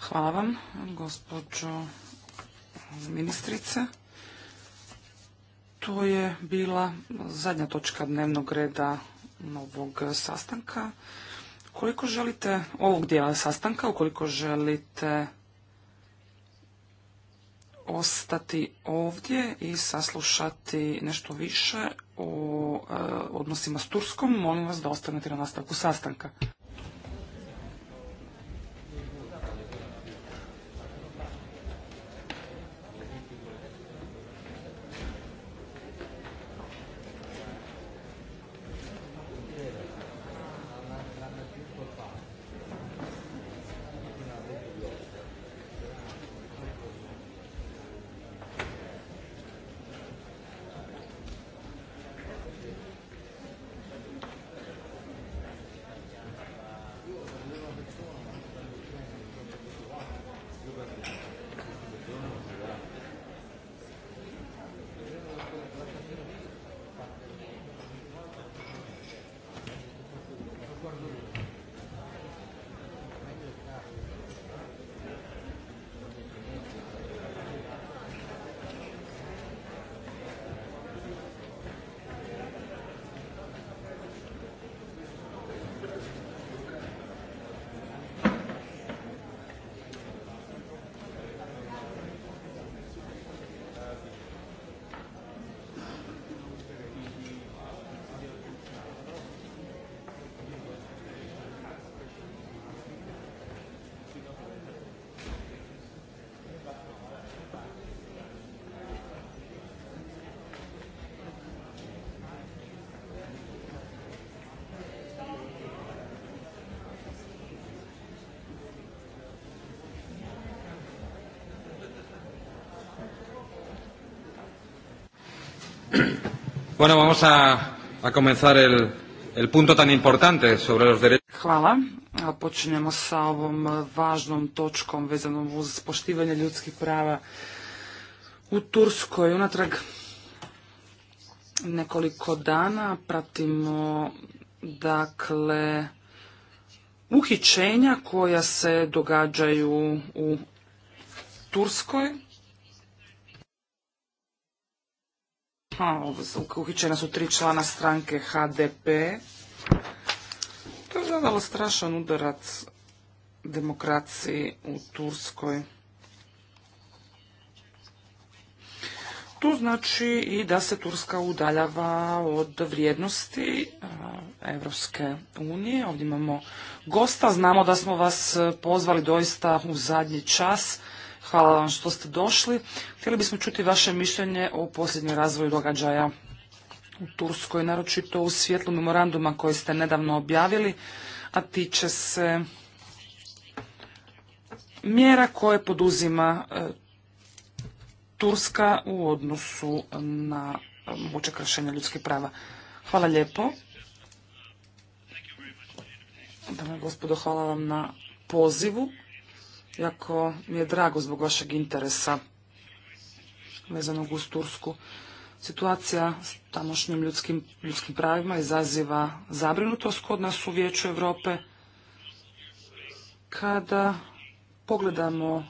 Hvala vam, gospođo ministrice. To je bila zadnja točka dnevnog reda novog sastanka. Koliko želite, ovog dijela sastanka, ukoliko želite ostati ovdje i saslušati nešto više o e, odnosima s Turskom, molim vas da ostanete na nastavku sastanka. Bueno, vamos a, a comenzar el, el punto tan importante sobre los derechos. Hvala. Počinjemo sa ovom važnom točkom vezanom uz poštivanje ljudskih prava u Turskoj. Unatrag nekoliko dana pratimo dakle uhićenja koja se događaju u Turskoj. uhićena su tri člana stranke HDP. To je zadalo strašan udarac demokraciji u Turskoj. Tu znači i da se Turska udaljava od vrijednosti e, Evropske unije. Ovdje imamo gosta, znamo da smo vas pozvali doista u zadnji čas. Hvala vam što ste došli. Htjeli bismo čuti vaše mišljenje o posljednjem razvoju događaja u Turskoj, naročito u svjetlu memoranduma koji ste nedavno objavili, a tiče se mjera koje poduzima e, Turska u odnosu na moguće kršenje ljudskih prava. Hvala lijepo. Dame gospodo, hvala vam na pozivu. Jako mi je drago zbog vašeg interesa vezanog uz Tursku. Situacija s tamošnjim ljudskim, pravima izaziva zabrinutost kod nas u Vijeću Europe. Kada pogledamo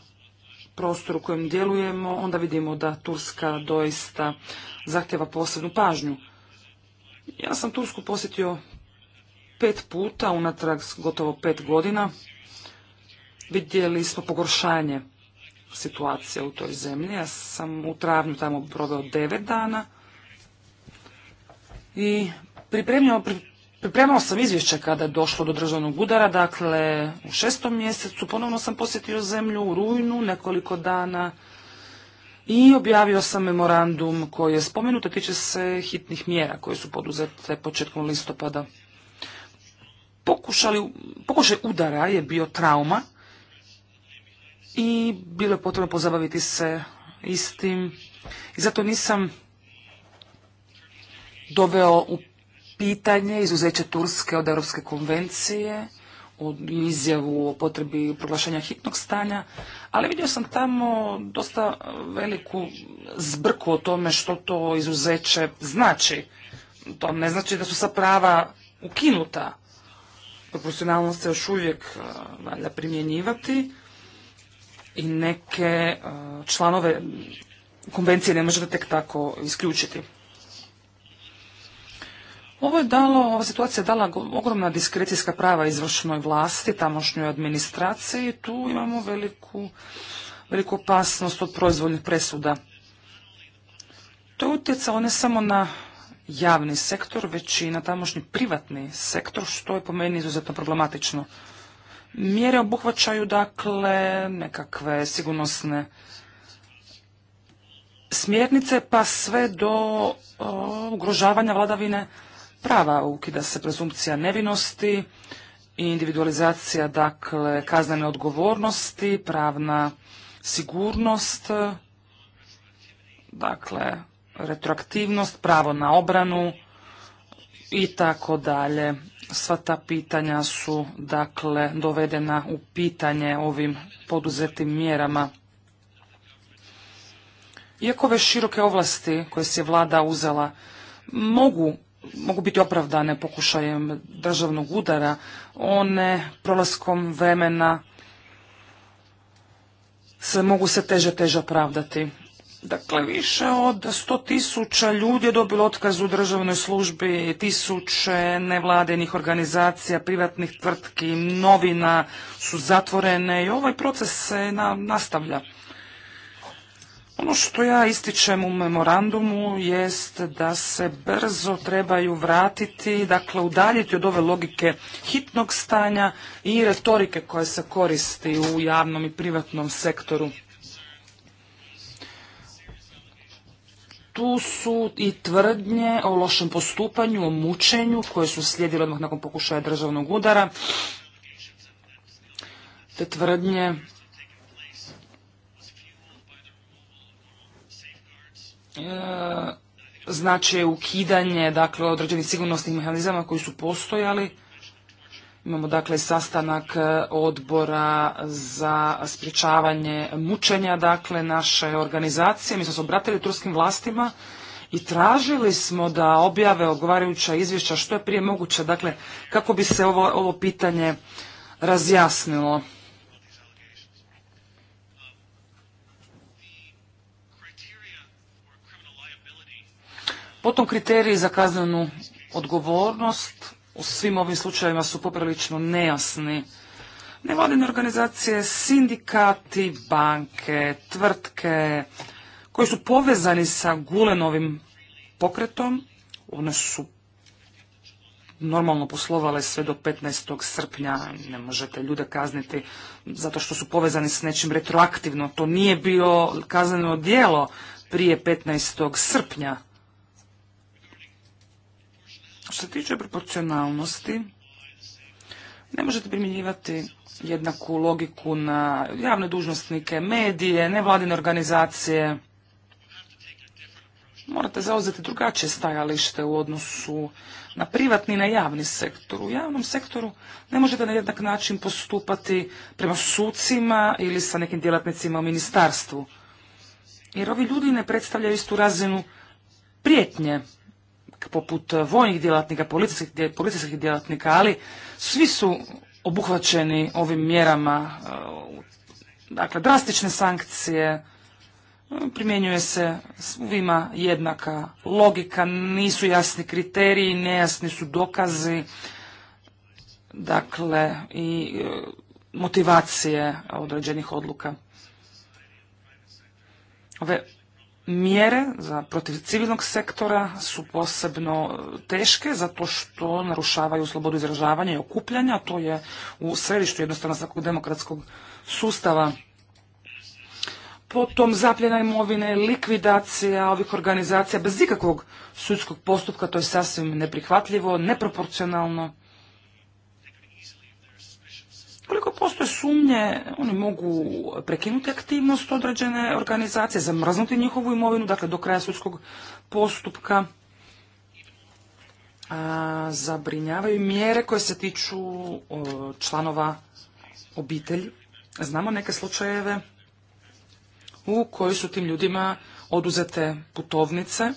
prostor u kojem djelujemo, onda vidimo da Turska doista zahtjeva posebnu pažnju. Ja sam Tursku posjetio pet puta, unatrag gotovo pet godina vidjeli smo pogoršanje situacije u toj zemlji. Ja sam u travnju tamo proveo devet dana i pripremio, pripremao sam izvješće kada je došlo do državnog udara, dakle u šestom mjesecu ponovno sam posjetio zemlju u rujnu nekoliko dana i objavio sam memorandum koji je spomenut, a tiče se hitnih mjera koje su poduzete početkom listopada. Pokušali, pokušaj udara je bio trauma, i bilo je potrebno pozabaviti se istim i zato nisam doveo u pitanje izuzeće Turske od Europske konvencije, od izjavu o potrebi proglašanja hitnog stanja, ali vidio sam tamo dosta veliku zbrku o tome što to izuzeće znači. To ne znači da su sa prava ukinuta. Proporcionalnost se još uvijek valja primjenjivati, i neke e, članove konvencije ne možete tek tako isključiti. Ovo je dalo, ova situacija je dala ogromna diskrecijska prava izvršnoj vlasti, tamošnjoj administraciji. Tu imamo veliku, veliku opasnost od proizvoljnih presuda. To je utjecalo ne samo na javni sektor, već i na tamošnji privatni sektor, što je po meni izuzetno problematično. Mjere obuhvaćaju dakle nekakve sigurnosne smjernice pa sve do ugrožavanja vladavine prava. Ukida se prezumpcija nevinosti individualizacija dakle kaznene odgovornosti, pravna sigurnost, dakle retroaktivnost, pravo na obranu i tako dalje. Sva ta pitanja su dakle dovedena u pitanje ovim poduzetim mjerama. Iako ove široke ovlasti koje se vlada uzela mogu, mogu biti opravdane pokušajem državnog udara, one prolaskom vremena se mogu se teže teže opravdati. Dakle, više od sto tisuća ljudi je dobilo otkaz u državnoj službi, tisuće nevladenih organizacija, privatnih tvrtki, novina su zatvorene i ovaj proces se na, nastavlja. Ono što ja ističem u memorandumu jest da se brzo trebaju vratiti, dakle udaljiti od ove logike hitnog stanja i retorike koja se koristi u javnom i privatnom sektoru. tu su i tvrdnje o lošem postupanju, o mučenju koje su slijedile odmah nakon pokušaja državnog udara. Te tvrdnje znači ukidanje dakle određenih sigurnosnih mehanizama koji su postojali Imamo dakle sastanak e, odbora za sprječavanje mučenja, dakle naše organizacije. Mi smo se obratili turskim vlastima i tražili smo da objave odgovarajuća izvješća što je prije moguće, dakle kako bi se ovo, ovo pitanje razjasnilo. Potom kriteriji za kaznenu odgovornost u svim ovim slučajevima su poprilično nejasni. Nevladine organizacije, sindikati, banke, tvrtke koji su povezani sa Gulenovim pokretom, one su normalno poslovale sve do 15. srpnja, ne možete ljude kazniti zato što su povezani s nečim retroaktivno, to nije bio kazneno djelo prije 15. srpnja. Što se tiče proporcionalnosti, ne možete primjenjivati jednaku logiku na javne dužnostnike, medije, nevladine organizacije. Morate zauzeti drugačije stajalište u odnosu na privatni i na javni sektor. U javnom sektoru ne možete na jednak način postupati prema sucima ili sa nekim djelatnicima u ministarstvu. Jer ovi ljudi ne predstavljaju istu razinu prijetnje poput vojnih djelatnika, policijskih, djelatnika, ali svi su obuhvaćeni ovim mjerama, uh, dakle drastične sankcije, primjenjuje se svima jednaka logika, nisu jasni kriteriji, nejasni su dokazi, dakle i uh, motivacije određenih odluka. Ove mjere za protiv civilnog sektora su posebno teške zato što narušavaju slobodu izražavanja i okupljanja, to je u središtu jednostavno svakog demokratskog sustava. Potom zapljena imovine, likvidacija ovih organizacija bez ikakvog sudskog postupka, to je sasvim neprihvatljivo, neproporcionalno koliko postoje sumnje, oni mogu prekinuti aktivnost određene organizacije, zamrznuti njihovu imovinu, dakle do kraja sudskog postupka. zabrinjavaju mjere koje se tiču članova obitelji. Znamo neke slučajeve u kojoj su tim ljudima oduzete putovnice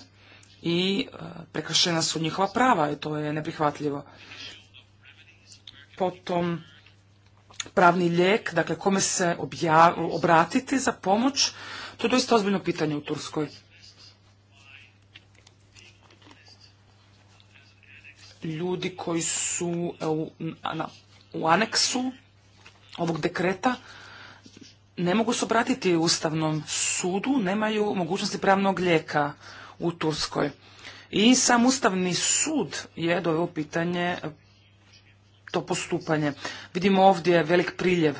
i prekrašena prekršena su njihova prava i to je neprihvatljivo. Potom pravni lijek, dakle kome se obratiti za pomoć, to je doista ozbiljno pitanje u Turskoj. Ljudi koji su e, u, aneksu ovog dekreta ne mogu se obratiti Ustavnom sudu, nemaju mogućnosti pravnog lijeka u Turskoj. I sam Ustavni sud je doveo pitanje to postupanje. Vidimo ovdje velik priljev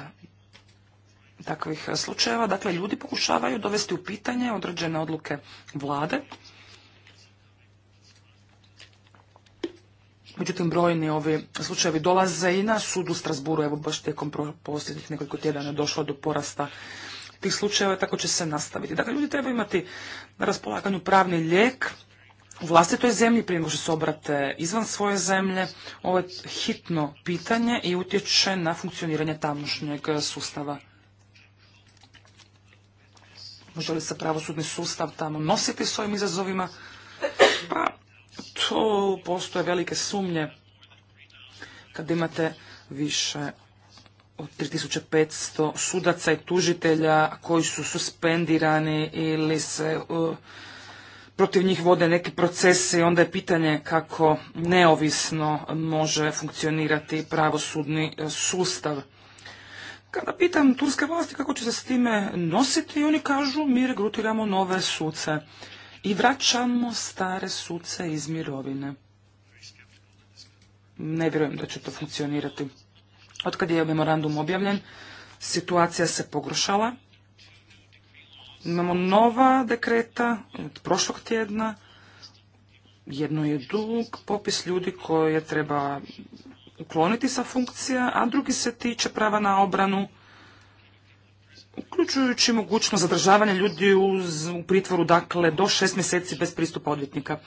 takvih e, slučajeva. Dakle, ljudi pokušavaju dovesti u pitanje određene odluke vlade. Međutim, brojni ovi slučajevi dolaze i na sud u Strasburu. Evo, baš tijekom posljednjih nekoliko tjedana je došlo do porasta tih slučajeva, tako će se nastaviti. Dakle, ljudi trebaju imati na raspolaganju pravni lijek u vlastitoj zemlji prije nego što se obrate izvan svoje zemlje. Ovo je hitno pitanje i utječe na funkcioniranje tamošnjeg sustava. Može li se pravosudni sustav tamo nositi s ovim izazovima? Pa, to postoje velike sumnje kad imate više od 3500 sudaca i tužitelja koji su suspendirani ili se uh, protiv njih vode neki procesi, onda je pitanje kako neovisno može funkcionirati pravosudni e, sustav. Kada pitam turske vlasti kako će se s time nositi, oni kažu mi regrutiramo nove suce i vraćamo stare suce iz mirovine. Ne vjerujem da će to funkcionirati. Otkad je memorandum objavljen, situacija se pogoršala. Imamo nova dekreta od prošlog tjedna. Jedno je dug popis ljudi koje treba ukloniti sa funkcija, a drugi se tiče prava na obranu, uključujući mogućnost zadržavanja ljudi u pritvoru, dakle, do šest mjeseci bez pristupa odvjetnika.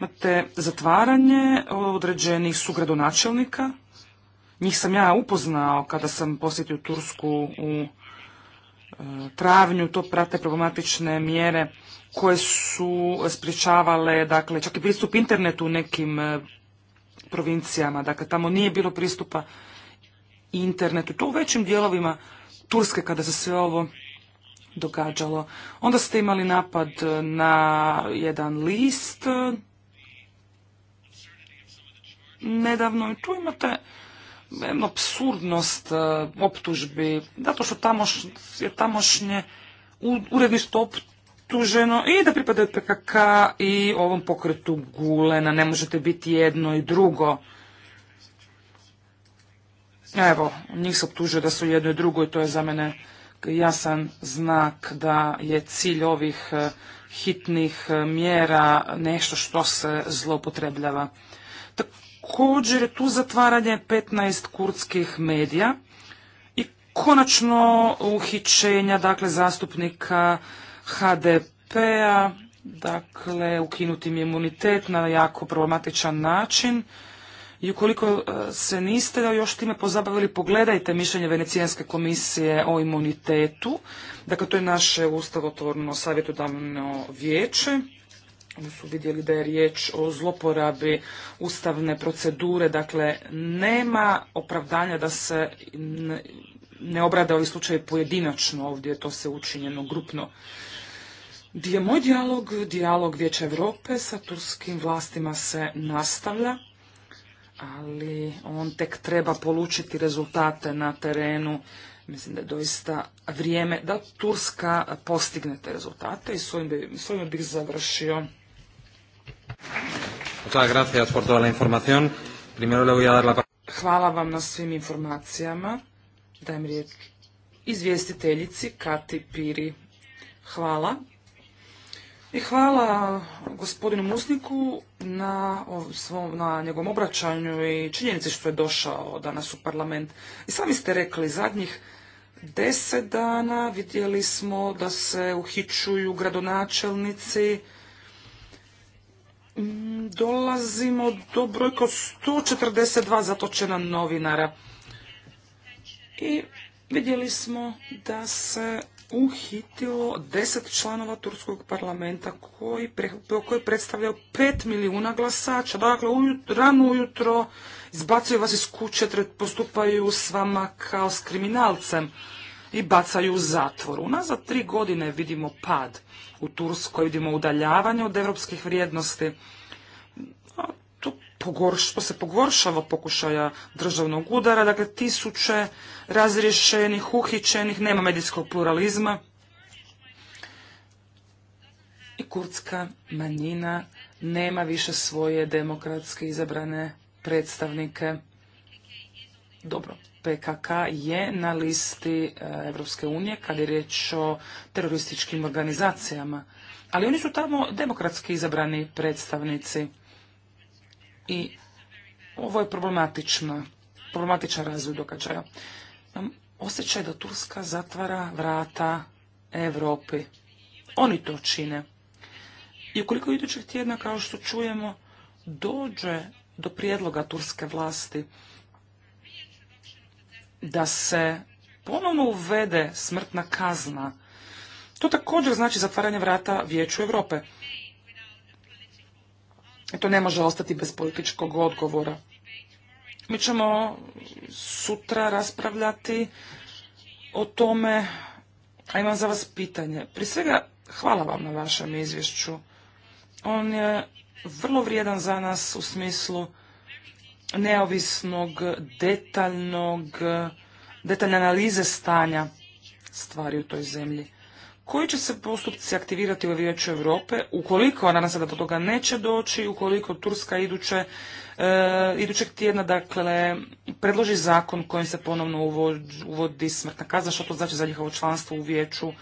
Imate zatvaranje određenih sugradonačelnika. Njih sam ja upoznao kada sam posjetio Tursku u travnju, to prate problematične mjere koje su sprječavale, dakle, čak i pristup internetu u nekim e, provincijama, dakle, tamo nije bilo pristupa internetu, to u većim dijelovima Turske kada se sve ovo događalo. Onda ste imali napad na jedan list e, nedavno i tu imate jednu absurdnost e, optužbi, zato što je tamošnje uredništvo optuženo i da pripadaju PKK i ovom pokretu Gulena, ne možete biti jedno i drugo. Evo, njih se optužuje da su jedno i drugo i to je za mene jasan znak da je cilj ovih e, hitnih e, mjera nešto što se zloupotrebljava također je tu zatvaranje 15 kurdskih medija i konačno uhićenja dakle zastupnika HDP-a, dakle ukinuti im imunitet na jako problematičan način. I ukoliko e, se niste još time pozabavili, pogledajte mišljenje Venecijanske komisije o imunitetu. Dakle, to je naše ustavotvorno savjetodavno vijeće. Oni su vidjeli da je riječ o zloporabi ustavne procedure, dakle nema opravdanja da se ne obrade ovi slučajevi pojedinačno, ovdje to se učinjeno grupno. Gdje je moj dijalog, dijalog Vijeća Europe sa turskim vlastima se nastavlja, ali on tek treba polučiti rezultate na terenu. Mislim da je doista vrijeme da Turska postigne te rezultate i s ovim, bih završio. Hvala vam na svim informacijama. Dajem riječ izvjestiteljici Kati Piri. Hvala. I hvala gospodinu Musniku na, na njegovom obraćanju i činjenici što je došao danas u parlament. I sami ste rekli, zadnjih deset dana vidjeli smo da se uhičuju gradonačelnici, Mm, dolazimo do brojko 142 zatočena novinara. I vidjeli smo da se uhitilo deset članova Turskog parlamenta koji, koji predstavljaju pet milijuna glasača. Dakle, ujutro, rano ujutro izbacuju vas iz kuće, postupaju s vama kao s kriminalcem i bacaju u zatvor. Unazad tri godine vidimo pad u Turskoj, vidimo udaljavanje od europskih vrijednosti. to, se pogoršava pokušaja državnog udara, dakle tisuće razriješenih, uhićenih, nema medijskog pluralizma. I kurdska manjina nema više svoje demokratske izabrane predstavnike. Dobro, PKK je na listi Europske unije kad je riječ o terorističkim organizacijama. Ali oni su tamo demokratski izabrani predstavnici. I ovo je problematično, problematičan razvoj događaja. osjećaj da Turska zatvara vrata Europi. Oni to čine. I ukoliko idućeg tjedna, kao što čujemo, dođe do prijedloga turske vlasti da se ponovno uvede smrtna kazna. To također znači zatvaranje vrata Vijeću Europe. I e, to ne može ostati bez političkog odgovora. Mi ćemo sutra raspravljati o tome, a imam za vas pitanje. Prije svega, hvala vam na vašem izvješću. On je vrlo vrijedan za nas u smislu neovisnog, detaljnog, detaljne analize stanja stvari u toj zemlji. Koji će se postupci aktivirati u Vijeću Europe, ukoliko, ona se da do toga neće doći, ukoliko Turska iduće, e, idućeg tjedna, dakle, predloži zakon kojim se ponovno uvodi, uvodi smrtna kazna, što to znači za njihovo članstvo u Vijeću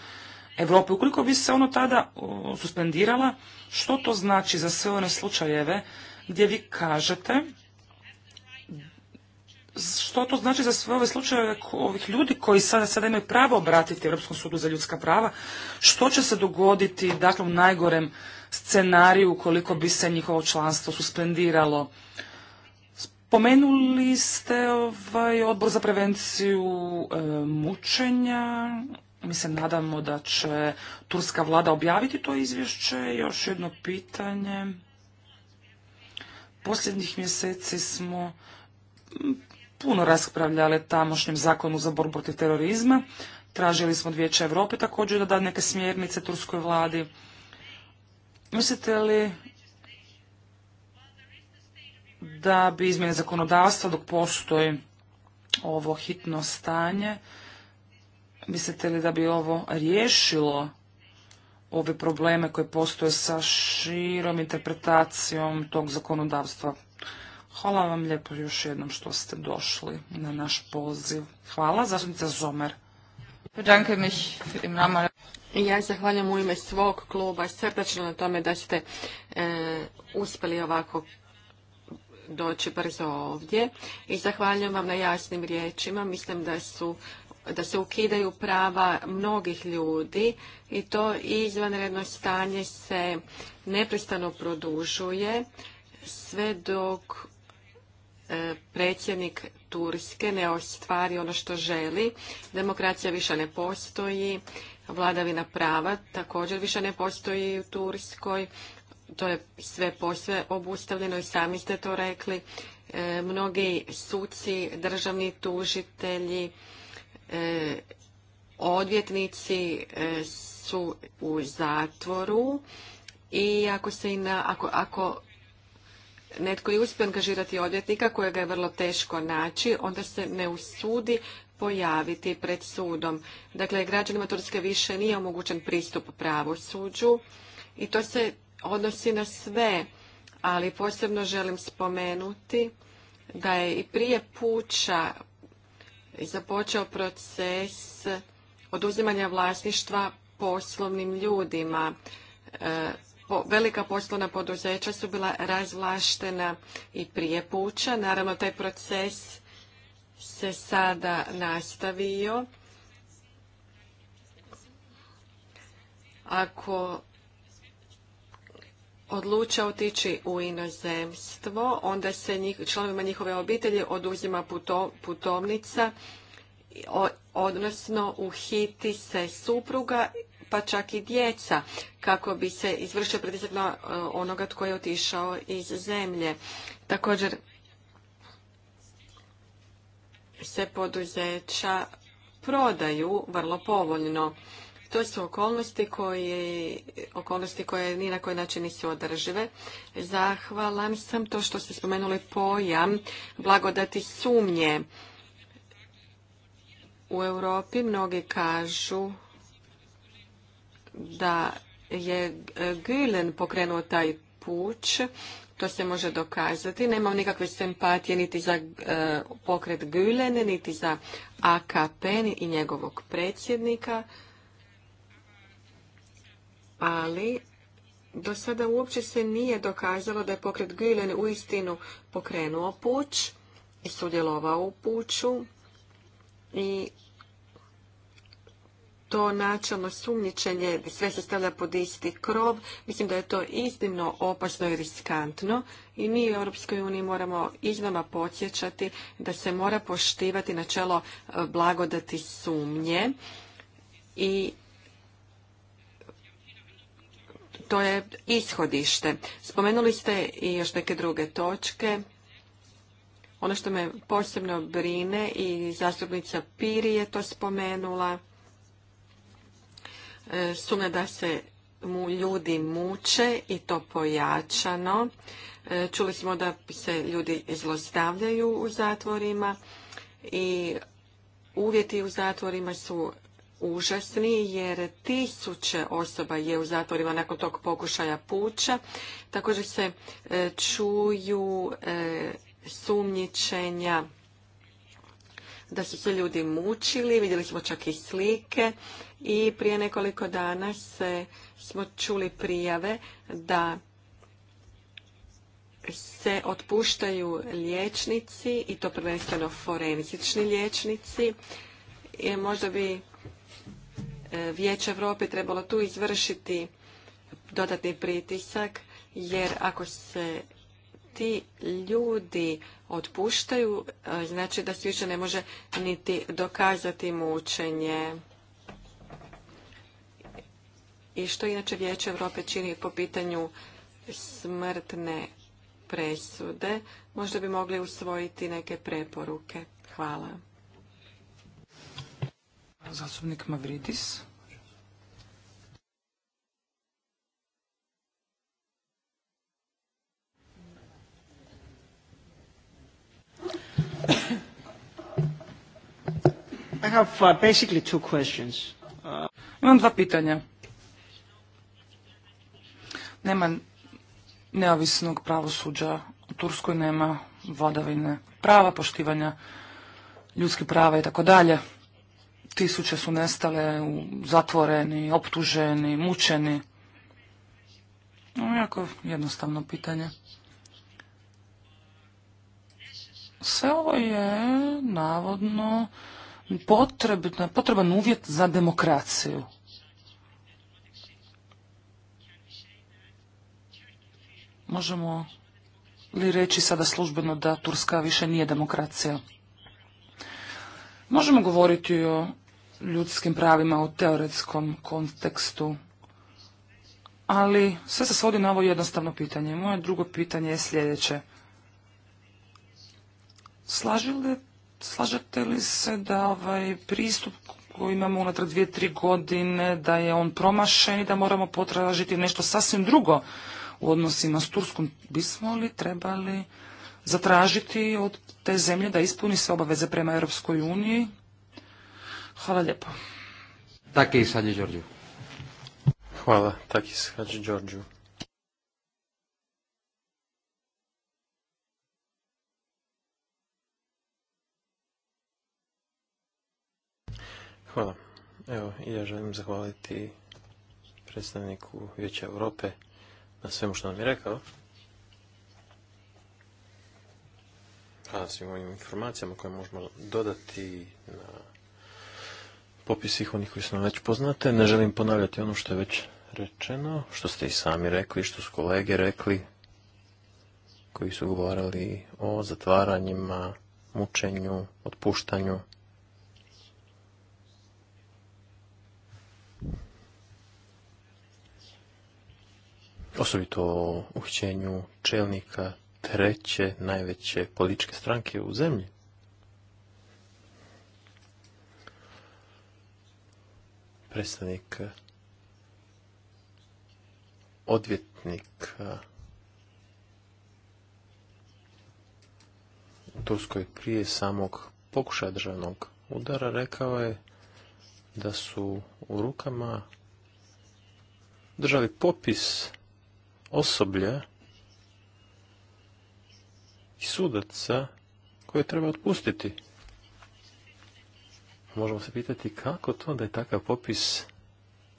Europe. Ukoliko bi se ono tada suspendirala, što to znači za sve one slučajeve gdje vi kažete što to znači za sve ove slučajeve ovih ljudi koji sada, sada imaju pravo obratiti Europskom sudu za ljudska prava, što će se dogoditi dakle, u najgorem scenariju ukoliko bi se njihovo članstvo suspendiralo. Spomenuli ste ovaj odbor za prevenciju e, mučenja. Mi se nadamo da će turska vlada objaviti to izvješće. Još jedno pitanje. Posljednjih mjeseci smo puno raspravljale tamošnjem zakonu za borbu protiv terorizma. Tražili smo od Vijeća Europe također da da neke smjernice turskoj vladi. Mislite li da bi izmjene zakonodavstva dok postoji ovo hitno stanje, mislite li da bi ovo riješilo ove probleme koje postoje sa širom interpretacijom tog zakonodavstva Hvala vam lijepo još jednom što ste došli na naš poziv. Hvala, zastupnica Zomer. Ja zahvaljam u ime svog kluba srdačno na tome da ste e, uspjeli ovako doći brzo ovdje i zahvaljujem vam na jasnim riječima. Mislim da su da se ukidaju prava mnogih ljudi i to izvanredno stanje se neprestano produžuje sve dok E, predsjednik Turske ne ostvari ono što želi, demokracija više ne postoji, vladavina prava također više ne postoji u Turskoj, to je sve posve obustavljeno i sami ste to rekli. E, mnogi suci, državni tužitelji, e, odvjetnici su u zatvoru i ako se i na, ako netko je uspije angažirati odvjetnika kojega je vrlo teško naći, onda se ne usudi pojaviti pred sudom. Dakle, građanima Turske više nije omogućen pristup pravu pravosuđu i to se odnosi na sve, ali posebno želim spomenuti da je i prije puća započeo proces oduzimanja vlasništva poslovnim ljudima. E, velika poslovna poduzeća su bila razvlaštena i prije puća. Naravno, taj proces se sada nastavio. Ako odluče otići u inozemstvo, onda se članovima njihove obitelji oduzima putovnica, odnosno uhiti se supruga pa čak i djeca, kako bi se izvršio pritisak na e, onoga tko je otišao iz zemlje. Također se poduzeća prodaju vrlo povoljno. To su okolnosti koje, okolnosti koje ni na koji način nisu održive. Zahvalan sam to što ste spomenuli pojam blagodati sumnje. U Europi mnogi kažu da je Gülen pokrenuo taj puć, to se može dokazati. Nemam nikakve simpatije niti za e, pokret Gülen, niti za AKP i njegovog predsjednika, ali do sada uopće se nije dokazalo da je pokret Gülen uistinu pokrenuo puć i sudjelovao u puću i to načelno sumnjičenje sve se stavlja pod isti krov. Mislim da je to iznimno opasno i riskantno i mi u Europskoj uniji moramo iznama podsjećati da se mora poštivati načelo e, blagodati sumnje i to je ishodište. Spomenuli ste i još neke druge točke. Ono što me posebno brine i zastupnica Piri je to spomenula E, sumnja da se mu ljudi muče i to pojačano. E, čuli smo da se ljudi zlostavljaju u zatvorima i uvjeti u zatvorima su užasni jer tisuće osoba je u zatvorima nakon tog pokušaja puća. Također se e, čuju sumnjičenja da su se ljudi mučili, vidjeli smo čak i slike i prije nekoliko dana se, smo čuli prijave da se otpuštaju liječnici i to prvenstveno forenzični liječnici. I možda bi e, Vijeće Europe trebalo tu izvršiti dodatni pritisak jer ako se ti ljudi otpuštaju, e, znači da se više ne može niti dokazati mučenje. I što inače Vijeće Europe čini po pitanju smrtne presude, možda bi mogli usvojiti neke preporuke. Hvala. Zastupnik Mavridis. Uh, uh, Imam dva pitanja. Nema neovisnog pravosuđa u Turskoj, nema vladavine prava, poštivanja ljudskih prava i tako dalje. Tisuće su nestale, zatvoreni, optuženi, mučeni. No, jako jednostavno pitanje. Sve ovo je navodno potreban uvjet za demokraciju. Možemo li reći sada službeno da Turska više nije demokracija? Možemo govoriti o ljudskim pravima u teoretskom kontekstu, ali sve se svodi na ovo jednostavno pitanje. Moje drugo pitanje je sljedeće slažete li se da ovaj pristup koji imamo unatrag dvije, tri godine, da je on promašen i da moramo potražiti nešto sasvim drugo u odnosima s Turskom? Bismo li trebali zatražiti od te zemlje da ispuni sve obaveze prema Europskoj uniji? Hvala lijepo. Takis Hadži Đorđu. Hvala, Hvala. Evo, ja želim zahvaliti predstavniku Vijeća Europe na svemu što nam je rekao. A svim ovim informacijama koje možemo dodati na popis svih onih koji su nam već poznate. Ne želim ponavljati ono što je već rečeno, što ste i sami rekli, što su kolege rekli, koji su govorili o zatvaranjima, mučenju, otpuštanju. osobito o uhićenju čelnika treće najveće političke stranke u zemlji. Predstavnik odvjetnik u Turskoj prije samog pokušaja državnog udara rekao je da su u rukama držali popis osoblja i sudaca koje treba otpustiti. Možemo se pitati kako to da je takav popis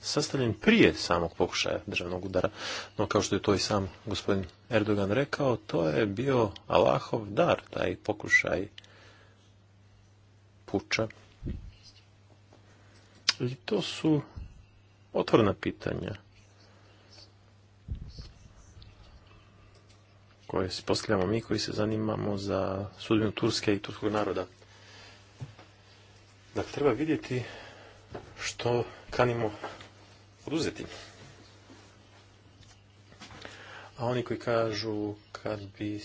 sastavljen prije samog pokušaja državnog udara. No kao što je to i sam gospodin Erdogan rekao, to je bio Allahov dar, taj pokušaj puča. I to su otvorna pitanja. koje si postavljamo mi koji se zanimamo za sudbinu Turske i turskog naroda. Dakle, treba vidjeti što kanimo poduzeti. A oni koji kažu kad bi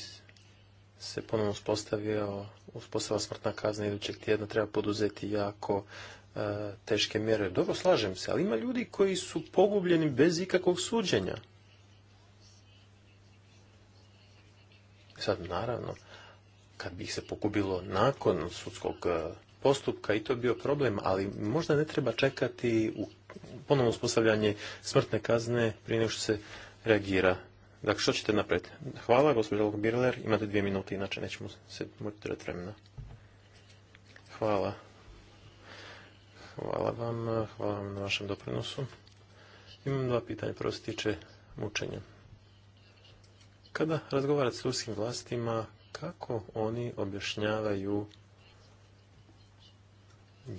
se ponovno uspostavio, uspostavila smrtna kazna idućeg tjedna, treba poduzeti jako e, teške mjere. Dobro, slažem se, ali ima ljudi koji su pogubljeni bez ikakvog suđenja. Sad, naravno, kad bi ih se pokubilo nakon sudskog e, postupka i to je bio problem, ali možda ne treba čekati u ponovno uspostavljanje smrtne kazne prije nego što se reagira. Dakle, što ćete napraviti? Hvala, gospođo Birler, imate dvije minute, inače nećemo se trebati vremena. Hvala. Hvala vam, hvala vam na vašem doprinosu. Imam dva pitanja, prvo se tiče mučenja. Kada razgovarate s turskim vlastima, kako oni objašnjavaju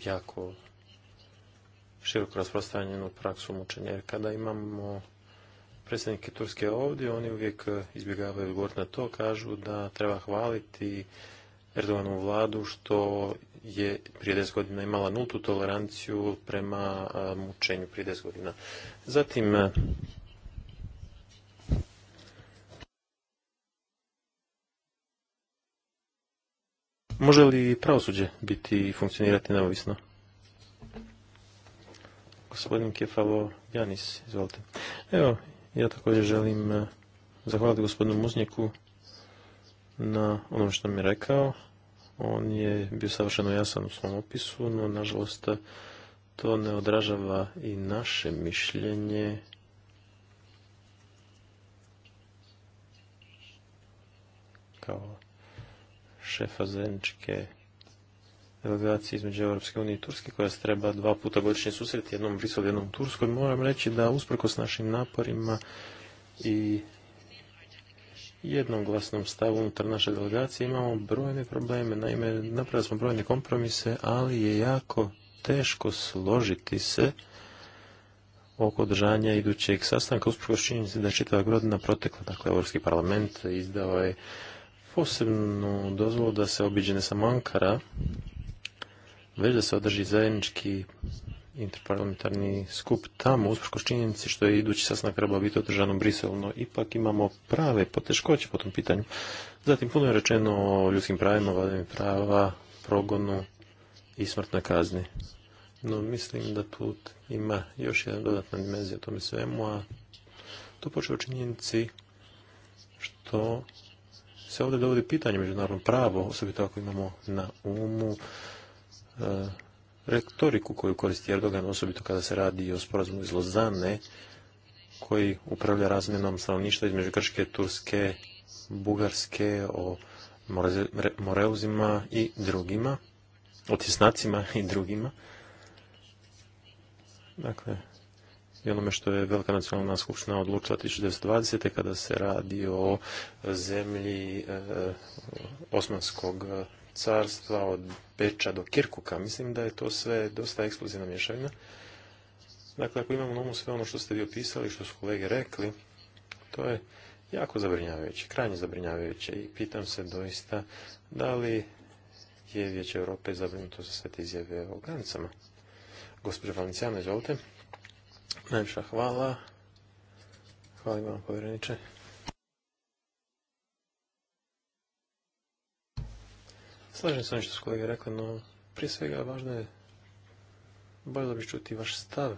jako široko rasprostranjenu praksu mučenja. Jer kada imamo predsjednike Turske ovdje, oni uvijek izbjegavaju odgovor na to, kažu da treba hvaliti Erdovanu vladu što je prije 10 godina imala nultu toleranciju prema mučenju prije 10 godina. Zatim, Može li pravosuđe biti i funkcionirati neovisno? Gospodin Kefalo Janis, izvolite. Evo, ja također želim eh, zahvaliti gospodinu Muznjeku na onom što mi je rekao. On je bio savršeno jasan u svom opisu, no nažalost to ne odražava i naše mišljenje kao šefa zajedničke delegacije između Europske unije i Turske koja se treba dva puta godišnje susreti, jednom u jednom Turskoj. Moram reći da usprkos našim naporima i jednoglasnom stavu unutar naše delegacije imamo brojne probleme. Naime, napravili smo brojne kompromise, ali je jako teško složiti se oko održanja idućeg sastanka usprkos činjenici da je čitava godina protekla. Dakle, Europski parlament izdao je posebnu dozvolu da se obiđe sa samo Ankara, već da se održi zajednički interparlamentarni skup tamo, usprkos činjenici što je idući sastanak trebao biti održan u Briselu, no ipak imamo prave poteškoće po tom pitanju. Zatim puno je rečeno o ljudskim pravima, vladavini prava, progonu i smrtnoj kazni. No mislim da tu ima još jedna dodatna dimenzija o tome svemu, a to počeo činjenici što se ovdje dovodi pitanje međunarodno pravo, osobito ako imamo na umu e, retoriku koju koristi Erdogan, osobito kada se radi o sporazumu iz Lozane, koji upravlja razmjenom stanovništva između Grčke, Turske, Bugarske, o Moreuzima i drugima, o i drugima. Dakle, i onome što je Velika nacionalna skupština odlučila 1920. kada se radi o zemlji eh, Osmanskog eh, carstva od Beča do Kirkuka. Mislim da je to sve dosta eksplozivna mješavina. Dakle, ako imamo na umu sve ono što ste vi opisali, što su kolege rekli, to je jako zabrinjavajuće, krajnje zabrinjavajuće i pitam se doista da li je Vijeće Europe zabrinuto za sve te izjave o granicama. Gospođa Valencijana izvolite. Najviša hvala. Hvala vam povjereniče. Slažem se nešto s kolege rekli, no prije svega važno je bolje da bi čuti vaš stav.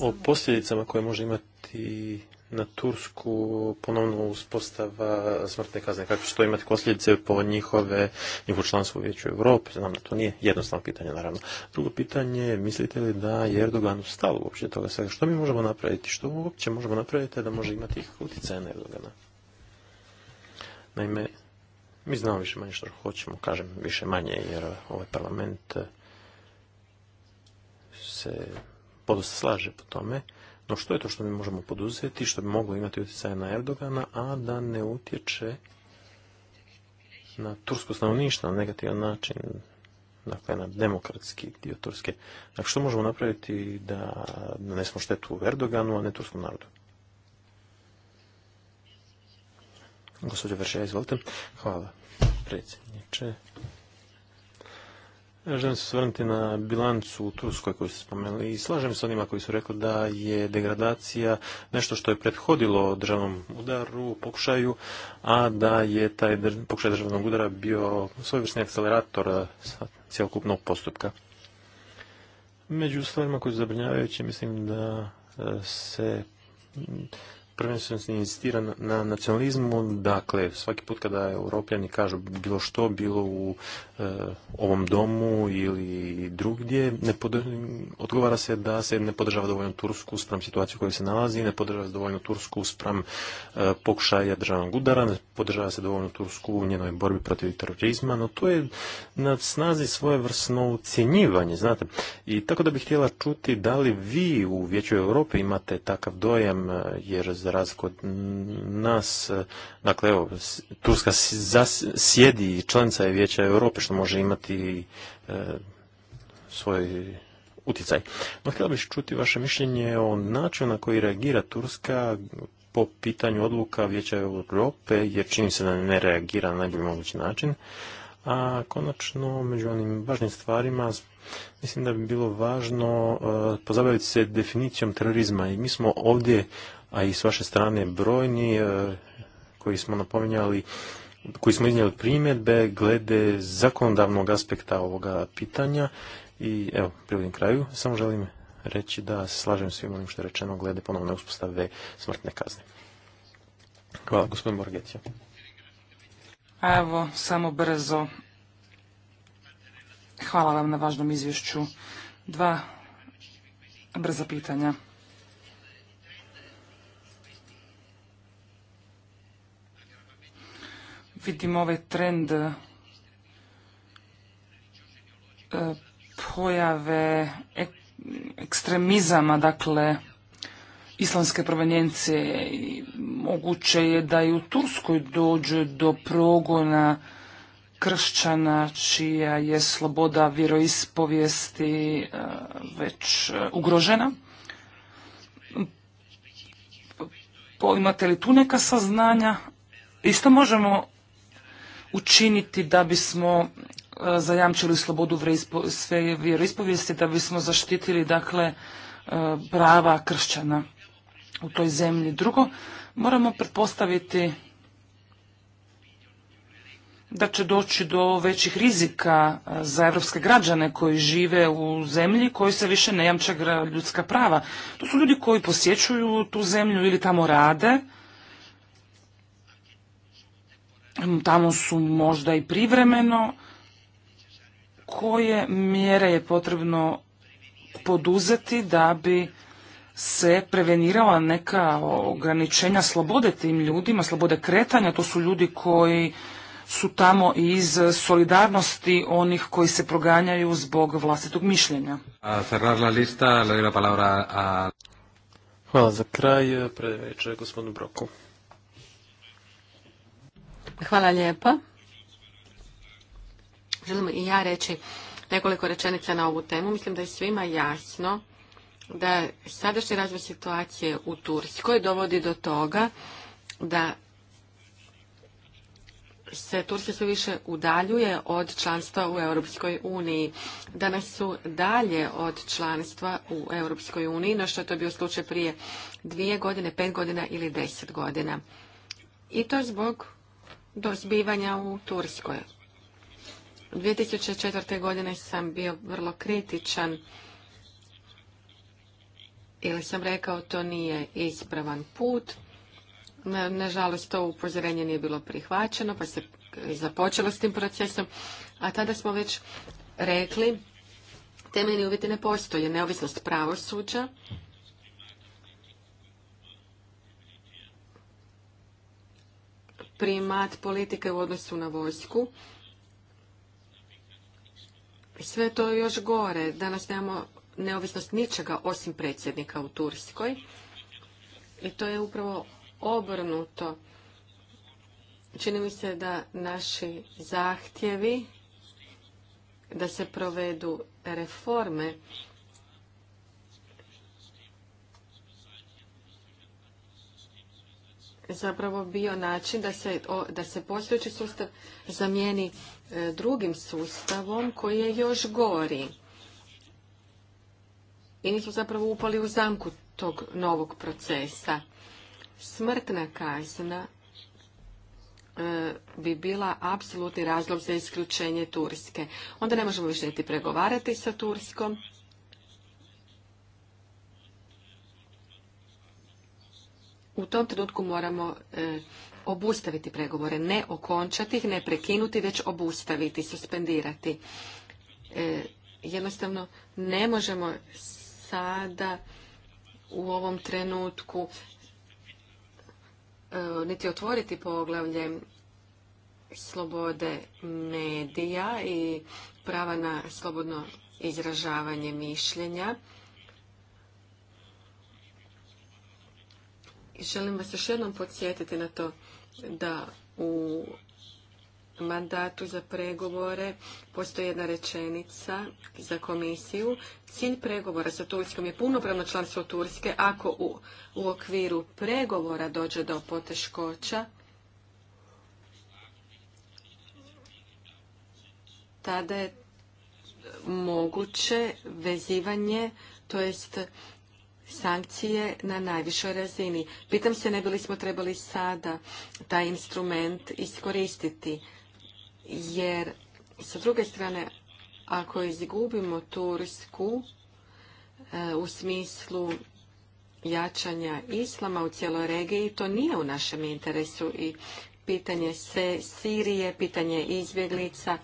O posljedicama koje može imati na Tursku ponovno uspostava smrtne kazne? Kako će to imati posljedice po njihove, njihovo članstvo u Vijeću Europi? Znam da to nije jednostavno pitanje, naravno. Drugo pitanje, mislite li da je Erdogan ustalo uopće toga svega? Što mi možemo napraviti? Što uopće možemo napraviti da može imati utjecaja na Erdogana? Naime, mi znamo više manje što hoćemo, kažem više manje, jer ovaj parlament se podosta slaže po tome. No što je to što mi možemo poduzeti, što bi moglo imati utjecaj na Erdogana, a da ne utječe na tursko stanovništvo na negativan način, dakle na demokratski dio Turske. Dakle, što možemo napraviti da nanesemo štetu Erdoganu, a ne turskom narodu? Gospodin Veršija, izvolite. Hvala, predsjedniče. Ja želim se svrnuti na bilancu u Turskoj koju ste spomenuli i slažem se onima koji su rekli da je degradacija nešto što je prethodilo državnom udaru, pokušaju, a da je taj pokušaj državnog udara bio svojevrsni akcelerator cjelokupnog postupka. Među stvarima koje su zabrinjavajući, mislim da e, se prvenstveno se insistira na nacionalizmu, dakle svaki put kada europljani kažu bilo što, bilo u E, ovom domu ili drugdje, odgovara se da se ne podržava dovoljno Tursku spram situaciju u kojoj se nalazi, ne podržava se dovoljno Tursku spram e, pokušaja državnog udara, ne podržava se dovoljno Tursku u njenoj borbi protiv terorizma, no to je na snazi svojevrsno ucjenjivanje, znate. I tako da bih htjela čuti da li vi u Vijeću Europe imate takav dojam, e, jer za razliku od nas, dakle evo, Turska sjedi članica je Vijeća Europe, može imati e, svoj utjecaj. No, htjela bih čuti vaše mišljenje o načinu na koji reagira Turska po pitanju odluka Vijeća Europe, jer čini se da ne reagira na najbolji mogući način. A konačno, među onim važnim stvarima, mislim da bi bilo važno e, pozabaviti se definicijom terorizma. I mi smo ovdje, a i s vaše strane brojni, e, koji smo napominjali koji smo iznijeli primjedbe glede zakonodavnog aspekta ovoga pitanja i evo, privodim kraju, samo želim reći da se slažem svim onim što je rečeno glede ponovne uspostave smrtne kazne. Hvala, gospodin Evo, samo brzo. Hvala vam na važnom izvješću. Dva brza pitanja. vidim ovaj trend e, pojave ekstremizama, dakle islamske provenjence i moguće je da i u Turskoj dođe do progona kršćana čija je sloboda vjeroispovijesti e, već e, ugrožena. Imate li tu neka saznanja? Isto možemo učiniti da bismo e, zajamčili slobodu sve vjeroispovijesti, da bismo zaštitili dakle e, prava kršćana u toj zemlji. Drugo, moramo pretpostaviti da će doći do većih rizika e, za evropske građane koji žive u zemlji koji se više ne jamče ljudska prava. To su ljudi koji posjećuju tu zemlju ili tamo rade, tamo su možda i privremeno. Koje mjere je potrebno poduzeti da bi se prevenirala neka ograničenja slobode tim ljudima, slobode kretanja, to su ljudi koji su tamo iz solidarnosti onih koji se proganjaju zbog vlastitog mišljenja. Hvala za kraj, predveće gospodinu Broku. Hvala lijepa. Želim i ja reći nekoliko rečenica na ovu temu. Mislim da je svima jasno da sadašnji razvoj situacije u Turskoj dovodi do toga da se Turska sve više udaljuje od članstva u Europskoj uniji. Danas su dalje od članstva u Europskoj uniji, no što je to bio slučaj prije dvije godine, pet godina ili deset godina. I to zbog do zbivanja u Turskoj. 2004. godine sam bio vrlo kritičan ili sam rekao to nije ispravan put. Nažalost, to upozorenje nije bilo prihvaćeno, pa se započelo s tim procesom. A tada smo već rekli, temeljni uvjeti ne postoje, neovisnost pravosuđa, primat politike u odnosu na vojsku. Sve to je još gore. Danas nemamo neovisnost ničega osim predsjednika u Turskoj. I to je upravo obrnuto. Čini mi se da naši zahtjevi da se provedu reforme zapravo bio način da se, da se postojeći sustav zamijeni e, drugim sustavom koji je još gori. I nismo zapravo upali u zamku tog novog procesa. Smrtna kazna e, bi bila apsolutni razlog za isključenje Turske. Onda ne možemo više niti pregovarati sa Turskom u tom trenutku moramo e, obustaviti pregovore, ne okončati ih, ne prekinuti, već obustaviti, suspendirati. E, jednostavno ne možemo sada u ovom trenutku e, niti otvoriti poglavlje slobode medija i prava na slobodno izražavanje mišljenja. Želim vas još jednom podsjetiti na to da u mandatu za pregovore postoji jedna rečenica za komisiju. Cilj pregovora sa Turskom je punopravno članstvo Turske ako u, u okviru pregovora dođe do poteškoća. Tada je moguće vezivanje, to jest sankcije na najvišoj razini. Pitam se ne li smo trebali sada taj instrument iskoristiti, jer sa druge strane, ako izgubimo Tursku e, u smislu jačanja islama u cijeloj regiji, to nije u našem interesu i pitanje se Sirije, pitanje izbjeglica.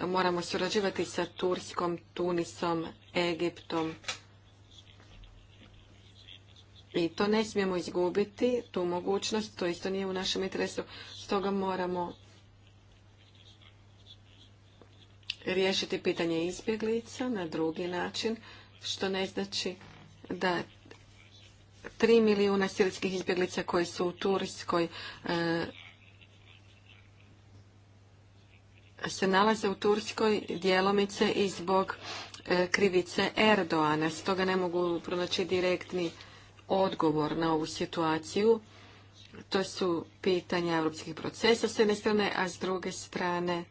Moramo surađivati sa Turskom, Tunisom, Egiptom, i to ne smijemo izgubiti, tu mogućnost, to isto nije u našem interesu, stoga moramo riješiti pitanje izbjeglica na drugi način, što ne znači da tri milijuna sirijskih izbjeglica koji su u Turskoj e, se nalaze u Turskoj djelomice i zbog e, krivice Erdoana. Stoga ne mogu pronaći direktni odgovor na ovu situaciju. To su pitanja evropskih procesa s jedne strane, a s druge strane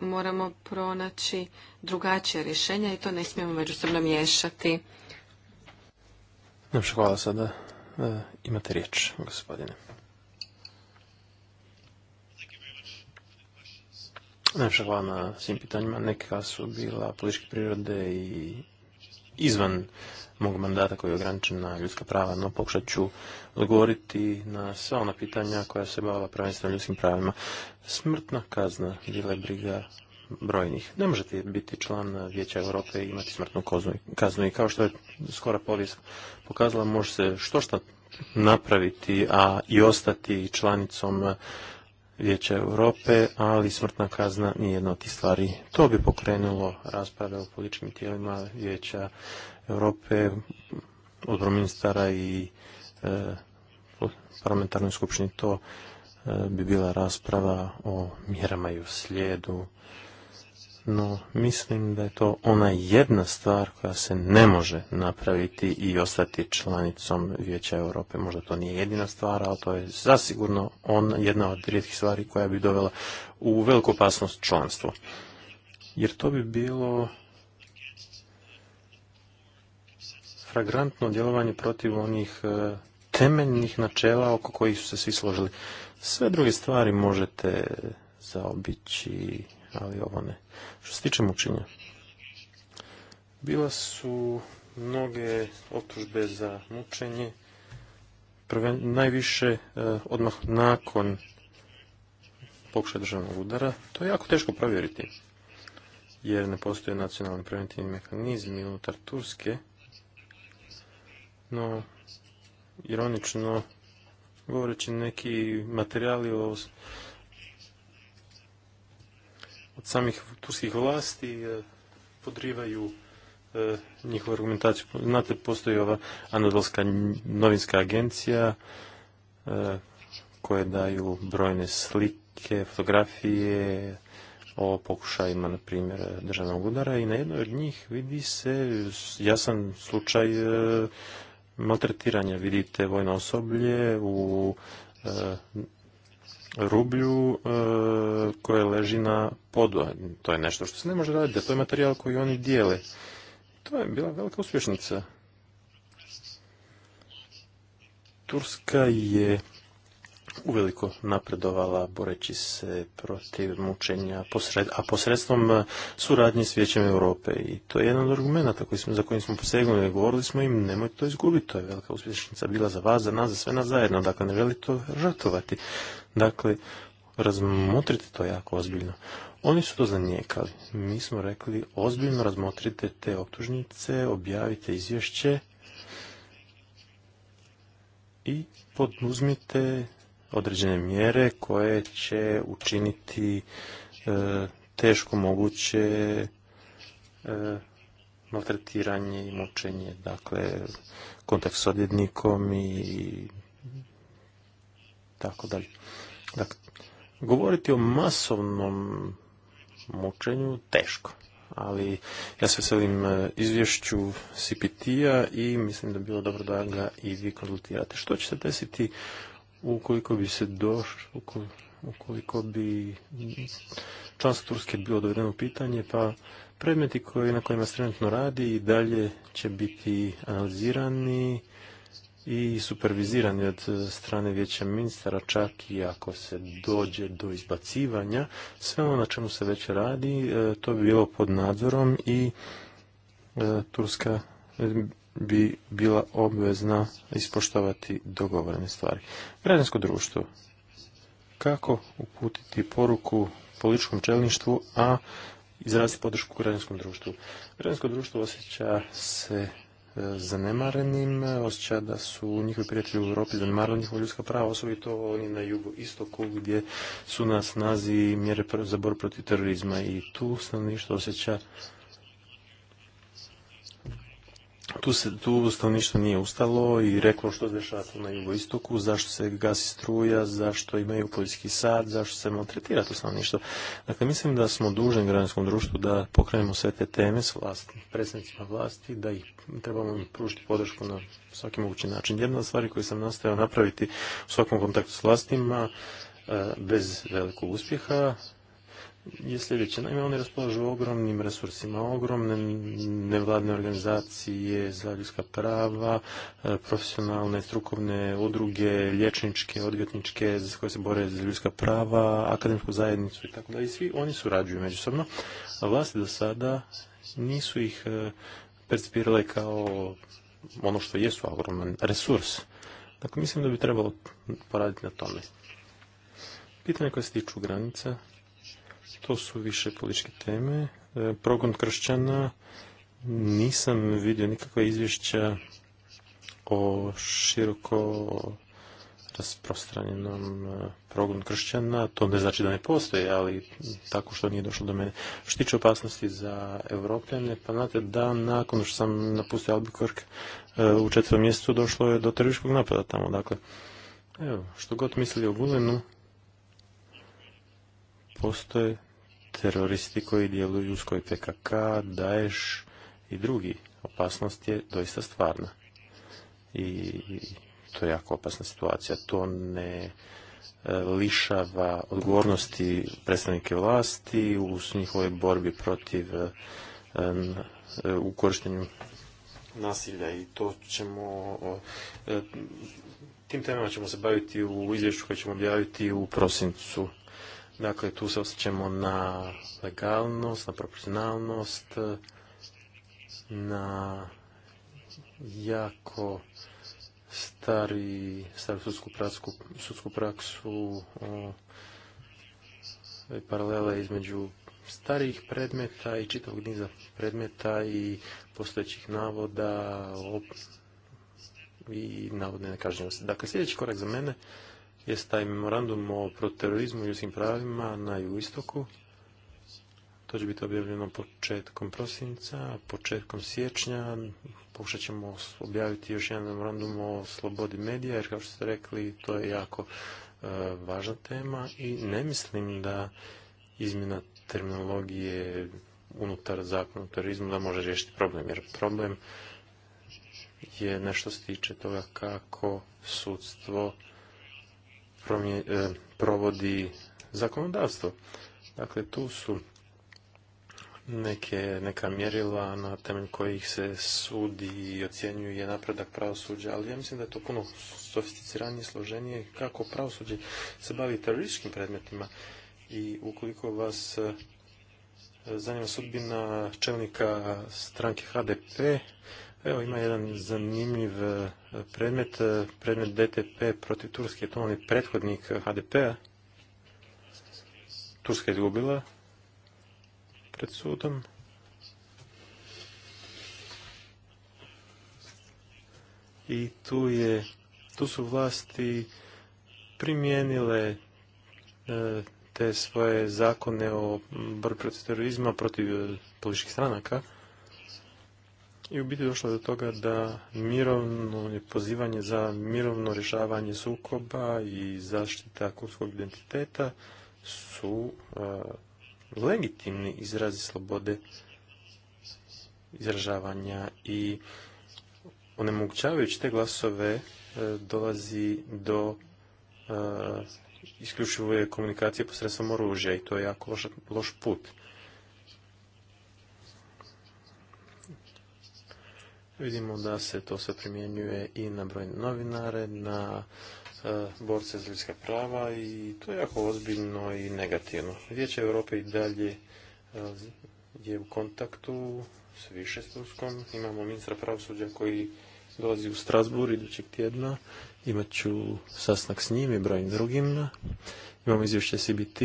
moramo pronaći drugačije rješenja i to ne smijemo međusobno miješati. Dobro, hvala sada. E, imate riječ, gospodine. hvala na svim pitanjima. Neka su bila političke prirode i izvan mog mandata koji je ograničen na ljudska prava, no pokušat ću odgovoriti na sva ona pitanja koja se bavila prvenstveno ljudskim pravima. Smrtna kazna bila je briga brojnih. Ne možete biti član Vijeća Europe i imati smrtnu kaznu i kao što je skora povijest pokazala, može se što što napraviti, a i ostati članicom Vijeća Europe, ali smrtna kazna nije jedna od tih stvari. To bi pokrenulo rasprave o političkim tijelima Vijeća Europe, odbor ministara i e, parlamentarnoj skupštini. To e, bi bila rasprava o mjerama i u slijedu no mislim da je to ona jedna stvar koja se ne može napraviti i ostati članicom Vijeća Europe. Možda to nije jedina stvar, ali to je zasigurno ona jedna od rijetkih stvari koja bi dovela u veliku opasnost članstvo. Jer to bi bilo fragrantno djelovanje protiv onih e, temeljnih načela oko kojih su se svi složili. Sve druge stvari možete zaobići, ali ovo ne. Što se tiče mučenja, bila su mnoge optužbe za mučenje, najviše e, odmah nakon pokušaja državnog udara. To je jako teško provjeriti, jer ne postoje nacionalni preventivni mehanizmi unutar Turske, no ironično govoreći neki materijali o samih turskih vlasti e, podrivaju e, njihovu argumentaciju. Znate, postoji ova anadolska novinska agencija e, koje daju brojne slike, fotografije o pokušajima, na primjer, državnog udara i na jednoj od njih vidi se jasan slučaj maltretiranja. Vidite vojno osoblje u rublju e, koje leži na podu. To je nešto što se ne može raditi, to je materijal koji oni dijele. To je bila velika uspješnica. Turska je uveliko napredovala boreći se protiv mučenja, posred, a posredstvom suradnje s Vijećem Europe. I to je jedan od argumenta za kojim smo posegnuli. Govorili smo im, nemojte to izgubiti, to je velika uspješnica bila za vas, za nas, za sve nas zajedno. Dakle, ne želi to žrtovati. Dakle, razmotrite to jako ozbiljno. Oni su to zanijekali. Mi smo rekli, ozbiljno razmotrite te optužnice, objavite izvješće i poduzmite određene mjere koje će učiniti e, teško moguće e, maltretiranje i mučenje, dakle kontakt s odvjetnikom i tako dalje. Dakle, govoriti o masovnom mučenju teško, ali ja se veselim e, izvješću CPT-a i mislim da bi bilo dobro da ga i vi konzultirate. Što će se desiti ukoliko bi se došlo, ukoliko bi članstvo Turske bilo dovedeno pitanje, pa predmeti koji, na kojima se trenutno radi i dalje će biti analizirani i supervizirani od strane vijeća ministara, čak i ako se dođe do izbacivanja. Sve ono na čemu se već radi, e, to bi bilo pod nadzorom i e, Turska bi bila obvezna ispoštovati dogovorene stvari. Građansko društvo. Kako uputiti poruku političkom čelništvu, a izraziti podršku građanskom društvu? Građansko društvo osjeća se e, zanemarenim, osjeća da su njihovi prijatelji u Europi zanemarili njihova ljudska prava, osobito oni na jugu istoku gdje su na snazi mjere za borbu protiv terorizma i tu stanovništvo osjeća tu, se, tu stanovništvo nije ustalo i reklo što se dešava na jugoistoku, zašto se gasi struja, zašto imaju poljski sad, zašto se maltretira to stanovništvo. Dakle, mislim da smo dužni građanskom društvu da pokrenemo sve te teme s vlasti, predsjednicima vlasti, da ih trebamo pružiti podršku na svaki mogući način. Jedna od stvari koju sam nastojao napraviti u svakom kontaktu s vlastima, e, bez velikog uspjeha, je sljedeće. Naime, oni raspolažu ogromnim resursima, ogromne nevladne organizacije za ljudska prava, e, profesionalne, strukovne udruge, lječničke, odvjetničke za koje se bore za ljudska prava, akademsku zajednicu i tako da. I svi oni surađuju međusobno, a vlasti do sada nisu ih e, percipirale kao ono što jesu ogroman resurs. Dakle, mislim da bi trebalo poraditi na tome. Pitanje koje se tiču granica, to su više političke teme. E, progon kršćana, nisam vidio nikakva izvješća o široko rasprostranjenom e, progonu kršćana. To ne znači da ne postoji, ali tako što nije došlo do mene. Što tiče opasnosti za Evropljane, pa znate da nakon što sam napustio Albuquerque e, u četvrtom mjestu došlo je do terorističkog napada tamo. Dakle, evo, što god mislili o gulinu, postoje teroristi koji djeluju uz koji PKK, Daesh i drugi. Opasnost je doista stvarna. I to je jako opasna situacija. To ne e, lišava odgovornosti predstavnike vlasti u njihovoj borbi protiv e, e, u korištenju nasilja i to ćemo tim temama ćemo se baviti u izvješću koje ćemo objaviti u prosincu Dakle, tu se osjećamo na legalnost, na proporcionalnost, na jako stari, sudsku, sudsku praksu, o, paralele između starih predmeta i čitavog niza predmeta i postojećih navoda op, i navodne nekažnjivosti. Dakle, sljedeći korak za mene jest taj memorandum o proterorizmu i ljudskim pravima na jugoistoku. To će biti objavljeno početkom prosinca, početkom siječnja. Pokušat ćemo objaviti još jedan memorandum o slobodi medija, jer kao što ste rekli, to je jako e, važna tema i ne mislim da izmjena terminologije unutar zakona o terorizmu da može riješiti problem, jer problem je nešto se tiče toga kako sudstvo E, provodi zakonodavstvo. Dakle, tu su neke, neka mjerila na temelju kojih se sudi i ocjenjuje napredak pravosuđa, ali ja mislim da je to puno sofisticiranije složenije kako pravosuđe se bavi terorističkim predmetima i ukoliko vas e, zanima sudbina čelnika stranke HDP, Evo ima jedan zanimljiv e, predmet, e, predmet DTP protiv Turske, to je prethodnik HDP-a. Turska je izgubila pred sudom. I tu je, tu su vlasti primijenile e, te svoje zakone o borbi protiv terorizma protiv političkih stranaka i u biti došlo do toga da mirovno pozivanje za mirovno rješavanje sukoba i zaštita kurskog identiteta su e, legitimni izrazi slobode izražavanja i onemogućavajući te glasove e, dolazi do e, isključivo komunikacije posredstvom oružja i to je jako loš put. Vidimo da se to sve primjenjuje i na broj novinare, na e, borce za ljudska prava i to je jako ozbiljno i negativno. Vijeće Europe i dalje e, je u kontaktu s Višesturskom. Imamo ministra pravosuđa koji dolazi u Strasbur idućeg tjedna. Imaću ću sasnak s njim i brojim drugim. Imamo izvješće CBT.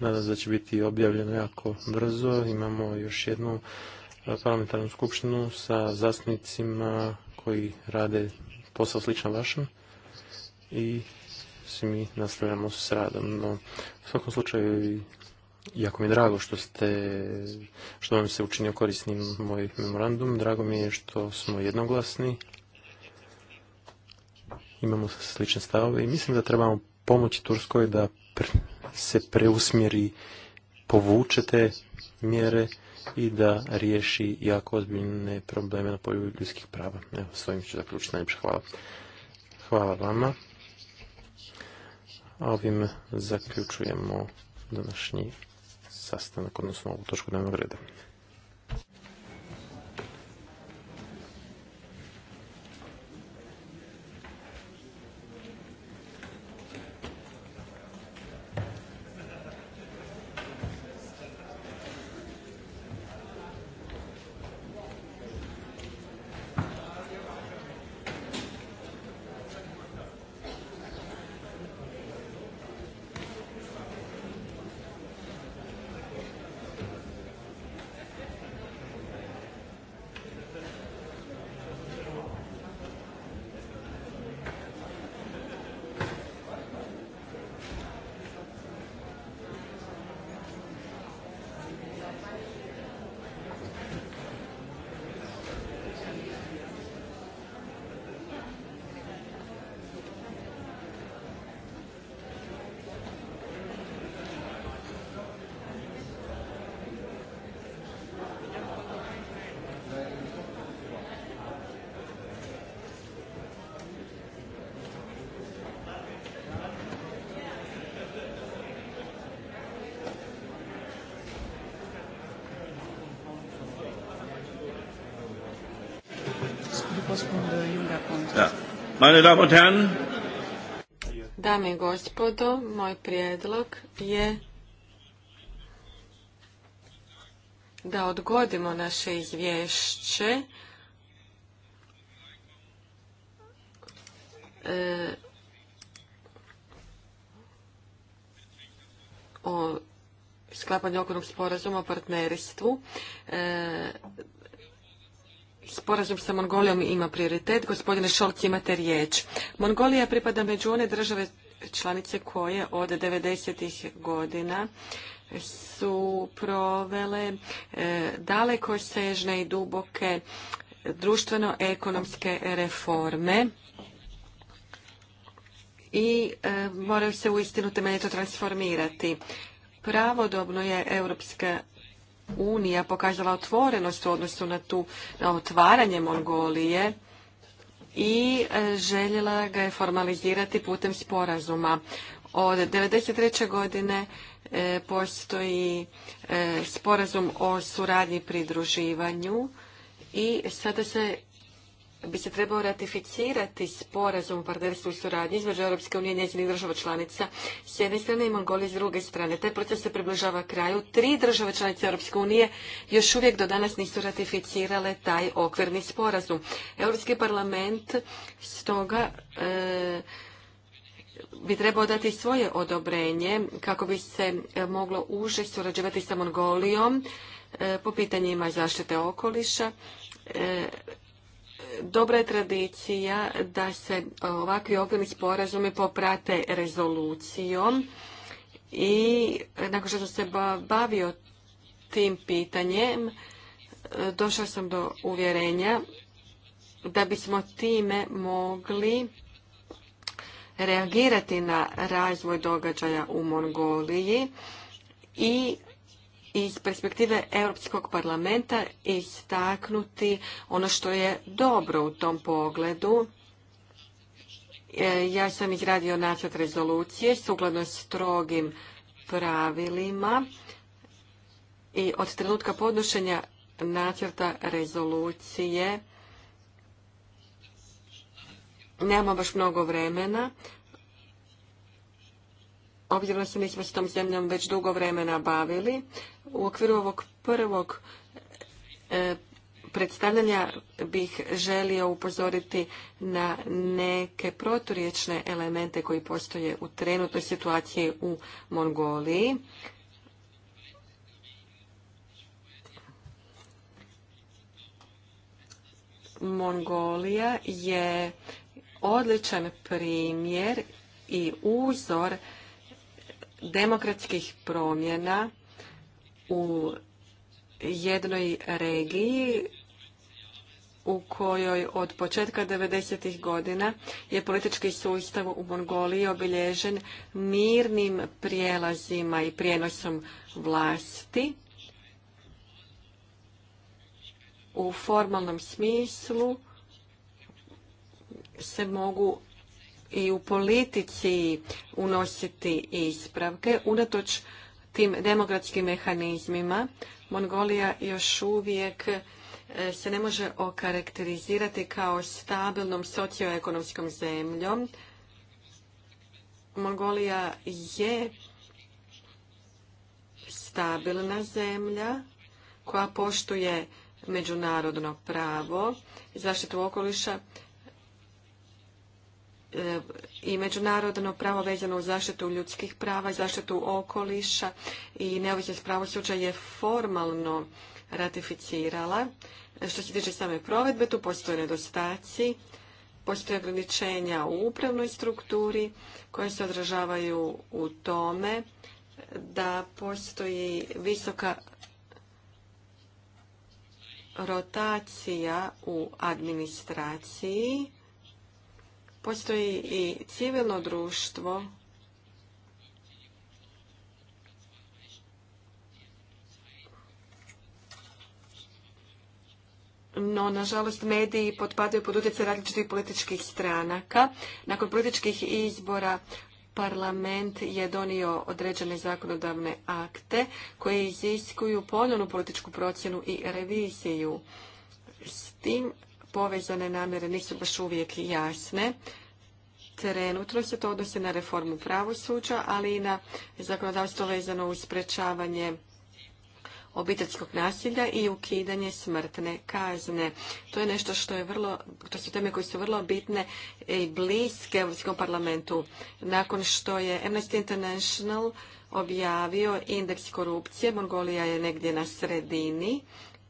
Nadam se da će biti objavljeno jako brzo. Imamo još jednu parlamentarnu skupštinu sa zastupnicima koji rade posao sličan vašem i svi mi nastavljamo s radom. No, u svakom slučaju, jako mi je drago što ste, što vam se učinio korisnim moj memorandum. Drago mi je što smo jednoglasni. Imamo slične stavove i mislim da trebamo pomoći Turskoj da se preusmjeri, povuče te mjere i da riješi jako ozbiljne probleme na polju ljudskih prava. Evo, s ovim ću zaključiti. Najljepša hvala. Hvala vama. A ovim zaključujemo današnji sastanak, odnosno ovu točku dnevnog reda. Meine Damen Dame i gospodo, moj prijedlog je da odgodimo naše izvješće e, o sklapanju okvirnog sporazuma o partnerstvu e, sporazum sa Mongolijom ima prioritet. Gospodine Šolc, imate riječ. Mongolija pripada među one države članice koje od 90. godina su provele e, daleko sežne i duboke društveno-ekonomske reforme i e, moraju se uistinu temeljito transformirati. Pravodobno je Europska unija pokazala otvorenost u odnosu na tu na otvaranje Mongolije i e, željela ga je formalizirati putem sporazuma. Od 1993. godine e, postoji e, sporazum o suradnji pridruživanju i sada se bi se trebao ratificirati sporazum o partnerstvu i suradnji između Europske unije i njezinih država članica s jedne strane i Mongolije s druge strane. Taj proces se približava kraju. Tri države članice Europske unije još uvijek do danas nisu ratificirale taj okvirni sporazum. Europski parlament stoga e, bi trebao dati svoje odobrenje kako bi se e, moglo uže surađivati sa Mongolijom e, po pitanjima zaštite okoliša, dobra je tradicija da se ovakvi okvirni sporazumi poprate rezolucijom i nakon što sam se bavio tim pitanjem, e, došao sam do uvjerenja da bismo time mogli reagirati na razvoj događaja u Mongoliji i iz perspektive Europskog parlamenta istaknuti ono što je dobro u tom pogledu. E, ja sam izradio nacrt rezolucije sukladno strogim pravilima i od trenutka podnošenja nacrta rezolucije nemamo baš mnogo vremena, obzirom se mi smo s tom zemljom već dugo vremena bavili. U okviru ovog prvog e, predstavljanja bih želio upozoriti na neke proturječne elemente koji postoje u trenutnoj situaciji u Mongoliji. Mongolija je odličan primjer i uzor demokratskih promjena u jednoj regiji u kojoj od početka 90. godina je politički sustav u Mongoliji obilježen mirnim prijelazima i prijenosom vlasti. U formalnom smislu se mogu i u politici unositi ispravke. Unatoč tim demokratskim mehanizmima Mongolija još uvijek e, se ne može okarakterizirati kao stabilnom socioekonomskom zemljom. Mongolija je stabilna zemlja koja poštuje međunarodno pravo, zaštitu okoliša i međunarodno pravo vezano u zaštitu ljudskih prava i zaštitu okoliša i neovisnost pravosuđa je formalno ratificirala. Što se tiče same provedbe, tu postoje nedostaci, postoje ograničenja u upravnoj strukturi koje se odražavaju u tome da postoji visoka rotacija u administraciji Postoji i civilno društvo no nažalost mediji potpadaju pod utjecaj različitih političkih stranaka. Nakon političkih izbora parlament je donio određene zakonodavne akte koje iziskuju ponovnu političku procjenu i reviziju. S tim povezane namjere nisu baš uvijek jasne. Trenutno se to odnosi na reformu pravosuđa, ali i na zakonodavstvo vezano uz sprečavanje obiteljskog nasilja i ukidanje smrtne kazne. To je nešto što je vrlo, to su teme koje su vrlo bitne i bliske Europskom parlamentu. Nakon što je Amnesty International objavio indeks korupcije, Mongolija je negdje na sredini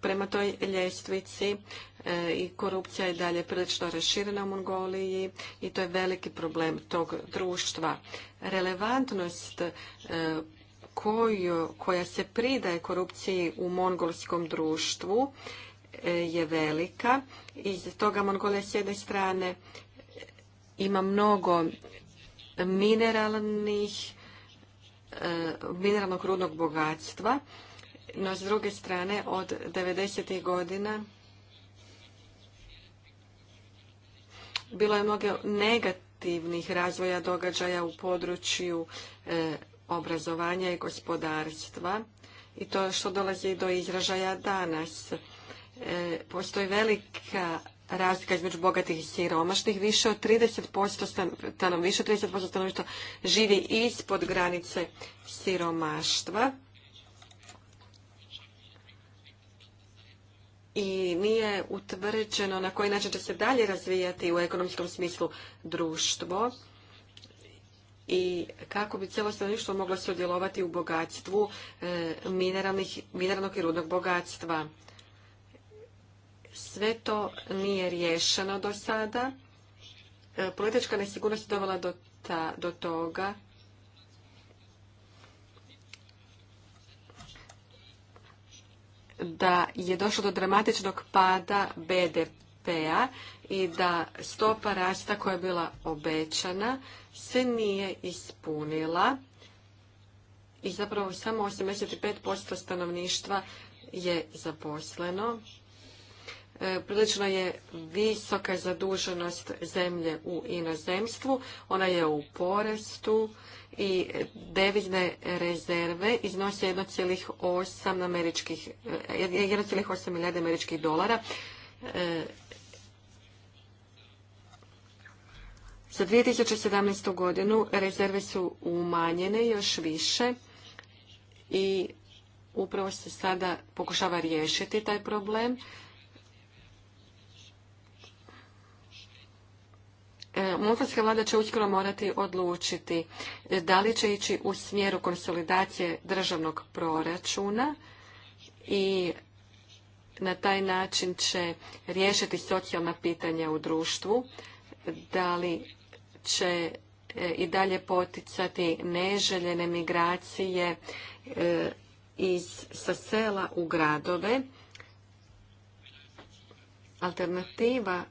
prema toj ljestvici e, i korupcija je dalje prilično raširena u Mongoliji i to je veliki problem tog društva. Relevantnost e, koju, koja se pridaje korupciji u mongolskom društvu e, je velika i toga Mongolija s jedne strane ima mnogo mineralnih mineralnog rudnog bogatstva no s druge strane od 90. godina bilo je mnogo negativnih razvoja događaja u području e, obrazovanja i gospodarstva i to što dolazi do izražaja danas. E, postoji velika razlika između bogatih i siromašnih. Više od 30% stanovništva, više od 30% stanovništva živi ispod granice siromaštva. i nije utvrđeno na koji način će se dalje razvijati u ekonomskom smislu društvo i kako bi cijelo stanovništvo moglo sudjelovati u bogatstvu e, mineralnog i rudnog bogatstva. Sve to nije riješeno do sada. E, politička nesigurnost je dovela do, do toga da je došlo do dramatičnog pada BDP-a i da stopa rasta koja je bila obećana se nije ispunila i zapravo samo 85% stanovništva je zaposleno. E, prilično je visoka zaduženost zemlje u inozemstvu, ona je u porastu i devizne rezerve iznose 1,8 američkih milijarde američkih dolara. E, za 2017. godinu rezerve su umanjene još više i upravo se sada pokušava riješiti taj problem. E, Mongolska vlada će uskoro morati odlučiti da li će ići u smjeru konsolidacije državnog proračuna i na taj način će riješiti socijalna pitanja u društvu, da li će e, i dalje poticati neželjene migracije e, iz, sa sela u gradove. Alternativa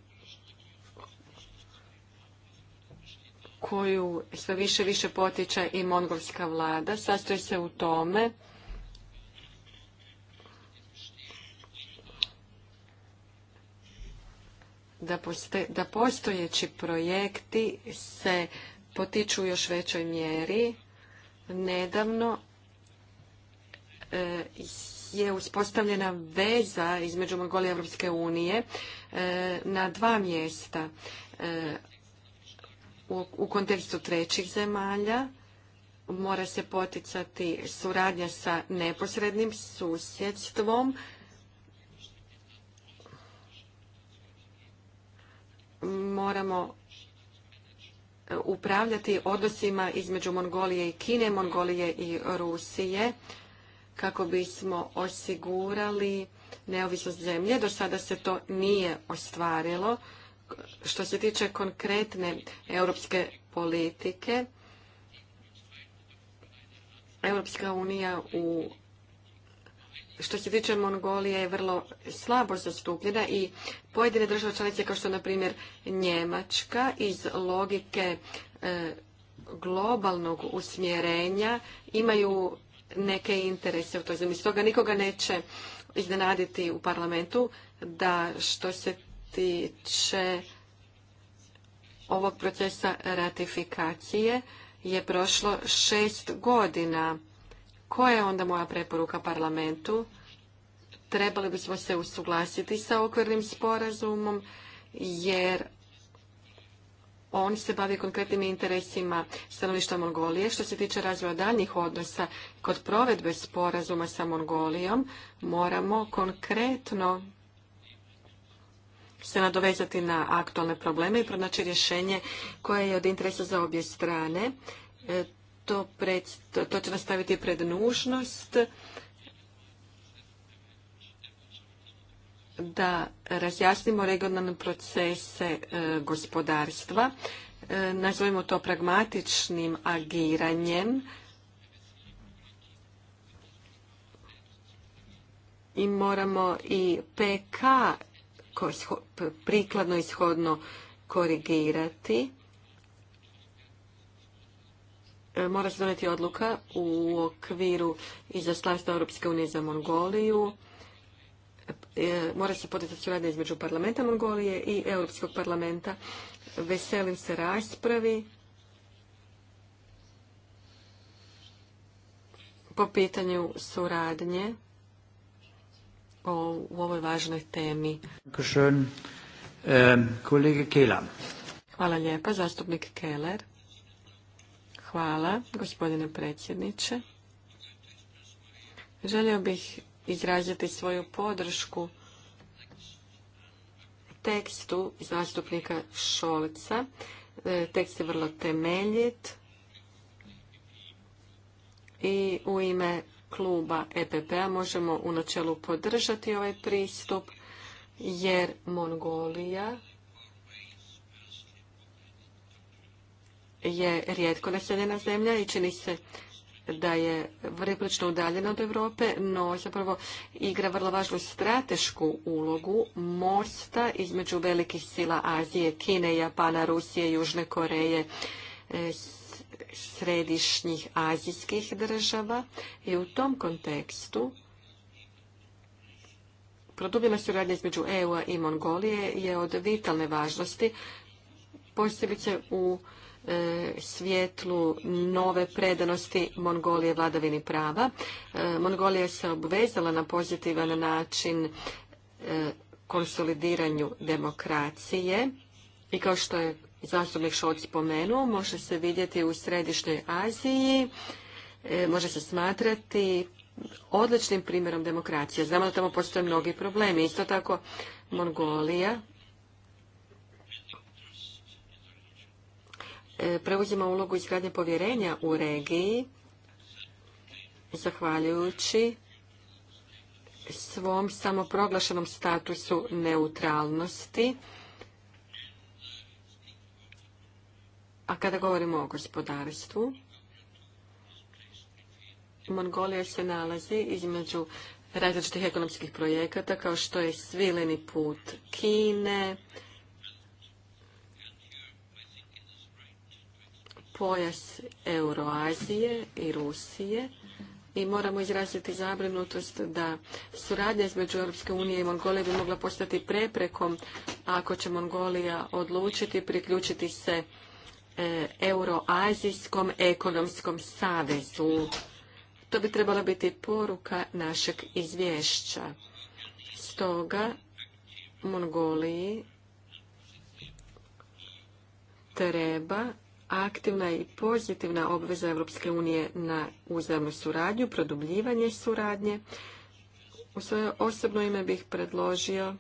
koju sve više više potiče i mongolska vlada sastoji se u tome da, postojeći projekti se potiču u još većoj mjeri. Nedavno e, je uspostavljena veza između Mongolije i Europske unije e, na dva mjesta. E, u kontekstu trećih zemalja mora se poticati suradnja sa neposrednim susjedstvom. Moramo e, upravljati odnosima između Mongolije i Kine, Mongolije i Rusije kako bismo osigurali neovisnost zemlje. Do sada se to nije ostvarilo što se tiče konkretne europske politike, Europska unija u što se tiče Mongolije je vrlo slabo zastupljena i pojedine države članice kao što je, na primjer Njemačka iz logike e, globalnog usmjerenja imaju neke interese u toj zemlji. Stoga nikoga neće iznenaditi u parlamentu da što se tiče ovog procesa ratifikacije je prošlo šest godina. Koja je onda moja preporuka parlamentu? Trebali bismo se usuglasiti sa okvirnim sporazumom, jer on se bavi konkretnim interesima stanovišta Mongolije. Što se tiče razvoja daljnjih odnosa kod provedbe sporazuma sa Mongolijom, moramo konkretno se nadovezati na aktualne probleme i pronaći rješenje koje je od interesa za obje strane. E, to, pred, to će nastaviti pred nužnost da razjasnimo regionalne procese e, gospodarstva. E, nazovimo to pragmatičnim agiranjem. i moramo i PK prikladno ishodno korigirati. E, mora se doneti odluka u okviru izaslanstva Europske unije za Mongoliju. E, mora se podeti suradnja između parlamenta Mongolije i Europskog parlamenta. Veselim se raspravi. po pitanju suradnje o, u ovoj važnoj temi. Hvala lijepa, zastupnik Keller. Hvala, gospodine predsjedniče. Želio bih izraziti svoju podršku tekstu zastupnika Šolca. E, tekst je vrlo temeljit i u ime kluba EPP-a možemo u načelu podržati ovaj pristup jer Mongolija je rijetko naseljena zemlja i čini se da je vrlično udaljena od Europe, no zapravo igra vrlo važnu stratešku ulogu mosta između velikih sila Azije, Kine, Japana, Rusije, Južne Koreje, središnjih azijskih država i u tom kontekstu produbljena suradnja između EU-a i Mongolije je od vitalne važnosti, posebice u e, svjetlu nove predanosti Mongolije vladavini prava. E, Mongolija se obvezala na pozitivan način e, konsolidiranju demokracije i kao što je Zastupnik bih Šolc spomenuo, može se vidjeti u Središnjoj Aziji, e, može se smatrati odličnim primjerom demokracije. Znamo da tamo postoje mnogi problemi. Isto tako Mongolija e, preuzima ulogu izgradnje povjerenja u regiji zahvaljujući svom samoproglašenom statusu neutralnosti A kada govorimo o gospodarstvu, Mongolija se nalazi između različitih ekonomskih projekata kao što je svileni put Kine, pojas Euroazije i Rusije i moramo izraziti zabrinutost da suradnja između Europske unije i Mongolije bi mogla postati preprekom ako će Mongolija odlučiti priključiti se E, Euroazijskom ekonomskom savezu. To bi trebala biti poruka našeg izvješća. Stoga Mongoliji treba aktivna i pozitivna obveza Europske unije na uzajamnu suradnju, produbljivanje suradnje. U svoje osobno ime bih predložio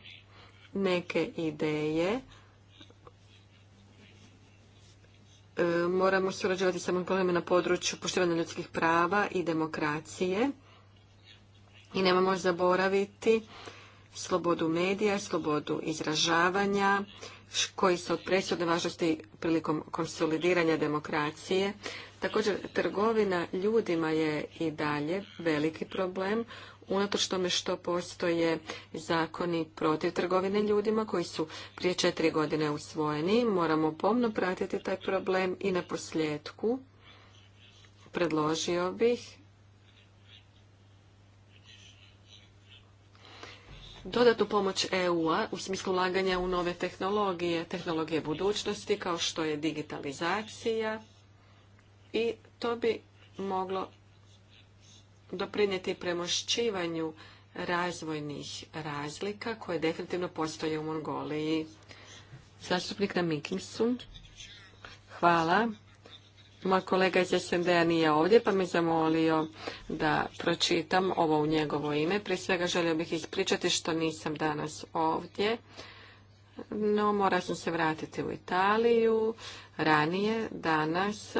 neke ideje moramo surađivati sa kolegama na području poštivanja ljudskih prava i demokracije. I nemamo zaboraviti slobodu medija, slobodu izražavanja, koji su od presudne važnosti prilikom konsolidiranja demokracije. Također, trgovina ljudima je i dalje veliki problem unatoč tome što postoje zakoni protiv trgovine ljudima koji su prije četiri godine usvojeni. Moramo pomno pratiti taj problem i na posljedku predložio bih dodatnu pomoć EU-a u smislu ulaganja u nove tehnologije, tehnologije budućnosti kao što je digitalizacija i to bi moglo doprinijeti premošćivanju razvojnih razlika koje definitivno postoje u Mongoliji. Zastupnik na Mikinsu. Hvala. Moj kolega iz SND-a nije ovdje, pa mi zamolio da pročitam ovo u njegovo ime. Prije svega želio bih ispričati što nisam danas ovdje. No, mora sam se vratiti u Italiju. Ranije, danas,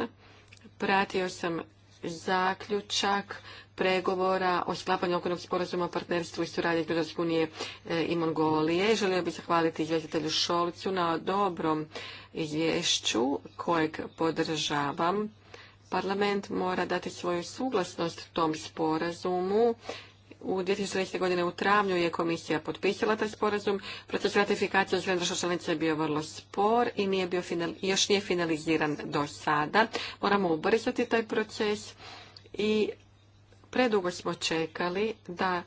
pratio sam zaključak pregovora o sklapanju okvirnog sporazuma o partnerstvu i suradnji Europske unije eh, i Mongolije. Želio bih zahvaliti izvjestitelju Šolcu na dobrom izvješću kojeg podržavam. Parlament mora dati svoju suglasnost tom sporazumu u 2016. godine u travnju je komisija potpisala taj sporazum. Proces ratifikacije od članica je bio vrlo spor i nije bio još nije finaliziran do sada. Moramo ubrzati taj proces i Predugo smo čekali da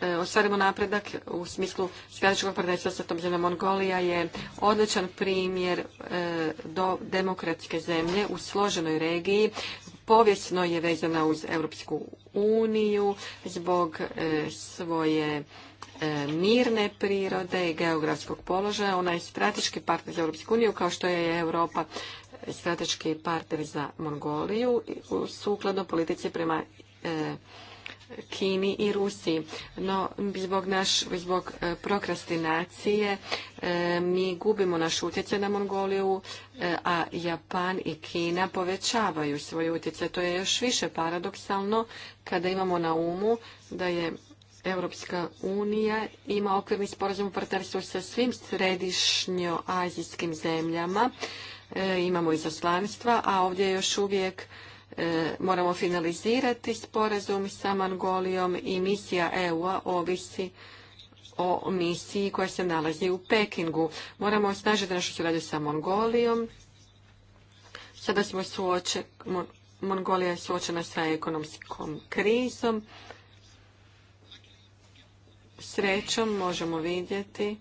e, ostvarimo napredak u smislu strateškog partnerstva sa tom zemljom. Mongolija je odličan primjer e, do demokratske zemlje u složenoj regiji. Povijesno je vezana uz Europsku uniju zbog e, svoje mirne prirode i geografskog položaja. Ona je strateški partner za Europsku uniju kao što je Europa strateški partner za Mongoliju sukladno politici prema e, Kini i Rusiji. No, zbog, naš, zbog e, prokrastinacije e, mi gubimo naš utjecaj na Mongoliju, a Japan i Kina povećavaju svoj utjecaj. To je još više paradoksalno kada imamo na umu da je Europska unija ima okvirni sporazum u partnerstvu sa svim središnjoazijskim zemljama E, imamo izoslanstva, a ovdje još uvijek e, moramo finalizirati sporazum sa Mongolijom i misija EU-a ovisi o misiji koja se nalazi u Pekingu. Moramo osnažiti našu suradnju sa Mongolijom. Sada smo suočeni, Mongolija je suočena sa ekonomskom krizom. Srećom možemo vidjeti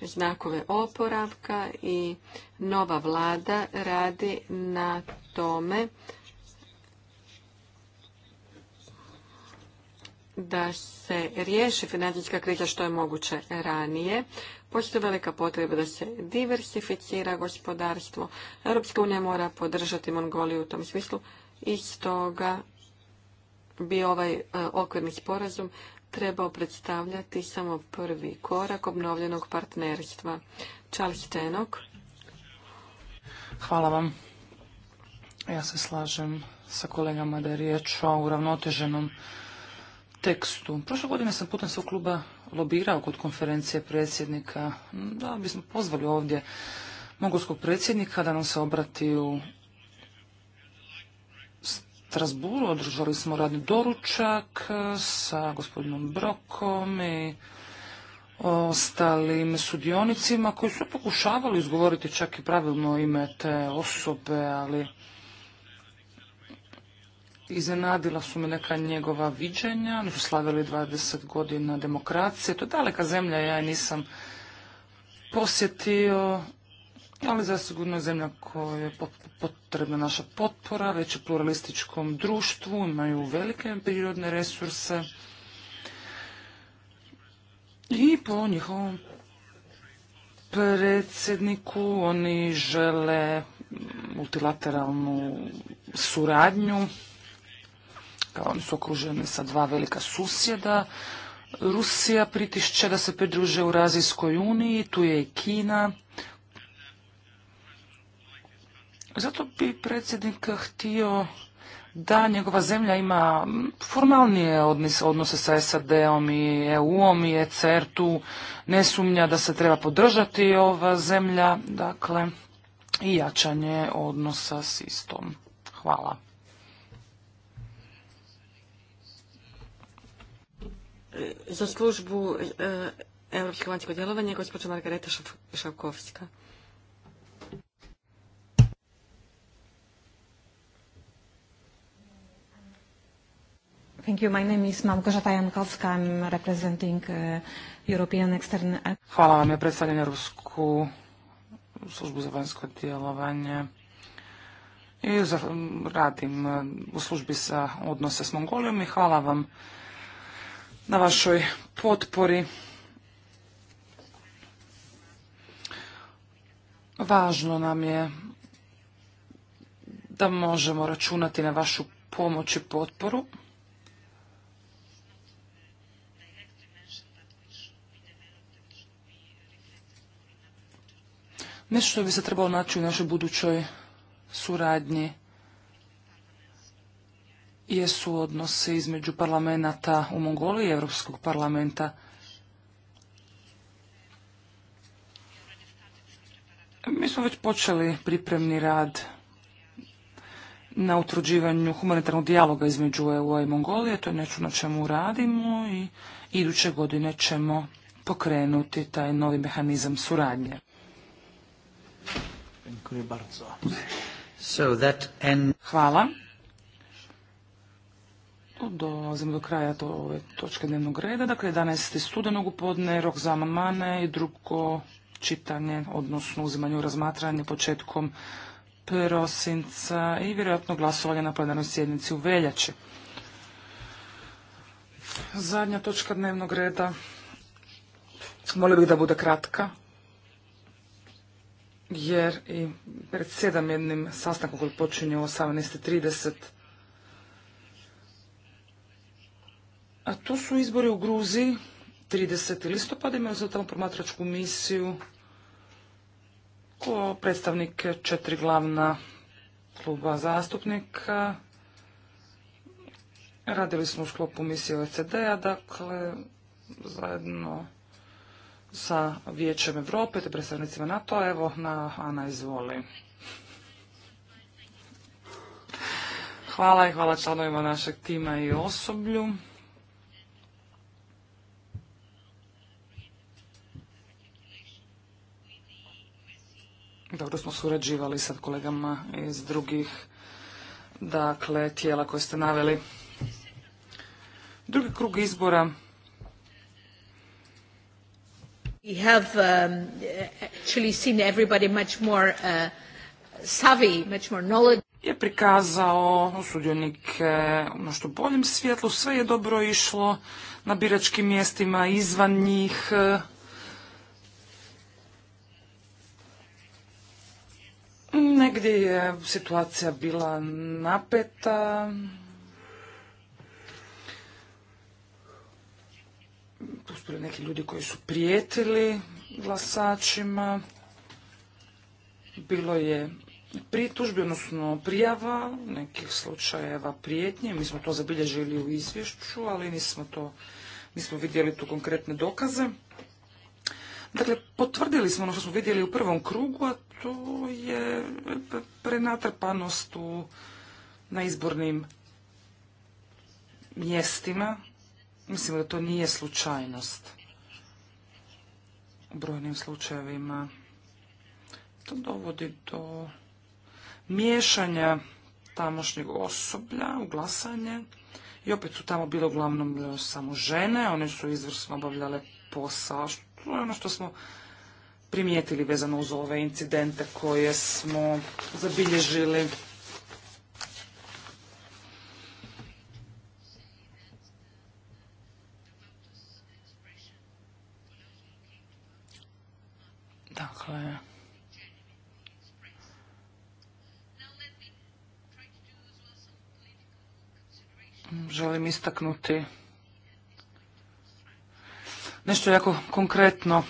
znakove oporavka i nova vlada radi na tome da se riješi financijska kriza što je moguće ranije. Postoji velika potreba da se diversificira gospodarstvo. Europska unija mora podržati Mongoliju u tom smislu i stoga bi ovaj e, okvirni sporazum trebao predstavljati samo prvi korak obnovljenog partnerstva. Charles Tenok. Hvala vam. Ja se slažem sa kolegama da je riječ o uravnoteženom tekstu. Prošle godine sam putem svog kluba lobirao kod konferencije predsjednika da bismo pozvali ovdje mogulskog predsjednika da nam se obrati u Strasburu. Održali smo radni doručak e, sa gospodinom Brokom i ostalim sudionicima koji su pokušavali izgovoriti čak i pravilno ime te osobe, ali iznenadila su me neka njegova viđenja. Oni su slavili 20 godina demokracije. To je daleka zemlja, ja nisam posjetio ali zasigurno je zemlja koja je potrebna naša potpora, već u pluralističkom društvu, imaju velike prirodne resurse i po njihovom predsjedniku oni žele multilateralnu suradnju, kao oni su okruženi sa dva velika susjeda, Rusija pritišće da se pridruže u Razijskoj uniji, tu je i Kina zato bi predsjednik htio da njegova zemlja ima formalnije odnose sa SAD-om i EU-om i ECR tu ne sumnja da se treba podržati ova zemlja, dakle i jačanje odnosa s istom. Hvala. Za službu e, Europske djelovanje gospođa Margareta Šavkovska. Thank you. My name is Małgorzata uh, European External... Hvala vam, je predstavljam Europsku službu za vanjsko djelovanje i za, radim uh, u službi sa odnose s Mongolijom i hvala vam na vašoj potpori. Važno nam je da možemo računati na vašu pomoć i potporu. Nešto bi se trebalo naći u našoj budućoj suradnji jesu odnose između parlamenta u Mongoliji i Europskog parlamenta. Mi smo već počeli pripremni rad na utvrđivanju humanitarnog dijaloga između EU i Mongolije. To je nešto na čemu radimo i iduće godine ćemo pokrenuti taj novi mehanizam suradnje. Hvala. Dolazimo do kraja ove točke dnevnog reda. Dakle, 11. studenog upodne, rok za amamane i drugo čitanje, odnosno uzimanje u razmatranje početkom prosinca i vjerojatno glasovanje na plenarnoj sjednici u veljači. Zadnja točka dnevnog reda. Molio bih da bude kratka jer i sedam jednim sastankom koji počinje u 18.30. A tu su izbori u Gruziji, 30. listopada imaju za tamo promatračku misiju ko predstavnike četiri glavna kluba zastupnika. Radili smo u sklopu misije OECD-a, dakle, zajedno sa Vijećem Europe te predstavnicima NATO. Evo, na, Ana izvoli. Hvala i hvala članovima našeg tima i osoblju. Dobro smo surađivali sa kolegama iz drugih dakle, tijela koje ste naveli. Drugi krug izbora We have um, actually seen everybody much more uh, savvy, much more knowledge. Je prikazao sudionike u što boljem svjetlu, sve je dobro išlo na biračkim mjestima, izvan njih. Negdje je situacija bila napeta, postoje neki ljudi koji su prijetili glasačima. Bilo je pritužbi, odnosno prijava, nekih slučajeva prijetnje. Mi smo to zabilježili u izvješću, ali nismo to, vidjeli tu konkretne dokaze. Dakle, potvrdili smo ono što smo vidjeli u prvom krugu, a to je prenatrpanost na izbornim mjestima, Mislim da to nije slučajnost. U brojnim slučajevima to dovodi do miješanja tamošnjeg osoblja u glasanje. I opet su tamo bile uglavnom e, samo žene, one su izvrsno obavljale posao. To je ono što smo primijetili vezano uz ove incidente koje smo zabilježili. Dakle, želim istaknuti nešto jako konkretno.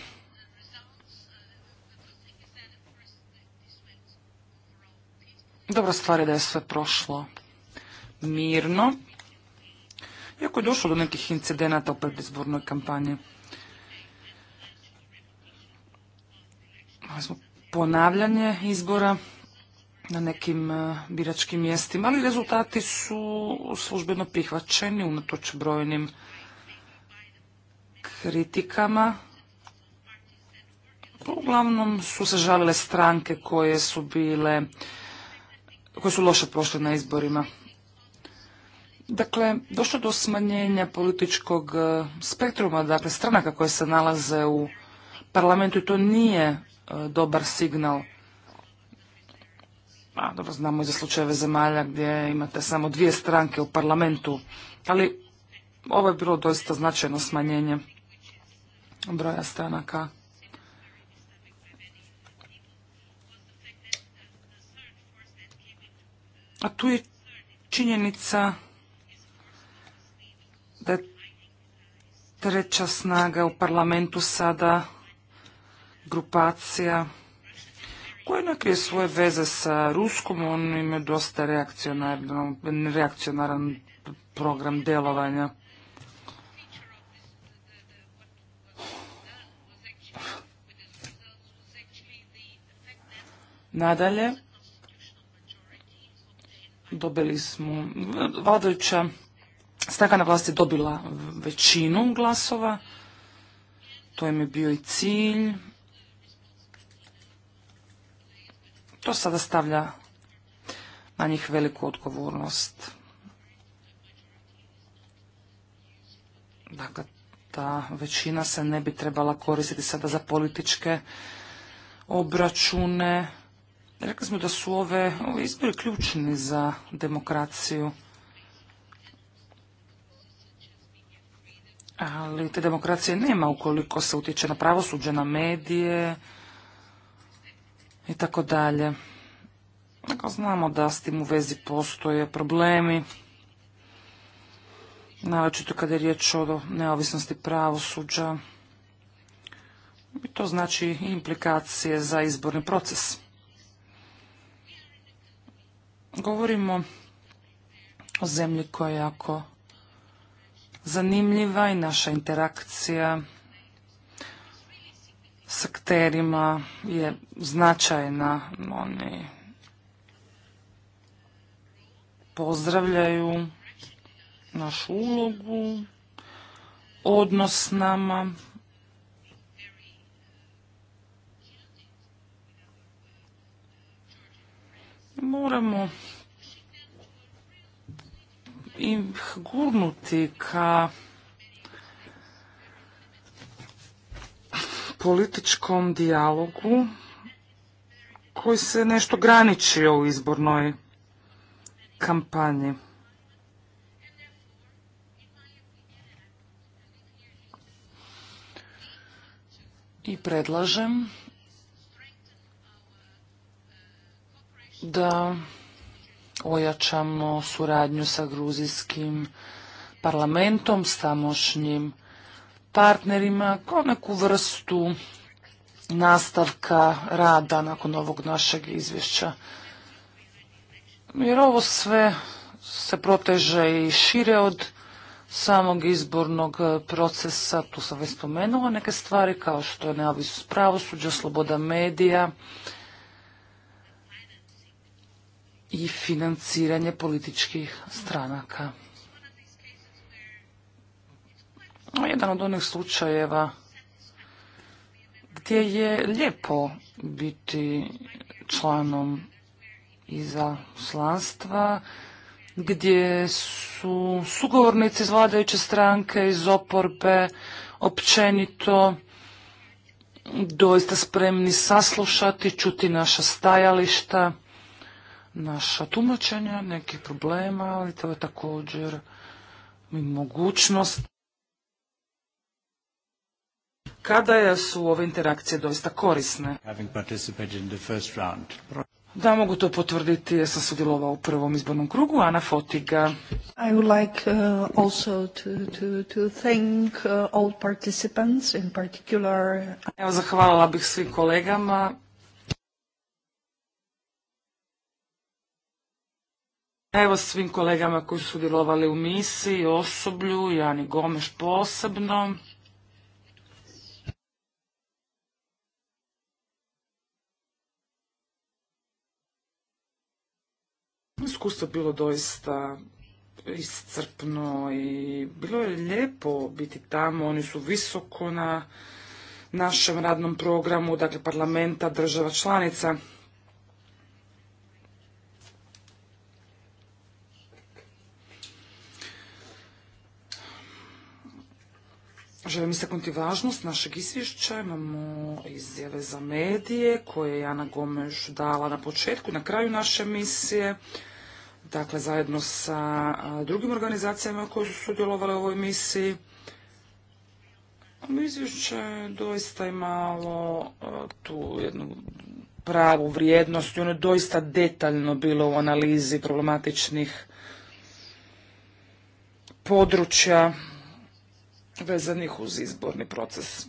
Dobra stvar je da je sve prošlo mirno, iako je došlo do nekih incidenata u predizbornoj kampanji. ponavljanje izbora na nekim e, biračkim mjestima, ali rezultati su službeno prihvaćeni unatoč brojnim kritikama. Uglavnom su se žalile stranke koje su bile, koje su loše prošle na izborima. Dakle, došlo do smanjenja političkog e, spektruma, dakle stranaka koje se nalaze u parlamentu i to nije E, dobar signal. A, dobro, znamo i za slučajeve zemalja gdje imate samo dvije stranke u parlamentu, ali ovo je bilo doista značajno smanjenje broja stranaka. A tu je činjenica da je treća snaga u parlamentu sada grupacija koja nakrije svoje veze sa Ruskom, on ima dosta reakcionaran program delovanja. Nadalje, dobili smo, vladajuća snaga na vlasti dobila većinu glasova, to im je bio i cilj, To sada stavlja na njih veliku odgovornost. Dakle, ta većina se ne bi trebala koristiti sada za političke obračune. Rekli smo da su ove, ovi izbori ključni za demokraciju. Ali te demokracije nema ukoliko se utječe na pravosuđe, na medije, i tako dalje. Tako znamo da s tim u vezi postoje problemi, naročito kada je riječ o neovisnosti pravosuđa. I to znači implikacije za izborni proces. Govorimo o zemlji koja je jako zanimljiva i naša interakcija s akterima je značajna. Oni pozdravljaju našu ulogu, odnos s nama. Moramo ih gurnuti ka političkom dijalogu koji se nešto graničio u izbornoj kampanji. I predlažem da ojačamo suradnju sa gruzijskim parlamentom, s tamošnjim partnerima kao neku vrstu nastavka rada nakon ovog našeg izvješća. Jer ovo sve se proteže i šire od samog izbornog procesa, tu sam već spomenula neke stvari kao što je neovisnost pravosuđa, sloboda medija i financiranje političkih stranaka jedan od onih slučajeva gdje je lijepo biti članom izaslanstva, gdje su sugovornici iz vladajuće stranke, iz oporbe, općenito doista spremni saslušati, čuti naša stajališta, naša tumačenja, nekih problema, ali to je također mogućnost kada su ove interakcije doista korisne. Da, mogu to potvrditi jer sam sudjelovao u prvom izbornom krugu. Ana Fotiga. I would like uh, also to, uh, Evo, zahvalila bih svim kolegama. Evo svim kolegama koji su sudjelovali u misiji, osoblju, Jani Gomeš posebno. iskustvo bilo doista iscrpno i bilo je lijepo biti tamo. Oni su visoko na našem radnom programu, dakle parlamenta, država članica. Želim istaknuti važnost našeg izvješća. Imamo izjave za medije koje je Ana Gomeš dala na početku, na kraju naše misije dakle zajedno sa drugim organizacijama koje su sudjelovali u ovoj misiji. izvješće doista imalo malo tu jednu pravu vrijednost i ono je doista detaljno bilo u analizi problematičnih područja vezanih uz izborni proces.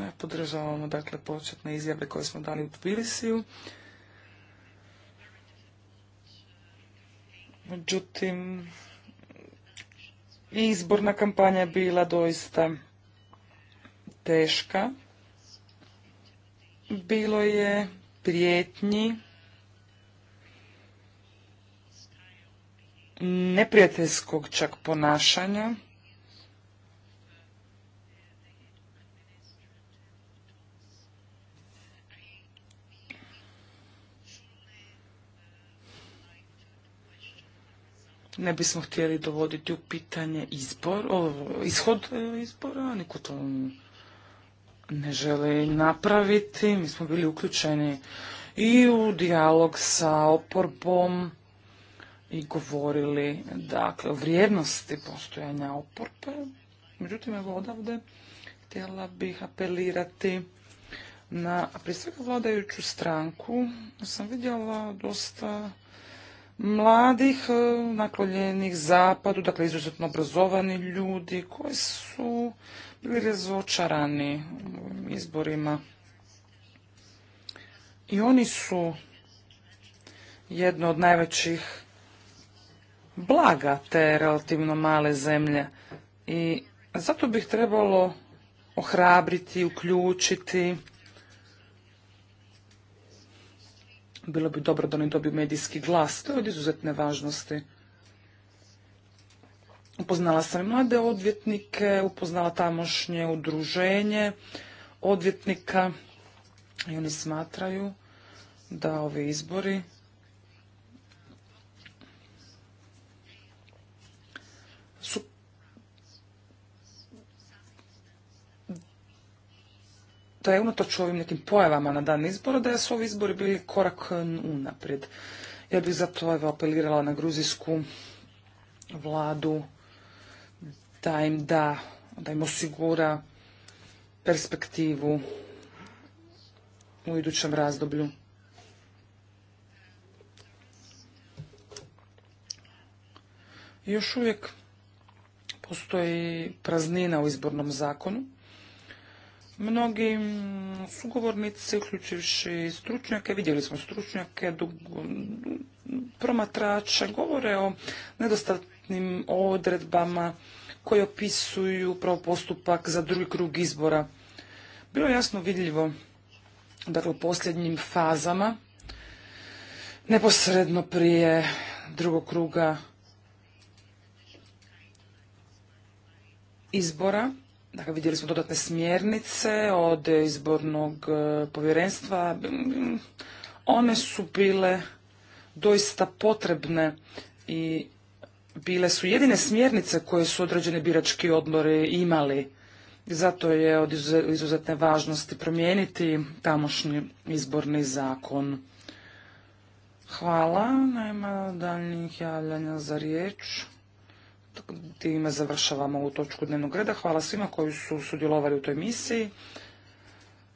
Ne Podržavamo dakle početne izjave koje smo dali u Tbilisiju. Međutim, izborna kampanja je bila doista teška. Bilo je prijetnji, neprijateljskog čak ponašanja. ne bismo htjeli dovoditi u pitanje izbor, ishod izbora, niko to ne želi napraviti. Mi smo bili uključeni i u dijalog sa oporbom i govorili dakle, o vrijednosti postojanja oporbe. Međutim, evo odavde htjela bih apelirati na prije svega vladajuću stranku. Sam vidjela dosta mladih e, naklonjenih zapadu, dakle izuzetno obrazovani ljudi koji su bili razočarani izborima. I oni su jedno od najvećih blaga te relativno male zemlje. I zato bih trebalo ohrabriti, uključiti, Bilo bi dobro da oni dobiju medijski glas, to je od izuzetne važnosti. Upoznala sam i mlade odvjetnike, upoznala tamošnje udruženje odvjetnika i oni smatraju da ovi izbori To je unatoč ovim nekim pojavama na dan izbora, da su ovi izbori bili korak unaprijed. Ja bih zato evo, apelirala na gruzijsku vladu da im da, da im osigura perspektivu u idućem razdoblju. Još uvijek postoji praznina u izbornom zakonu. Mnogi sugovornici, uključivši stručnjake, vidjeli smo stručnjake, promatrače, govore o nedostatnim odredbama koje opisuju upravo postupak za drugi krug izbora. Bilo je jasno vidljivo, da dakle, u posljednjim fazama, neposredno prije drugog kruga izbora, Dakle, vidjeli smo dodatne smjernice od izbornog e, povjerenstva. One su bile doista potrebne i bile su jedine smjernice koje su određene birački odbori imali. Zato je od izuzetne važnosti promijeniti tamošnji izborni zakon. Hvala, nema daljnjih javljanja za riječ time završavamo ovu točku dnevnog reda. Hvala svima koji su sudjelovali u toj misiji.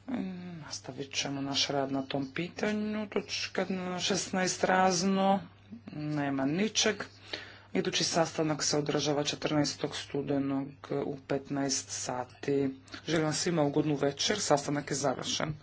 Mm, nastavit ćemo naš rad na tom pitanju. Točka 16 razno, nema ničeg. Idući sastanak se održava 14. studenog u 15 sati. Želim vam svima ugodnu večer, sastanak je završen.